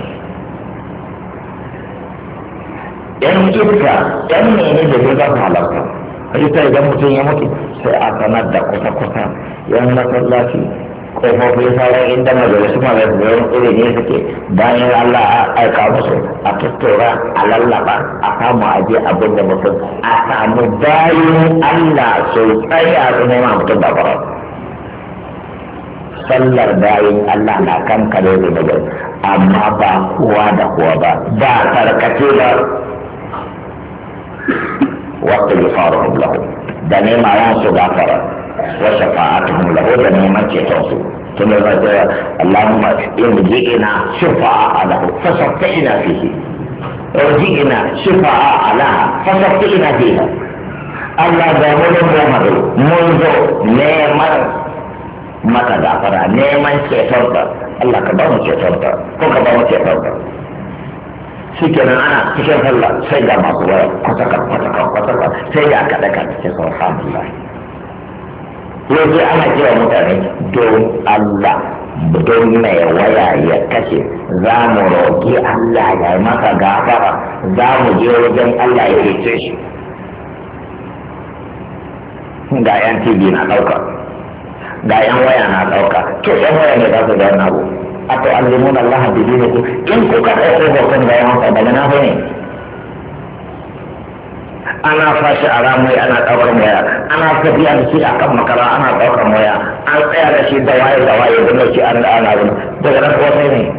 yan iska yan mene da zai zama halarta ta idan mutum ya mutu sai a sanar da kusa-kusa yan masallaci kofofin sauran inda majalisu masu iri ne, suke bayan Allah a aika musu a tuttura a lallaba a samu aje abin da mutum a samu bayan Allah su tsaya su nema mutum da kwarar sallar bayan Allah na kan kare da nagar amma ba kowa da kowa ba ba karkace ba wata yi faru da nema ran su gafara وشفاعتهم له ذنيما كيتوسو ثم قال اللهم إن جئنا شفاعة له فشفعنا فيه وجئنا شفاعة لها فشفعنا فيها Allah ga wani muhammadu mun zo neman mata gafara neman cetonta Allah ka ba mu cetonta ko ka ba mu cetonta shi kenan ana cikin sallah sai ga masu wayar kwata sai ga kaɗa kaɗa cikin sauran hamdulahi yanzu ana kira mutane don Allah don mai waya ya kashe za mu roƙi Allah ya maka gafara za mu je wajen Allah ya rike shi ga yan tv na ɗauka ga yan waya na ɗauka to yan waya ne za su ga wani abu a to an limuna Allah ne ku in kuka ɗauko hoton ga yan wasa daga na ne ana fashi a ramai ana ɗaukar waya ana tafiya da shi kan makara ana ɗaukar waya an tsaya da shi da waye da waye da mai an da ana bin daga nan ko sai ne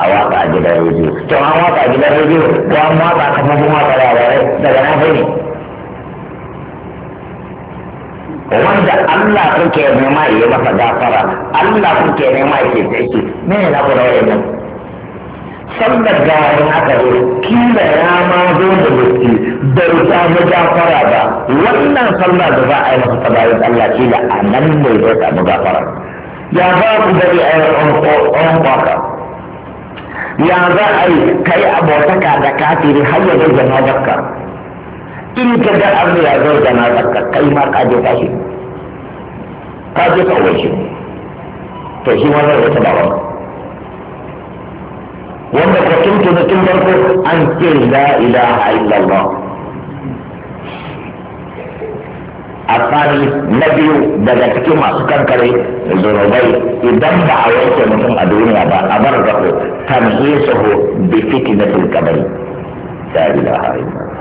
a waka a gidan rediyo to an waka a gidan rediyo ko an waka a kafofin waka labarai daga nan sai ne wanda Allah kuke nema ya masa gafara Allah kuke nema ya ce shi me ne na ku da nan? sallar da ya haka kila ya ma zo da gaske da rusa mujafara ba wannan sallar da za a yi masa tabayin Allah kila a nan ne zai samu gafara ya za ku bari a yi ɗan kwaka ya za a yi kai abotaka da kafiri har ya zai zama zakka in ka ga abu ya zai zama zakka kai ma ka je ka shi ka je ka uwa shi to shi ma zai wata dawa wanda ka tuntu da tun farko an ce la ilaha illallah a tsari na biyu daga cikin masu kankare zunubai idan ba a wanke mutum a duniya ba a bar zako tamhisahu bi fitnatil qabri la ilaha illallah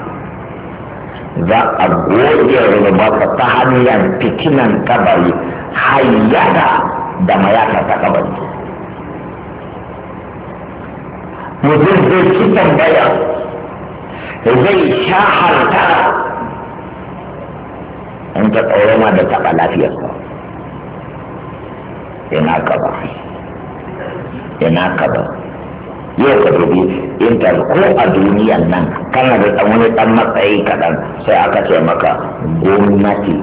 za a goge zunubansa ta hanyar fitinan kabari hayyada da mayaka ta kabari mutum zai ci tambaya zai sha harkara in ka da taɓa lafiyarsa ina kaba ina kaba yau ka dubi intar ko a duniyan nan kana da ɗan wani ɗan matsayi kaɗan sai aka ce maka gwamnati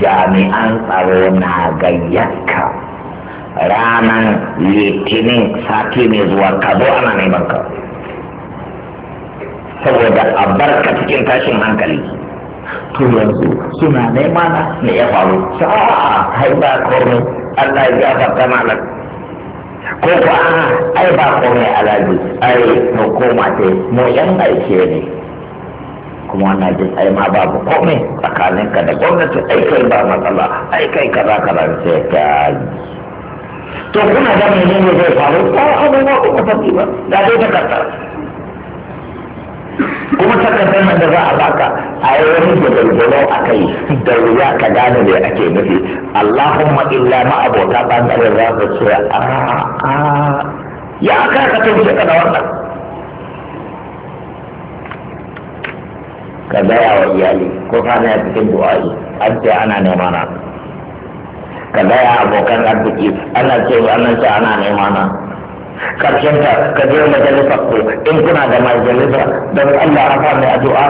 jami'an tsaro na gayyaka ranar litinin sati mai zuwa ka zo ana neman ka saboda a bar ka cikin tashin hankali to yanzu suna nema na me ya faru sa'a ai ba komai Allah ya gafarta malak ko ba a ai ba komai alaji ai hukuma ce mu yan aike ne kuma na jin ai ma babu komai tsakaninka da gwamnati ai kai ba matsala ai kai kaza kaza sai ka to kuna da menene zai faru ko abubuwa kuma tafi ba da dai takardar kuma takardar nan da za a baka a yi wani gwagwagwalo a kai da wuya ka gane me ake nufi allahumma illa ma abota bangaren za su ce a a ya aka ka tafi ka kada wannan ka gaya wa iyali ko kana cikin du'a'i an ce ana nema na ka gaya abokan arziki ana ce wannan ce ana nema na karshen ta ka je majalisa ko in kuna da majalisa don Allah a sami addu'a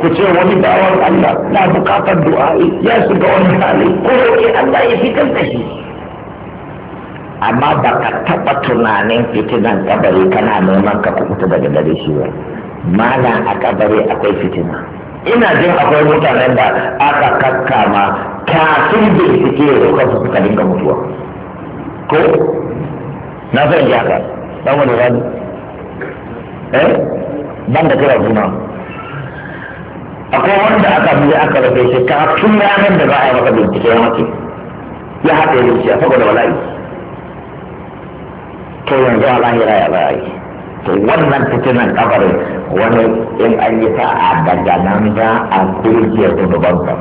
ku ce wani bawan Allah na bukatar du'a ya ga wani hali ko roƙi Allah ya fitar da shi amma ba ka taɓa tunanin fitinan kabari kana neman ka kuɓuta daga gare shi ba mana a kabari akwai fitina ina jin akwai mutanen da aka kakkama kafin bincike ya roƙar su suka dinga mutuwa ko na zan yi haka dan wani rani eh ban da kira suna akwai wanda aka bi aka rufe shi kafin ranar da za a yi maka bincike ya mace ya haɗe zuciya saboda wala'i to yanzu a lahira ya za a yi to wannan fitinan kabarin wani in an yi a daga nan za a kurje zunubansa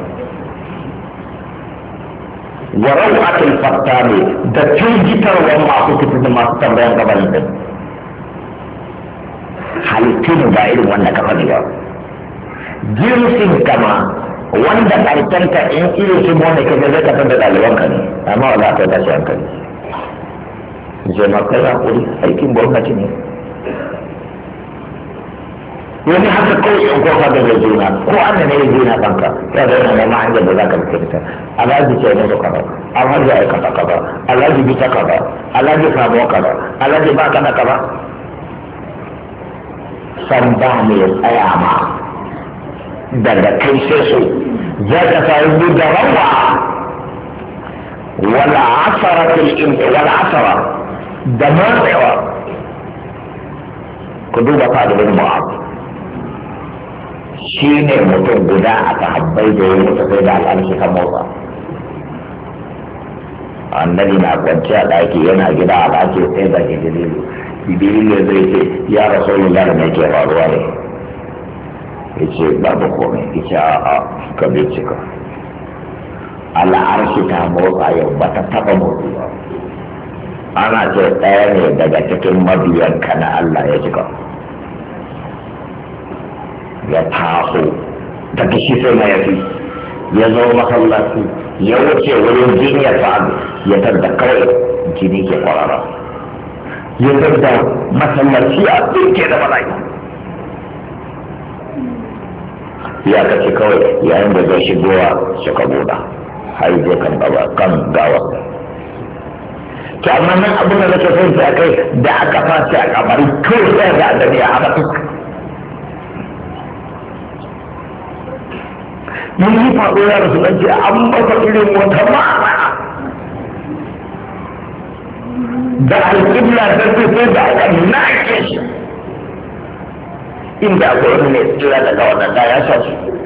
wa rawatul ne da tunjitarwa masu fitinan masu tambayan kabarin din halittun ba irin wannan kabarin ba jinsin kama wanda karkanta in irin su mone kaga zai kasar da ɗalibanka ne amma wala ta tashi hankali zai makai kuri aikin gwamnati ne wani haka kawai in kofa da zai juna ko an ne ya juna kanka ya zai na nema hanyar da za ka fice ta alhaji ce musu kaza alhaji aikata kaza alhaji bisa kaza alhaji samuwa kaza alhaji ba kana kaza san ba ne ya tsaya ma daga kai sai su za ka samu da rawa wala asara fil in wala asara da matsewa ku duba ka da bin mu'ad shi ne mutum guda a sahabbai da ya mutu sai da al'arshi kan motsa annabi na kwanci a ɗaki yana gida a ɗaki sai da jibrilu jibrilu zai ce ya rasulullah da mai ke faruwa ne ya ce babu komai ya ce a ka cika al'arshi ta motsa yau ba ta taɓa motsi ba ana ce ɗaya ne daga cikin mabiyanka na allah ya cika ya taso daga shi sai mayafi ya zo masallaci ya wuce wurin jini ya faɗi ya tarda kawai jini ke kwarara ya tarda masallaci a duke da mala'iku ya kace kawai yayin da zai shigowa suka buɗa har zai kan kan gawa to amma nan abin da nake son sai kai da aka fasa a kabari kawai sai da annabi a haɗa mun yi faɗo ya rasu ɗanke an masa irin wata ma da alƙibla ta ce sai da aka nake shi inda akwai wani mai tsira daga wannan da ya sa su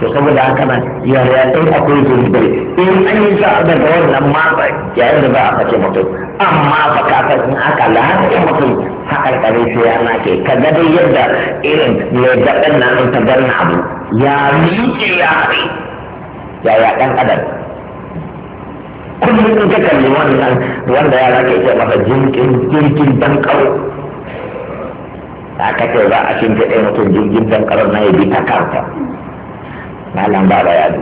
to saboda haka nan yaya in akwai zunubai in an yi sa daga wannan matsa yayin da za a sake mutum amma fa kafin in aka lahaɗe mutum haƙarƙari sai ya nake ka ga dai yadda irin mai gaɗin na in ta ganna abu ya miƙe ya haɗe yaya ɗan adam kullum in ka kalli wannan wanda ya rake ce masa jirgin jirgin dan ƙau aka ce za a shimfiɗe mutum jirgin dan ƙau na ya bi ta karta na nan ba bayani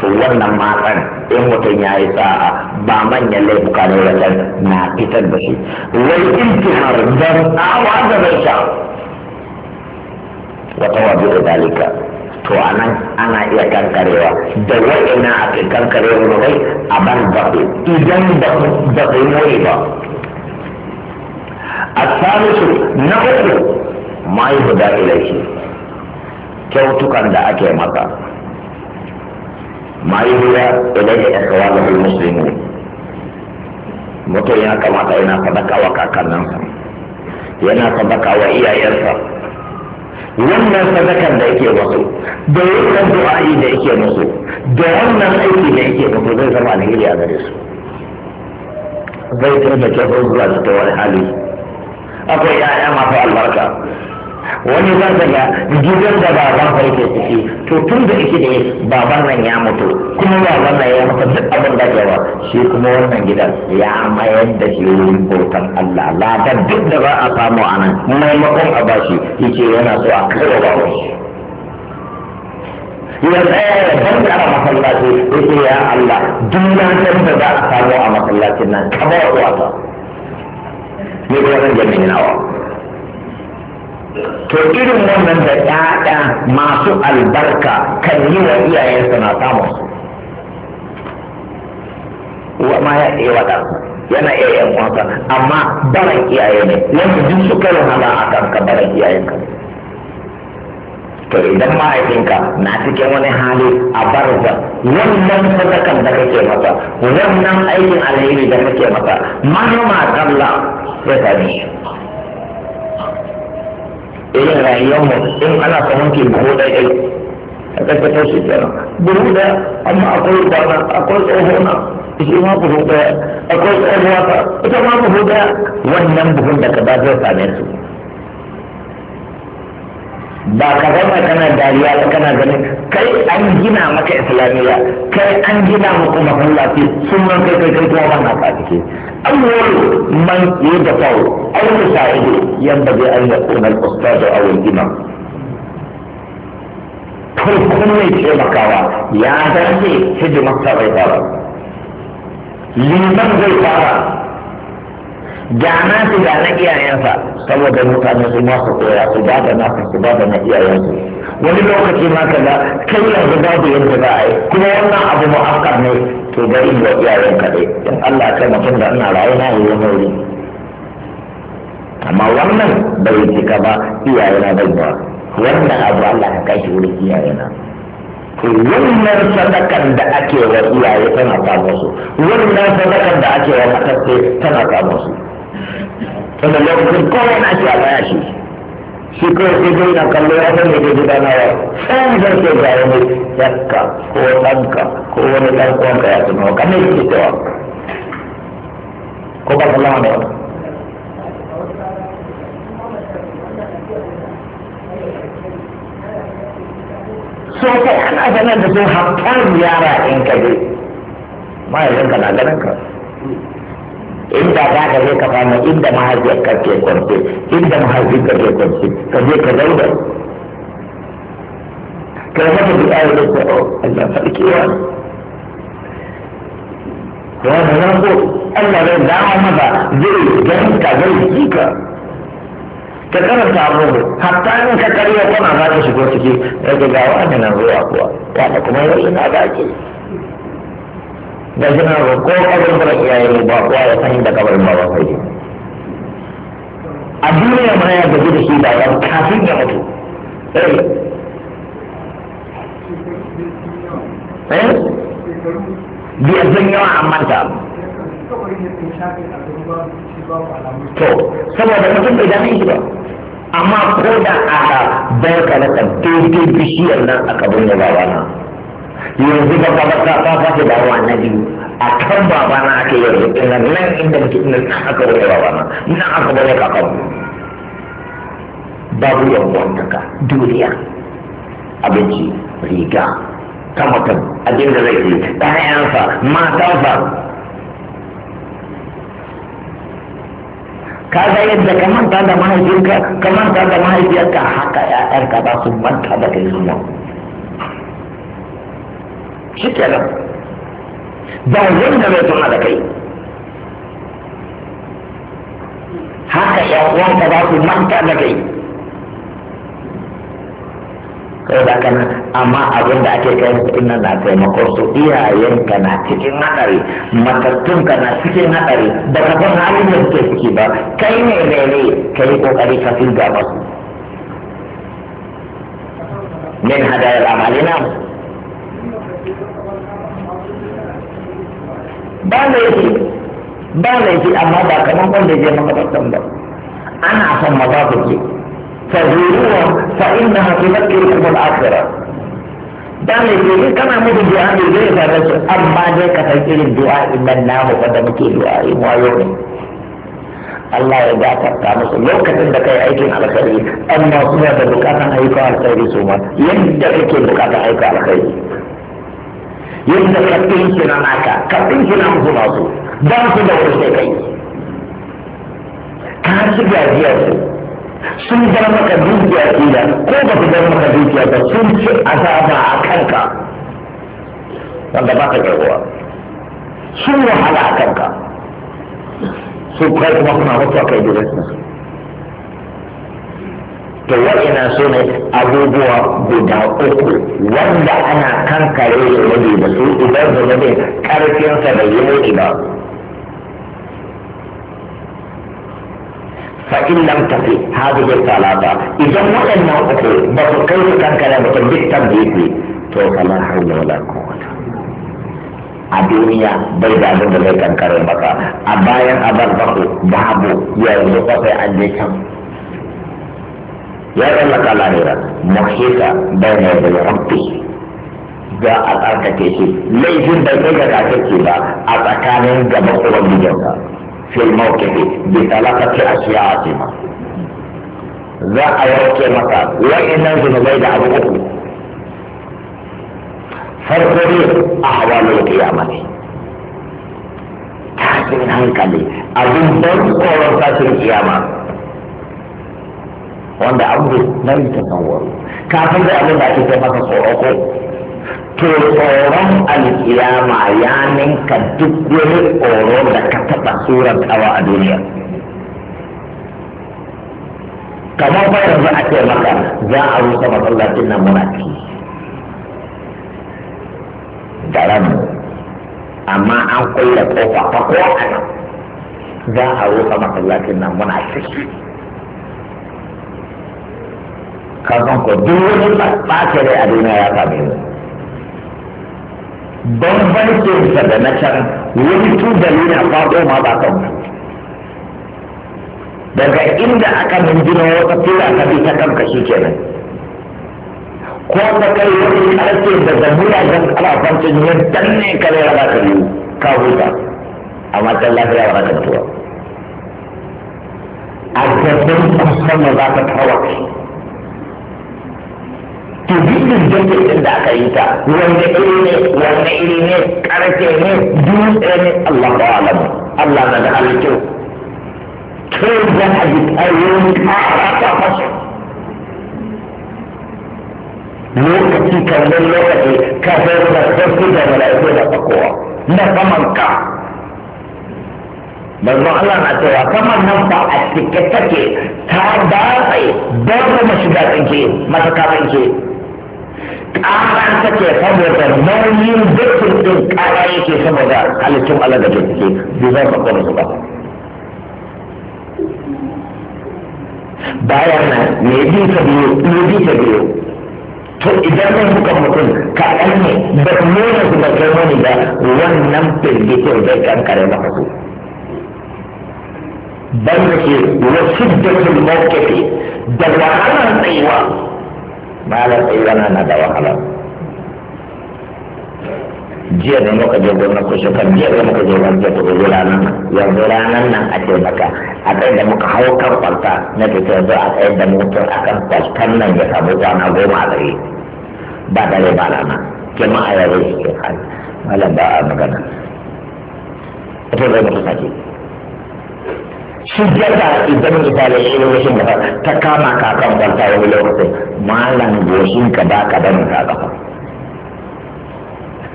to wannan matsan in mutum ya yi sa'a ba manyan laifuka ne wajen na fitar da shi wai intihar don tsawa da bai sha wata waje da dalika to a nan ana iya kankarewa da na a ke kankarewa da wai a ban baku idan ba ku more ba a salisu na uku ma yi guda ilaihi kyautukan da ake maka ma yi wuya idan ya kawo da musulmi mutum ya kamata yana sadaka wa kakannansa yana sadaka wa iyayensa wannan sadakan da yake musu da wannan du'a'i da yake musu da wannan aiki da yake musu zai zama alheri a gare su zai taimake su zuwa cikin wani hali akwai 'ya'ya masu albarka wani zan zaga gidan da baban ka ke ciki to tun da ake ne baban nan ya mutu kuma baban nan ya mutu duk abin da yawa shi kuma wannan gidan ya mayar da shi wurin bautan Allah ladan duk da ba a samu a nan maimakon a bashi yake yana so a kai wa bawan shi ya tsaya da a masallaci yake ya Allah duk ladan da za a samu a masallacin nan kamar wata ne ko wannan jami'in nawa to irin wannan da ɗaɗa masu albarka kan yi wa iyayensa na samun su wa ma ya ɗaya waɗa yana iya yan wasa amma baran iyaye ne yanzu duk su kai wahala a kanka baran iyayenka to idan ma'aikinka na cikin wani hali a barza wannan sadakan da kake masa wannan aikin alheri da kake masa manoma kalla ya sami irin rayuwar mu in ana samun ke buhu da ɗai a ƙarƙashin shi kenan buhu da amma akwai kwana akwai tsoho na shi ma buhu da akwai tsoho ta ita ma buhu da wannan buhun da ka ba zai same su ba ka zama kana dariya ba kana ganin kai an gina maka islamiyya kai an gina maka masallaci sun nan kai kai kai kuma ban haka An wani man yi aw yadda zai an yakuna al-ustad aw al-imam farkon mai taimakawa ya dace hidimar sa fara liman zai fara jana su ga na iyayensa saboda mutane su ma su koya su ba da nasu su ba da na iyayensu wani lokaci ma ka ga kai yanzu babu yadda za a yi kuma wannan abu mu'akkar ne to ga inda iyayen ka dai don Allah ya mutum da ina rayu na yi wani amma wannan bai cika ba iyayena bai ba wannan abu Allah ya kai shi wuri iyayena. wannan sadakan da ake wa iyaye tana kamo su wannan sadakan da ake wa matasse tana kama su wanda lokacin kowa na shi a baya shi shi kawai sai dai na kallo ya san da ke gudanarwa sai zan ke gaya ne yakka ko ɗanka ko wani ɗan kwanka ya tuno wa ne ke cewa ko ba kula wani wani sosai ana sanar da su hakkar yara in kaje je ma'aikinka na ganin ka inda ba ka je ka samu inda mahaifiyar ka ke kwance inda mahaifiyar ka ke kwance ka je ka zauna ka zama da ayar da ko oh, Allah sarki wa wani nan ko Allah zai dawo maka zai ganka zai jika ka karanta abubu hatta in ka karya kana za ka shigo ciki daga gawa ne nan zuwa kuwa wanda kuma yau ina za ki da suna da kaburburan iyayen ba kowa ya sani da kabarin ba ba sai a duniya mana ya gaji da shi ba ya kafin da mutu eh, eh? biyar zan yawa an manta to saboda mutum bai dame shi ba amma ko da aka na kalaka daidai bishiyar nan a kabarin da babana yanzu ba ka baka ka fasa da wa na biyu a kan babana ake yanzu ina nan inda muke ina aka wani babana ina aka wani kakanmu babu yawon taka duniya abinci riga ta mutum abin da zai yi ɗayansa matansa kaga yadda ka manta da mahaifinka ka manta da mahaifiyarka haka ya'yarka ba su manta da kai zuwa shi kenan ba wanda mai tuna da kai haka ya uwanka za su manta da kai kai da kana amma abin da ake kai su inna na taimakon su iyayenka na cikin hadari matattunka na cikin hadari da kafin halin da suke ciki ba kai ne ne ne kai kokari ka fi gaba min hadayar amali na ba laifi ba yake amma ba kaman wanda ya makabartan ba ana son maza ku ce fahimuwa fa inna hafi zakir kuma al'akira ba yake yi kana mutu du'a ne zai fara su amma dai ka san irin du'a idan namu wanda muke du'a in wayo ne Allah ya gafarta musu lokacin da kai aikin alkhairi amma suna da bukatan aika alkhairi su ma yadda kake bukatan aika alkhairi yadda kaɗin na naka kaɗin na musu masu don su da wani kai ka su gajiya su sun bar maka dukiya kila ko ba su bar maka dukiya ba sun ci azaba a kanka wanda ba ka karbuwa sun wahala a kanka su kai kuma suna mutuwa kai gidan to wa'ina su ne abubuwa guda uku wanda ana kankare wani da su idan zunubin karfinsa da yi mutu ba fa'in lam tafi hadu da talata idan waɗannan uku ba su kai su kankare ba su duk yake to har da wala kowata a duniya bai da abin da zai kankare maka a bayan abar baku babu yanzu ba sai an je can ya tsallaka lahira mahita bai mai da rabbi za a tsarkake shi laifin bai kai ga kafirci ba a tsakanin gaban ubangijinsa fil mawqifi bi talaqati a ma za a yanke maka wa'annan zunubai da abu uku farko ne a hawalin kiyama ne tashin hankali abin ban tsoron tashin kiyama wanda abu na yi tasawwar kafin da abin da ake kai masa tsoroko ko to tsoron alkiyama ya ninka duk wani tsoro da ka taɓa tsoron tsawa a duniya kamar ba yanzu a ce maka za a rusa masallacin nan muna ciki da ran amma an kulle kofa fa ko a za a rusa masallacin nan muna ciki ka san ko duk wani ɓace dai a duniya ya same mu bambancin sa da na can wani tubali na faɗo ma ba kan daga inda aka minjina wata fila ka bi ta kanka shi nan ko ta kai wani ƙarfe da zamura don ƙarafancin dan ne kare ba ka biyu ka huta amma kan lafiya ba ka mutuwa a gaban kusan za ka tawaye to dukkan jirgin da aka yi ta wanda iri ne wanda iri ne karfe ne dutse ne Allah ba alam Allah na da halittu kai za a ji tsayon kara ta fasu lokaci kallon lokaci ka zai da sassu da mala'iku da fakowa na saman ka manzo Allah na cewa kamar nan ba a cike take ta datse babu mashiga tsinke masaka tsinke ƙaran take saboda nauyin dukkan ɗin ƙara yake sama saboda halittun Allah da ke cike bai zan faɗo da su ba. Bayan nan, ne bi ta biyo, ne bi ta biyo. To idan zan buka mutum kaɗan ne, ba su nuna su da kai wani ba, wannan firgitin zai kankare maka su. Ban da ke wasu da su mawkafi da wahalar tsayuwa malam tsirana na da wahala jiya da muka je gona ko shekar jiya da muka je wanda ta gudu ranar nan yanzu ranar nan a ce maka a kai da muka hau kan kwalta na ta ce yanzu a kai da muka a kan kwaltar nan ya samu kwana goma a gare ba dare ba rana kima a yare shi ke hali malam ba a magana ita zai mutu sake shi yasa idan misali ilo lokacin da ta kama ka kan kwanta wani lokacin malam goshin ka ba ka dan ka kafa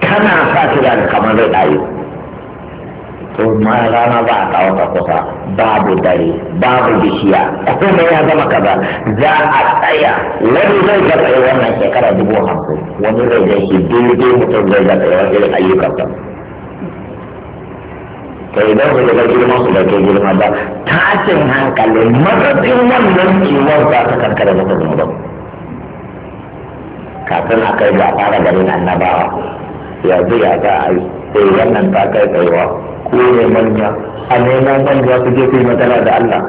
kana sa ki da kamar zai ɗayo to ma rana ba a kawo ka kusa babu dare babu bishiya ko mai ya zama kaza za a tsaya wani zai ga tsaye wannan shekara dubu hamsin wani zai ga shi daidai mutum zai ga tsaye wani ayyukansa bai da ba ga girman su da ke girma ba tashin hankali matsatsin wannan kiwon za ta da masa ba kafin a kai ba fara garin annabawa yanzu ya za a yi sai eh, wannan ta kai tsayuwa ko ne manya a neman manya su je su yi magana da Allah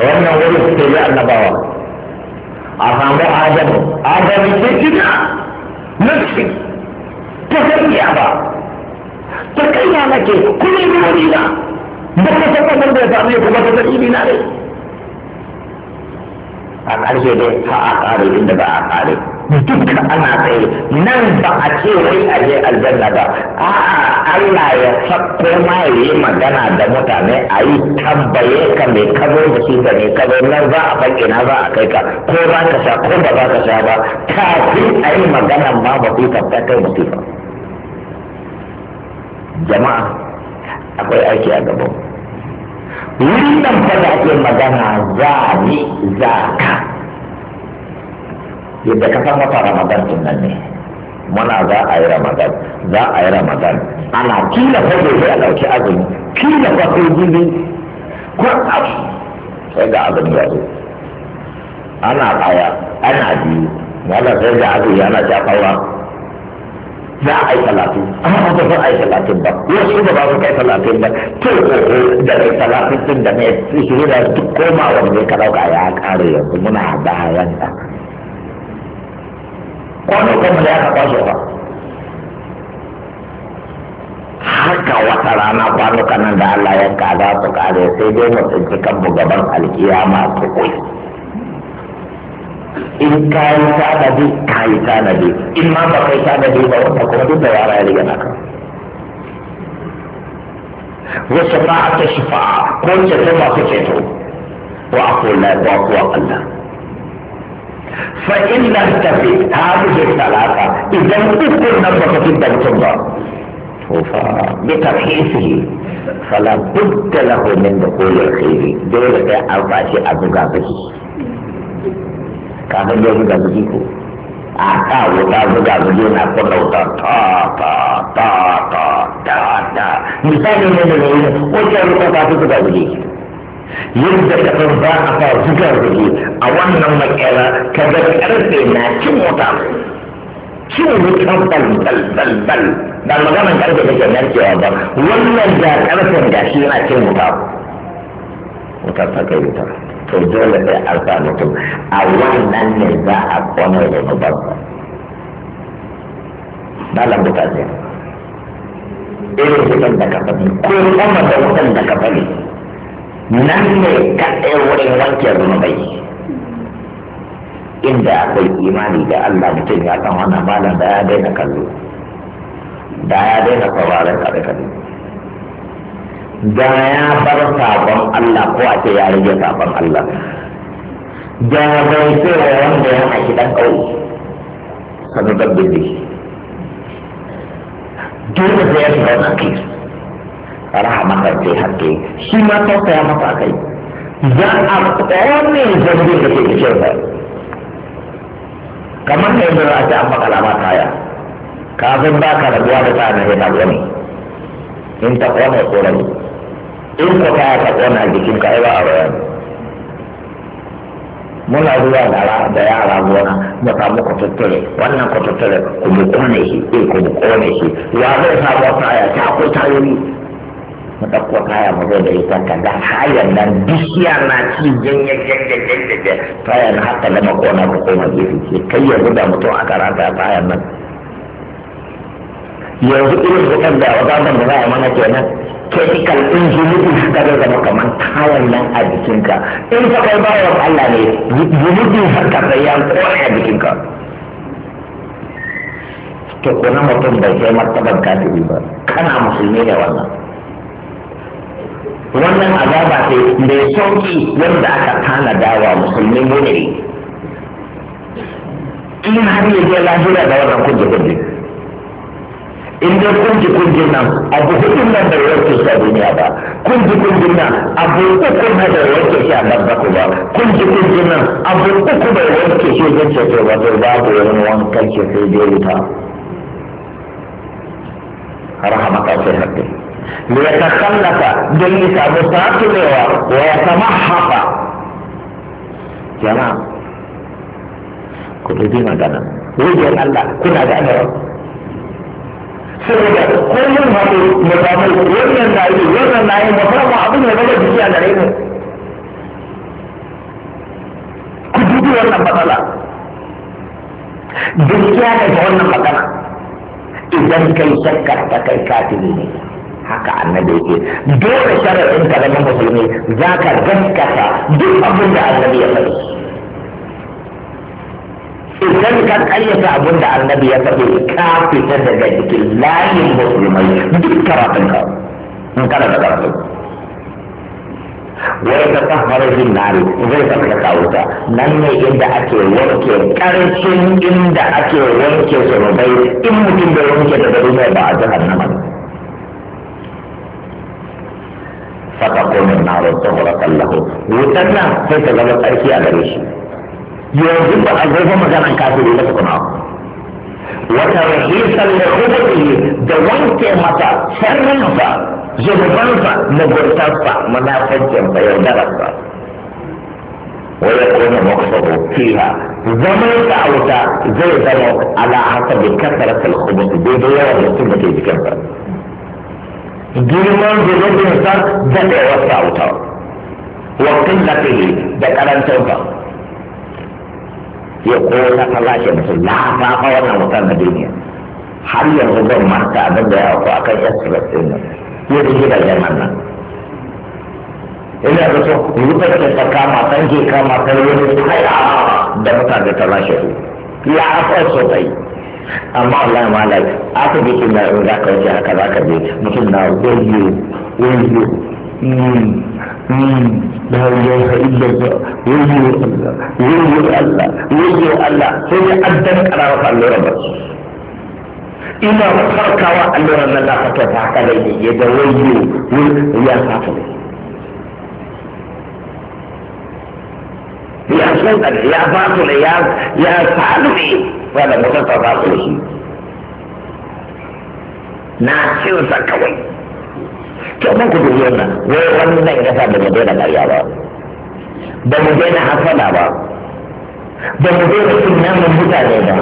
wannan wani su ke yi annabawa a samu adamu adamu ke kina nufin ta kan ba ta kaiya nake kuma ina wani na ba ka san abin da ya same ku ba ka san ina na ne a ƙarshe dai ha a ƙare inda ba a ƙare duka ana tsaye nan ba a ce wai a je aljanna ba a'a Allah ya sako ma ya yi magana da mutane a yi tambaye ka mai kazo da shi da mai kazo nan za a bai ina za a kai ka ko ba ka sha ko ba za ka sha ba kafin a yi magana ma ba ku tabbatar ba jama'a akwai aiki a gaba wurin nan fa da ake magana za ni za ka yadda ka san masa ramadan tun nan ne muna za a yi ramadan za a yi ramadan ana kila fa gobe a dauki azumi kila fa ko jibi ko abu sai da azumi ya zo ana baya ana biyu wala sai da azumi ana jafawa za a yi talatin amma ba za a yi talatin ba wasu da ba su kai talatin ba to da kai talatin din da mai shi da duk komawa ne ka dauka ya kare yanzu muna bayan ta kwano kuma da aka kwaso ba haka wata rana kwanukan nan da Allah ya kada su kare sai dai mu tsinci kanmu gaban alkiyama tukuri in ka yi tanadi ka yi tanadi in ma ba kai tanadi ba wanda kuma duk da yara ya riga naka wa shafa'a ta shafa'a ko ceto masu ceto wa aqula wa huwa Allah fa in na tafi hadhihi talaka idan ukun nan ba kafin da mutum ba to fa bi tarhisihi fala budda lahu min dukhul al dole sai an fashi a buga baki kafin ya buga su ko a ta wuta buga su na kunna wuta ta ta ta ta ta ta misali ne da ne wajen rufa ta su buga su yadda ka san ba a sa buga su a wannan makera ka ga karfe na cin wuta cin wutan bal bal bal bal ba maganan karfe da ke nan cewa ba wannan da karfen gashi yana cin wuta wuta ta kai wuta to dole sai an sa mutum a wannan ne za a kwana da mutum ba ta ce irin fitan da kafani ko kuma da wutan da kafani nan ne kaɗai wurin wanke zunubai inda akwai imani da Allah mutum ya san wannan malam da ya daina kallo da ya daina sauraron kare-kare da ya bar sabon Allah ko a ce ya rage sabon Allah da bai ce wa wanda ya haki dan kauye sanu da bindi dole sai ya shiga na kai rahama kai ce hakke shi ma tausaya masa kai za a kone zambin da ke cikin sa kamar ne da za a ce an ma kaya kafin ba ka rabuwa da tsarin yana wani in ta kone tsoron in ka ta ka kona jikin ka ba a bayani muna zuwa da da yara gona mu samu kwatattare wannan kwatattare tattare ku mu kone shi eh ku mu kone shi ya zai sa ba ta ya ta ku tayoyi mu ɗauko kaya mu zai da ita ta da hayan nan bishiya na ci janye janye janye janye na haka lama kona ku koma gefe ce kai yanzu da mutum aka ta kayan nan yanzu irin bukan da wa da za a mana kenan chemical ɗin su kare zama kamar kayan nan a jikinka in ka kai bawan Allah ne zunubi haka sai ya kore a jikinka to kuna mutum bai kai martaban kafiri ba kana musulmi ne wannan wannan azaba ce mai sauki wanda aka tanada wa musulmi ne ina har yaje lahira da wannan kuje kuje in dai kun ji kun ji nan a bukutun nan da ruwan ke sa duniya ba kunji ji kun ji nan a bukutun nan da ruwan ke sa nan ba kuma kun ji kun ji nan a bukutun da ruwan ke sa nan ke sa ba zai babu wani wankan ke sai dai wuta har hama ka sai hakki ne ya ta kallaka don yi samu satulewa wa ya sama haka jama'a ku dubi magana wajen allah kuna da adara saboda kullum haɗu mu samu wannan na yi wannan na yi mu ma abin da zama jiki a gare mu ku dubi wannan matsala gaskiya ne ga wannan matsala idan kai shakkar ta kai kafin ne haka annabi yake dole sharaɗin ka zama musulmi za ka gaskata duk abin da annabi ya faɗi idan ka kayyata abin da annabi ya faɗi ka fita daga jikin layin musulmai duk karatun ka in kana da karatu wai ka tsahara jin nari zai san ka kawo ta nan ne inda ake wanke karshen inda ake wanke zunubai in mutum bai wanke daga duniya ba a jahannama fata ko min naro tsohara kallahu wutan nan sai ta zama tsarki a gare shi yanzu ba a zai maganan kafiri ba tukuna wata rahisar da kuɗi da wanke mata na sharrinsa zunubansa muguntarsa munafancin da zai ويكون مقصده فيها zai تعوتا زي زمن على حسب da الخبز بيضيا والسنة بكثرة girman zunubin sa daɗewar ta'auta wa kullafihi da karantarsa ya kowace ta lashe mutum na ta fa wannan wutar na duniya har yanzu zan marka abin da ya auku a kan express ɗin nan ya da gidajen nan ina da so wutar ke ta kama san ke kama ta wani tsaya da mutane ta lashe su ya so ta yi amma Allah ma lai aka bi kin da in za ka wuce haka za ka je mutum na wayo wayo hmm. لا إله إلا الله ولي الله ولي الله ولي الله سي أدنك على رب الله إذا فرق وأمر أن الله فتفعك لي يد ولي يا فاطمة يا سلطان يا فاطمة يا يا سالمي ولا متفق عليه ناس يوسف كويس to mun ku dubi wannan wai wani wannan kasa da mu daina ƙarya ba ba mu daina hasada ba ba mu daina cin namun mutane ba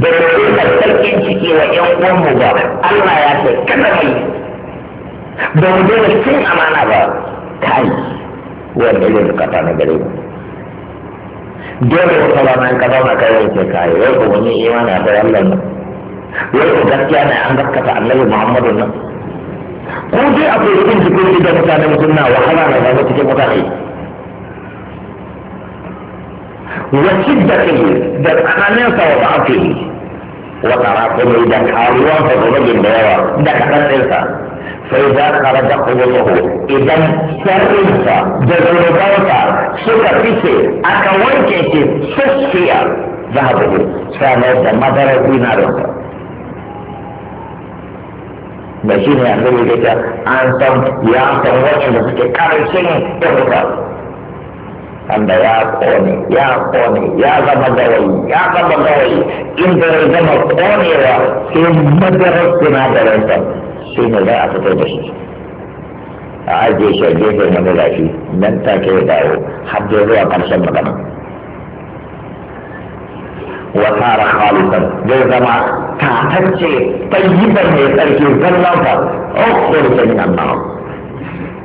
ba mu daina sarkin ciki wa ƴan uwanmu ba Allah ya ce kada mai ba mu daina cin amana ba kai wanda irin bukata na gare mu dole wata rana in ka zauna kai wai ce kai wai ko wani imani a ta Allah ne wai ko gaskiya na an gaskata annabi Muhammadu nan ko dai akwai cikin cikin da mutane mutum na wahala na zama cikin mutane wasu da ke da tsananin sa wa ake yi wa tsara da karuwan da gobe da yawa da kadan din sa sai da ka da kowace idan sharrinsa da zunubansa suka fice aka wanke shi sosfiya za a bugu sanar da madarar dinarinsa da shi ne annabi da an san ya san da suke karancin yahuda wanda ya kone ya kone ya zama gawayi ya zama gawayi in da ya zama konewa sai da ranta sai ne za a fito da shi a ajiye shi a gefe na mulafi nan take ya dawo har da zuwa karshen magana وصار خالصا زي زما تعتشي طيبا يسألك الظلمة اخرج من النار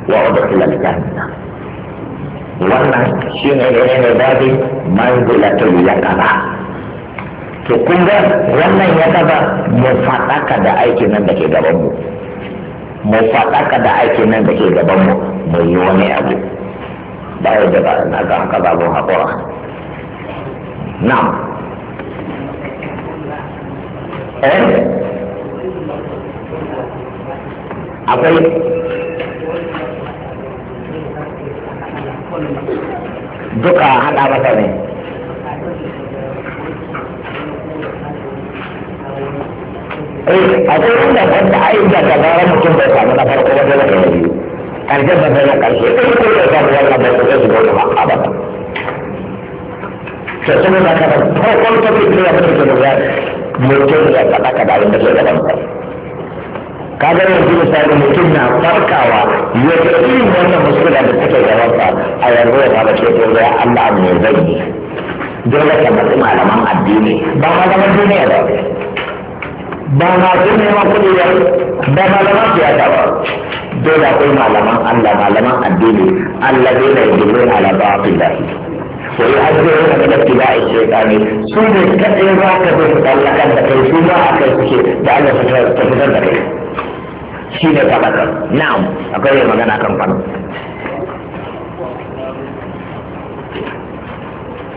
وادخل الجنة wannan shi ne ne ne babi manzilatul yaqaba to kun ga wannan yaqaba mu faɗaka da aikin nan da ke gaban mu mu faɗaka da aikin nan da ke gaban mu mu yi wani abu ba da ba na ga haka babun haƙura na'am akwai duka haɗa masa ne akwai wanda wanda a yi da gabarar mutum bai samu na farko wajen da ya yi ƙarshen da zai na ƙarshe ɗin ko da samu wannan bai kusa su gauta a ba to saboda ko ba farkon tafi da ya fita da mutum ya faɗa ka da abin da ke gaban ka kaga yanzu misali mutum na farkawa ya ga irin wannan muskula da take gaban sa a yanzu ya fara ce ko ya Allah mu zai yi dole ka matsi malaman addini ba malaman duniya ba ba masu neman kuɗi ba ba malaman siyasa ba dole akwai malaman Allah malaman addini Allah zai na yi ala ba fi lahi ويعذرون من اتباع الشيطان سنة كثير ما كثير مطلقا لكي سنة كي لأنه ستفضل لكي شيء تبقى نعم أقول ما أنا كم قنو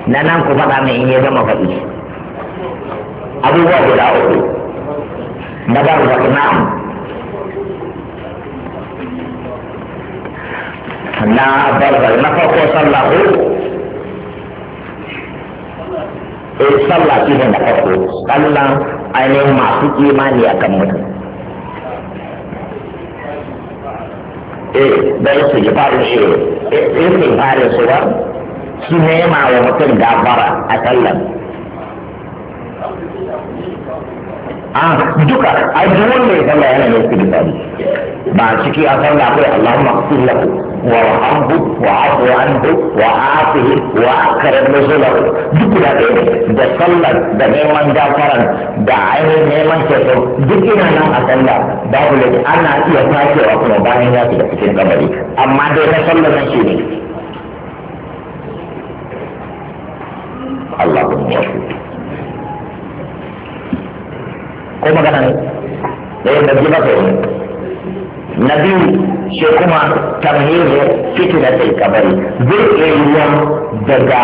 نعم كفتا من إني زم فإيش أبو الله لا أقول مدار نعم na barbar na farko sallahu eh sallah shi ne na farko sallan ainihin masu imani a kan mutum eh da su ji farin shi eh su farin su ba su nema wa mutum gafara a sallan a duka a duk wanda ya sallah yana da istighfari ba ciki a sallah akwai Allahumma ighfir lahu wa rahmhu wa afu anhu wa afihi wa akrim nuzulahu duk da ɗaya da sallar da neman gafaran da ainihin neman ceto duk ina nan a sallah babu laifi ana iya sakewa kuma bayan ya shiga cikin kabari amma dai na sallar nan shi ne Allahumma wasu. ko magana ne da yadda ba kai na biyu shi kuma tamhiru fitina sai kabari zai iya yiwuwa daga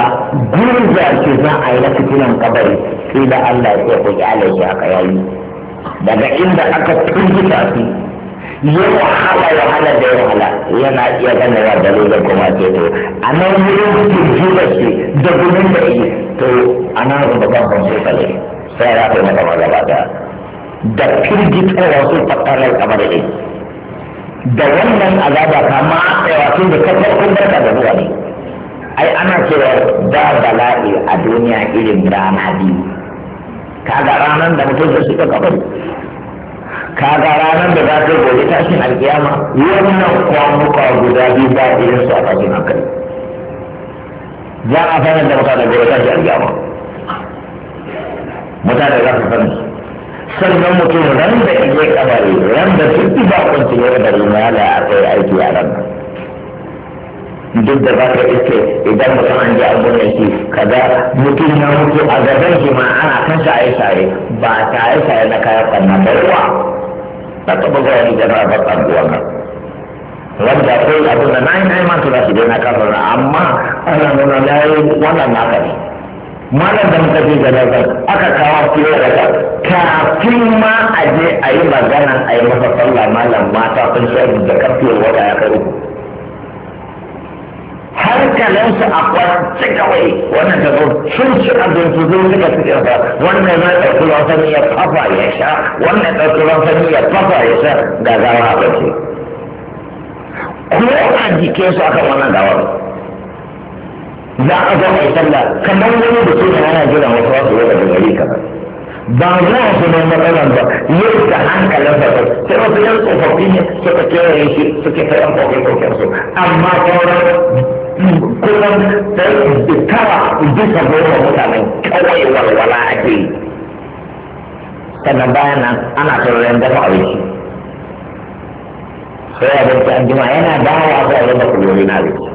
gurza ke za a yi na kabari sai Allah ya ko ya alaihi haka yayi daga inda aka tunzuta su ya wahala wahala da ya wahala yana iya gane ya dalilin kuma ce to a nan wurin tunzuta shi da gudun da shi to a nan rubutan ban sai sai ya rafe mata magana da da firgitar wasu tattalin kamar da da wannan azaba ka a tun da kun barka da zuwa ne ai ana cewa da bala'i a duniya irin rana biyu kaga ranar da mutum zai shiga kabari kaga ranar da za ta gobe tashin alkiyama wannan kwanuka guda biyu ba irin su a tashin hankali za a fahimta da mutane gobe tashin alkiyama mutane za su sanar sannan mutum ran da iya kabari ran da duk ba kwanci ya da na da akwai aiki a ran duk da za ka iske idan mutum an ji abin da shi kaga mutum ya mutu a gaban shi ma ana kan shaye-shaye ba shaye-shaye na kayan kwanan ba ruwa na taɓa zuwa ni da rabar ɗanɗuwa na wanda akwai abin da na yi na yi mantu za su je na kasar amma ana nuna layi wannan na ne malam da muka je janazar aka kawo fiye da ka kafin ma a je a yi magana a yi masa sallah malam mata sun shaidu da kafiyar wata ya kai uku hankalinsu a kwanci kawai wannan ta zo sun ci abinci zo suka fi ƙarfa wannan ya ɗauki ruwan sanyi ya fafa ya sha wannan ɗauki ruwan sanyi ya fafa ya sha ga gawa abinci ko a jikinsu akan wannan gawar za a zama a sallah kamar wani da suna yana jira wasu wasu wata da gari kamar ba za a zama matsalan ba yau da hankalin ba sai wasu yan tsofaffi ne suka kewaye shi suke ta yan kokin su amma sauran kullum sai tara bisa goma mutanen kawai walwala ake yi sannan bayan nan ana sauran dafa abinci sai abinci an jima yana dawowa sai a zama kulori na abinci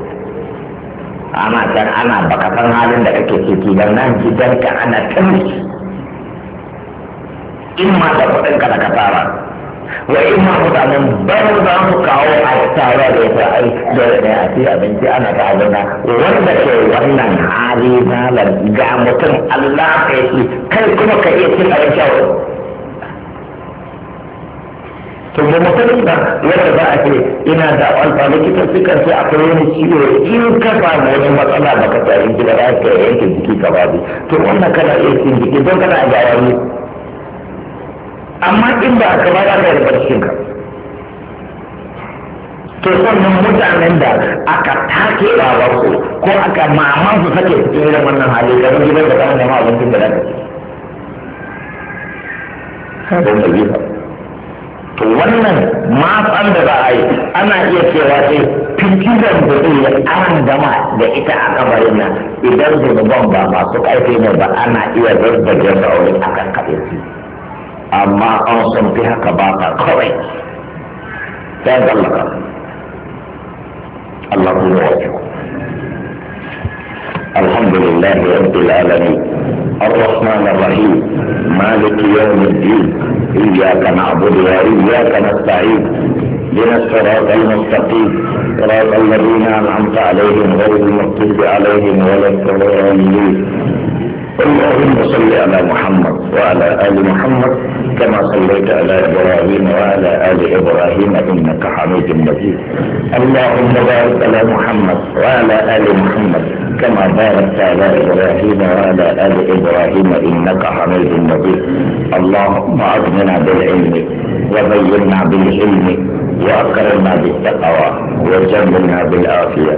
ana dan ana baka san halin da kake ciki dan nan ka ana tamshi in ma da kudin ka ka tara wa in ma mutanen bayan za mu kawo a tare da ya ai dole ne a ci abinci ana ta abuna wanda ke wannan hali malam ga mutum Allah ya yi kai kuma ka iya cin abinci a wurin to da mutum da yadda za a ce ina da alfa likita suka ce akwai wani ciwo in ka samu wani matsala ba ka tsarin gida za ka yanke jiki ka ba to wannan kana iya cin jiki don kana a yayi amma in ba ka ba za ka yi barcin ka to sannan mutanen da aka take su ko aka maman su sake cikin irin wannan hali ga gidan da kan ma abincin da za ka ci. Don da to wannan matsan da za a yi ana iya cewa sai fitilan da zai yi an da ita a kabarin nan idan zunuban ba masu ƙarfi ne ba ana iya zargajen saurin a kan kaɗe su amma an san fi haka ba ka kawai sai zallaka Allah ku ya wajen alhamdulillah rabbil alamin الرحمن الرحيم مالك يوم الدين إياك نعبد وإياك نستعين بنا الصراط المستقيم صراط الذين أنعمت عليهم غير المغضوب عليهم ولا الضالين اللهم صل على محمد وعلى آل محمد كما صليت على إبراهيم وعلى آل إبراهيم إنك حميد مجيد اللهم بارك على محمد وعلى آل محمد كما باركت على إبراهيم وعلى آل إبراهيم إنك حميد مجيد اللهم أغننا بالعلم وبينا بالعلم وأكرمنا بالتقوى وجملنا بالعافية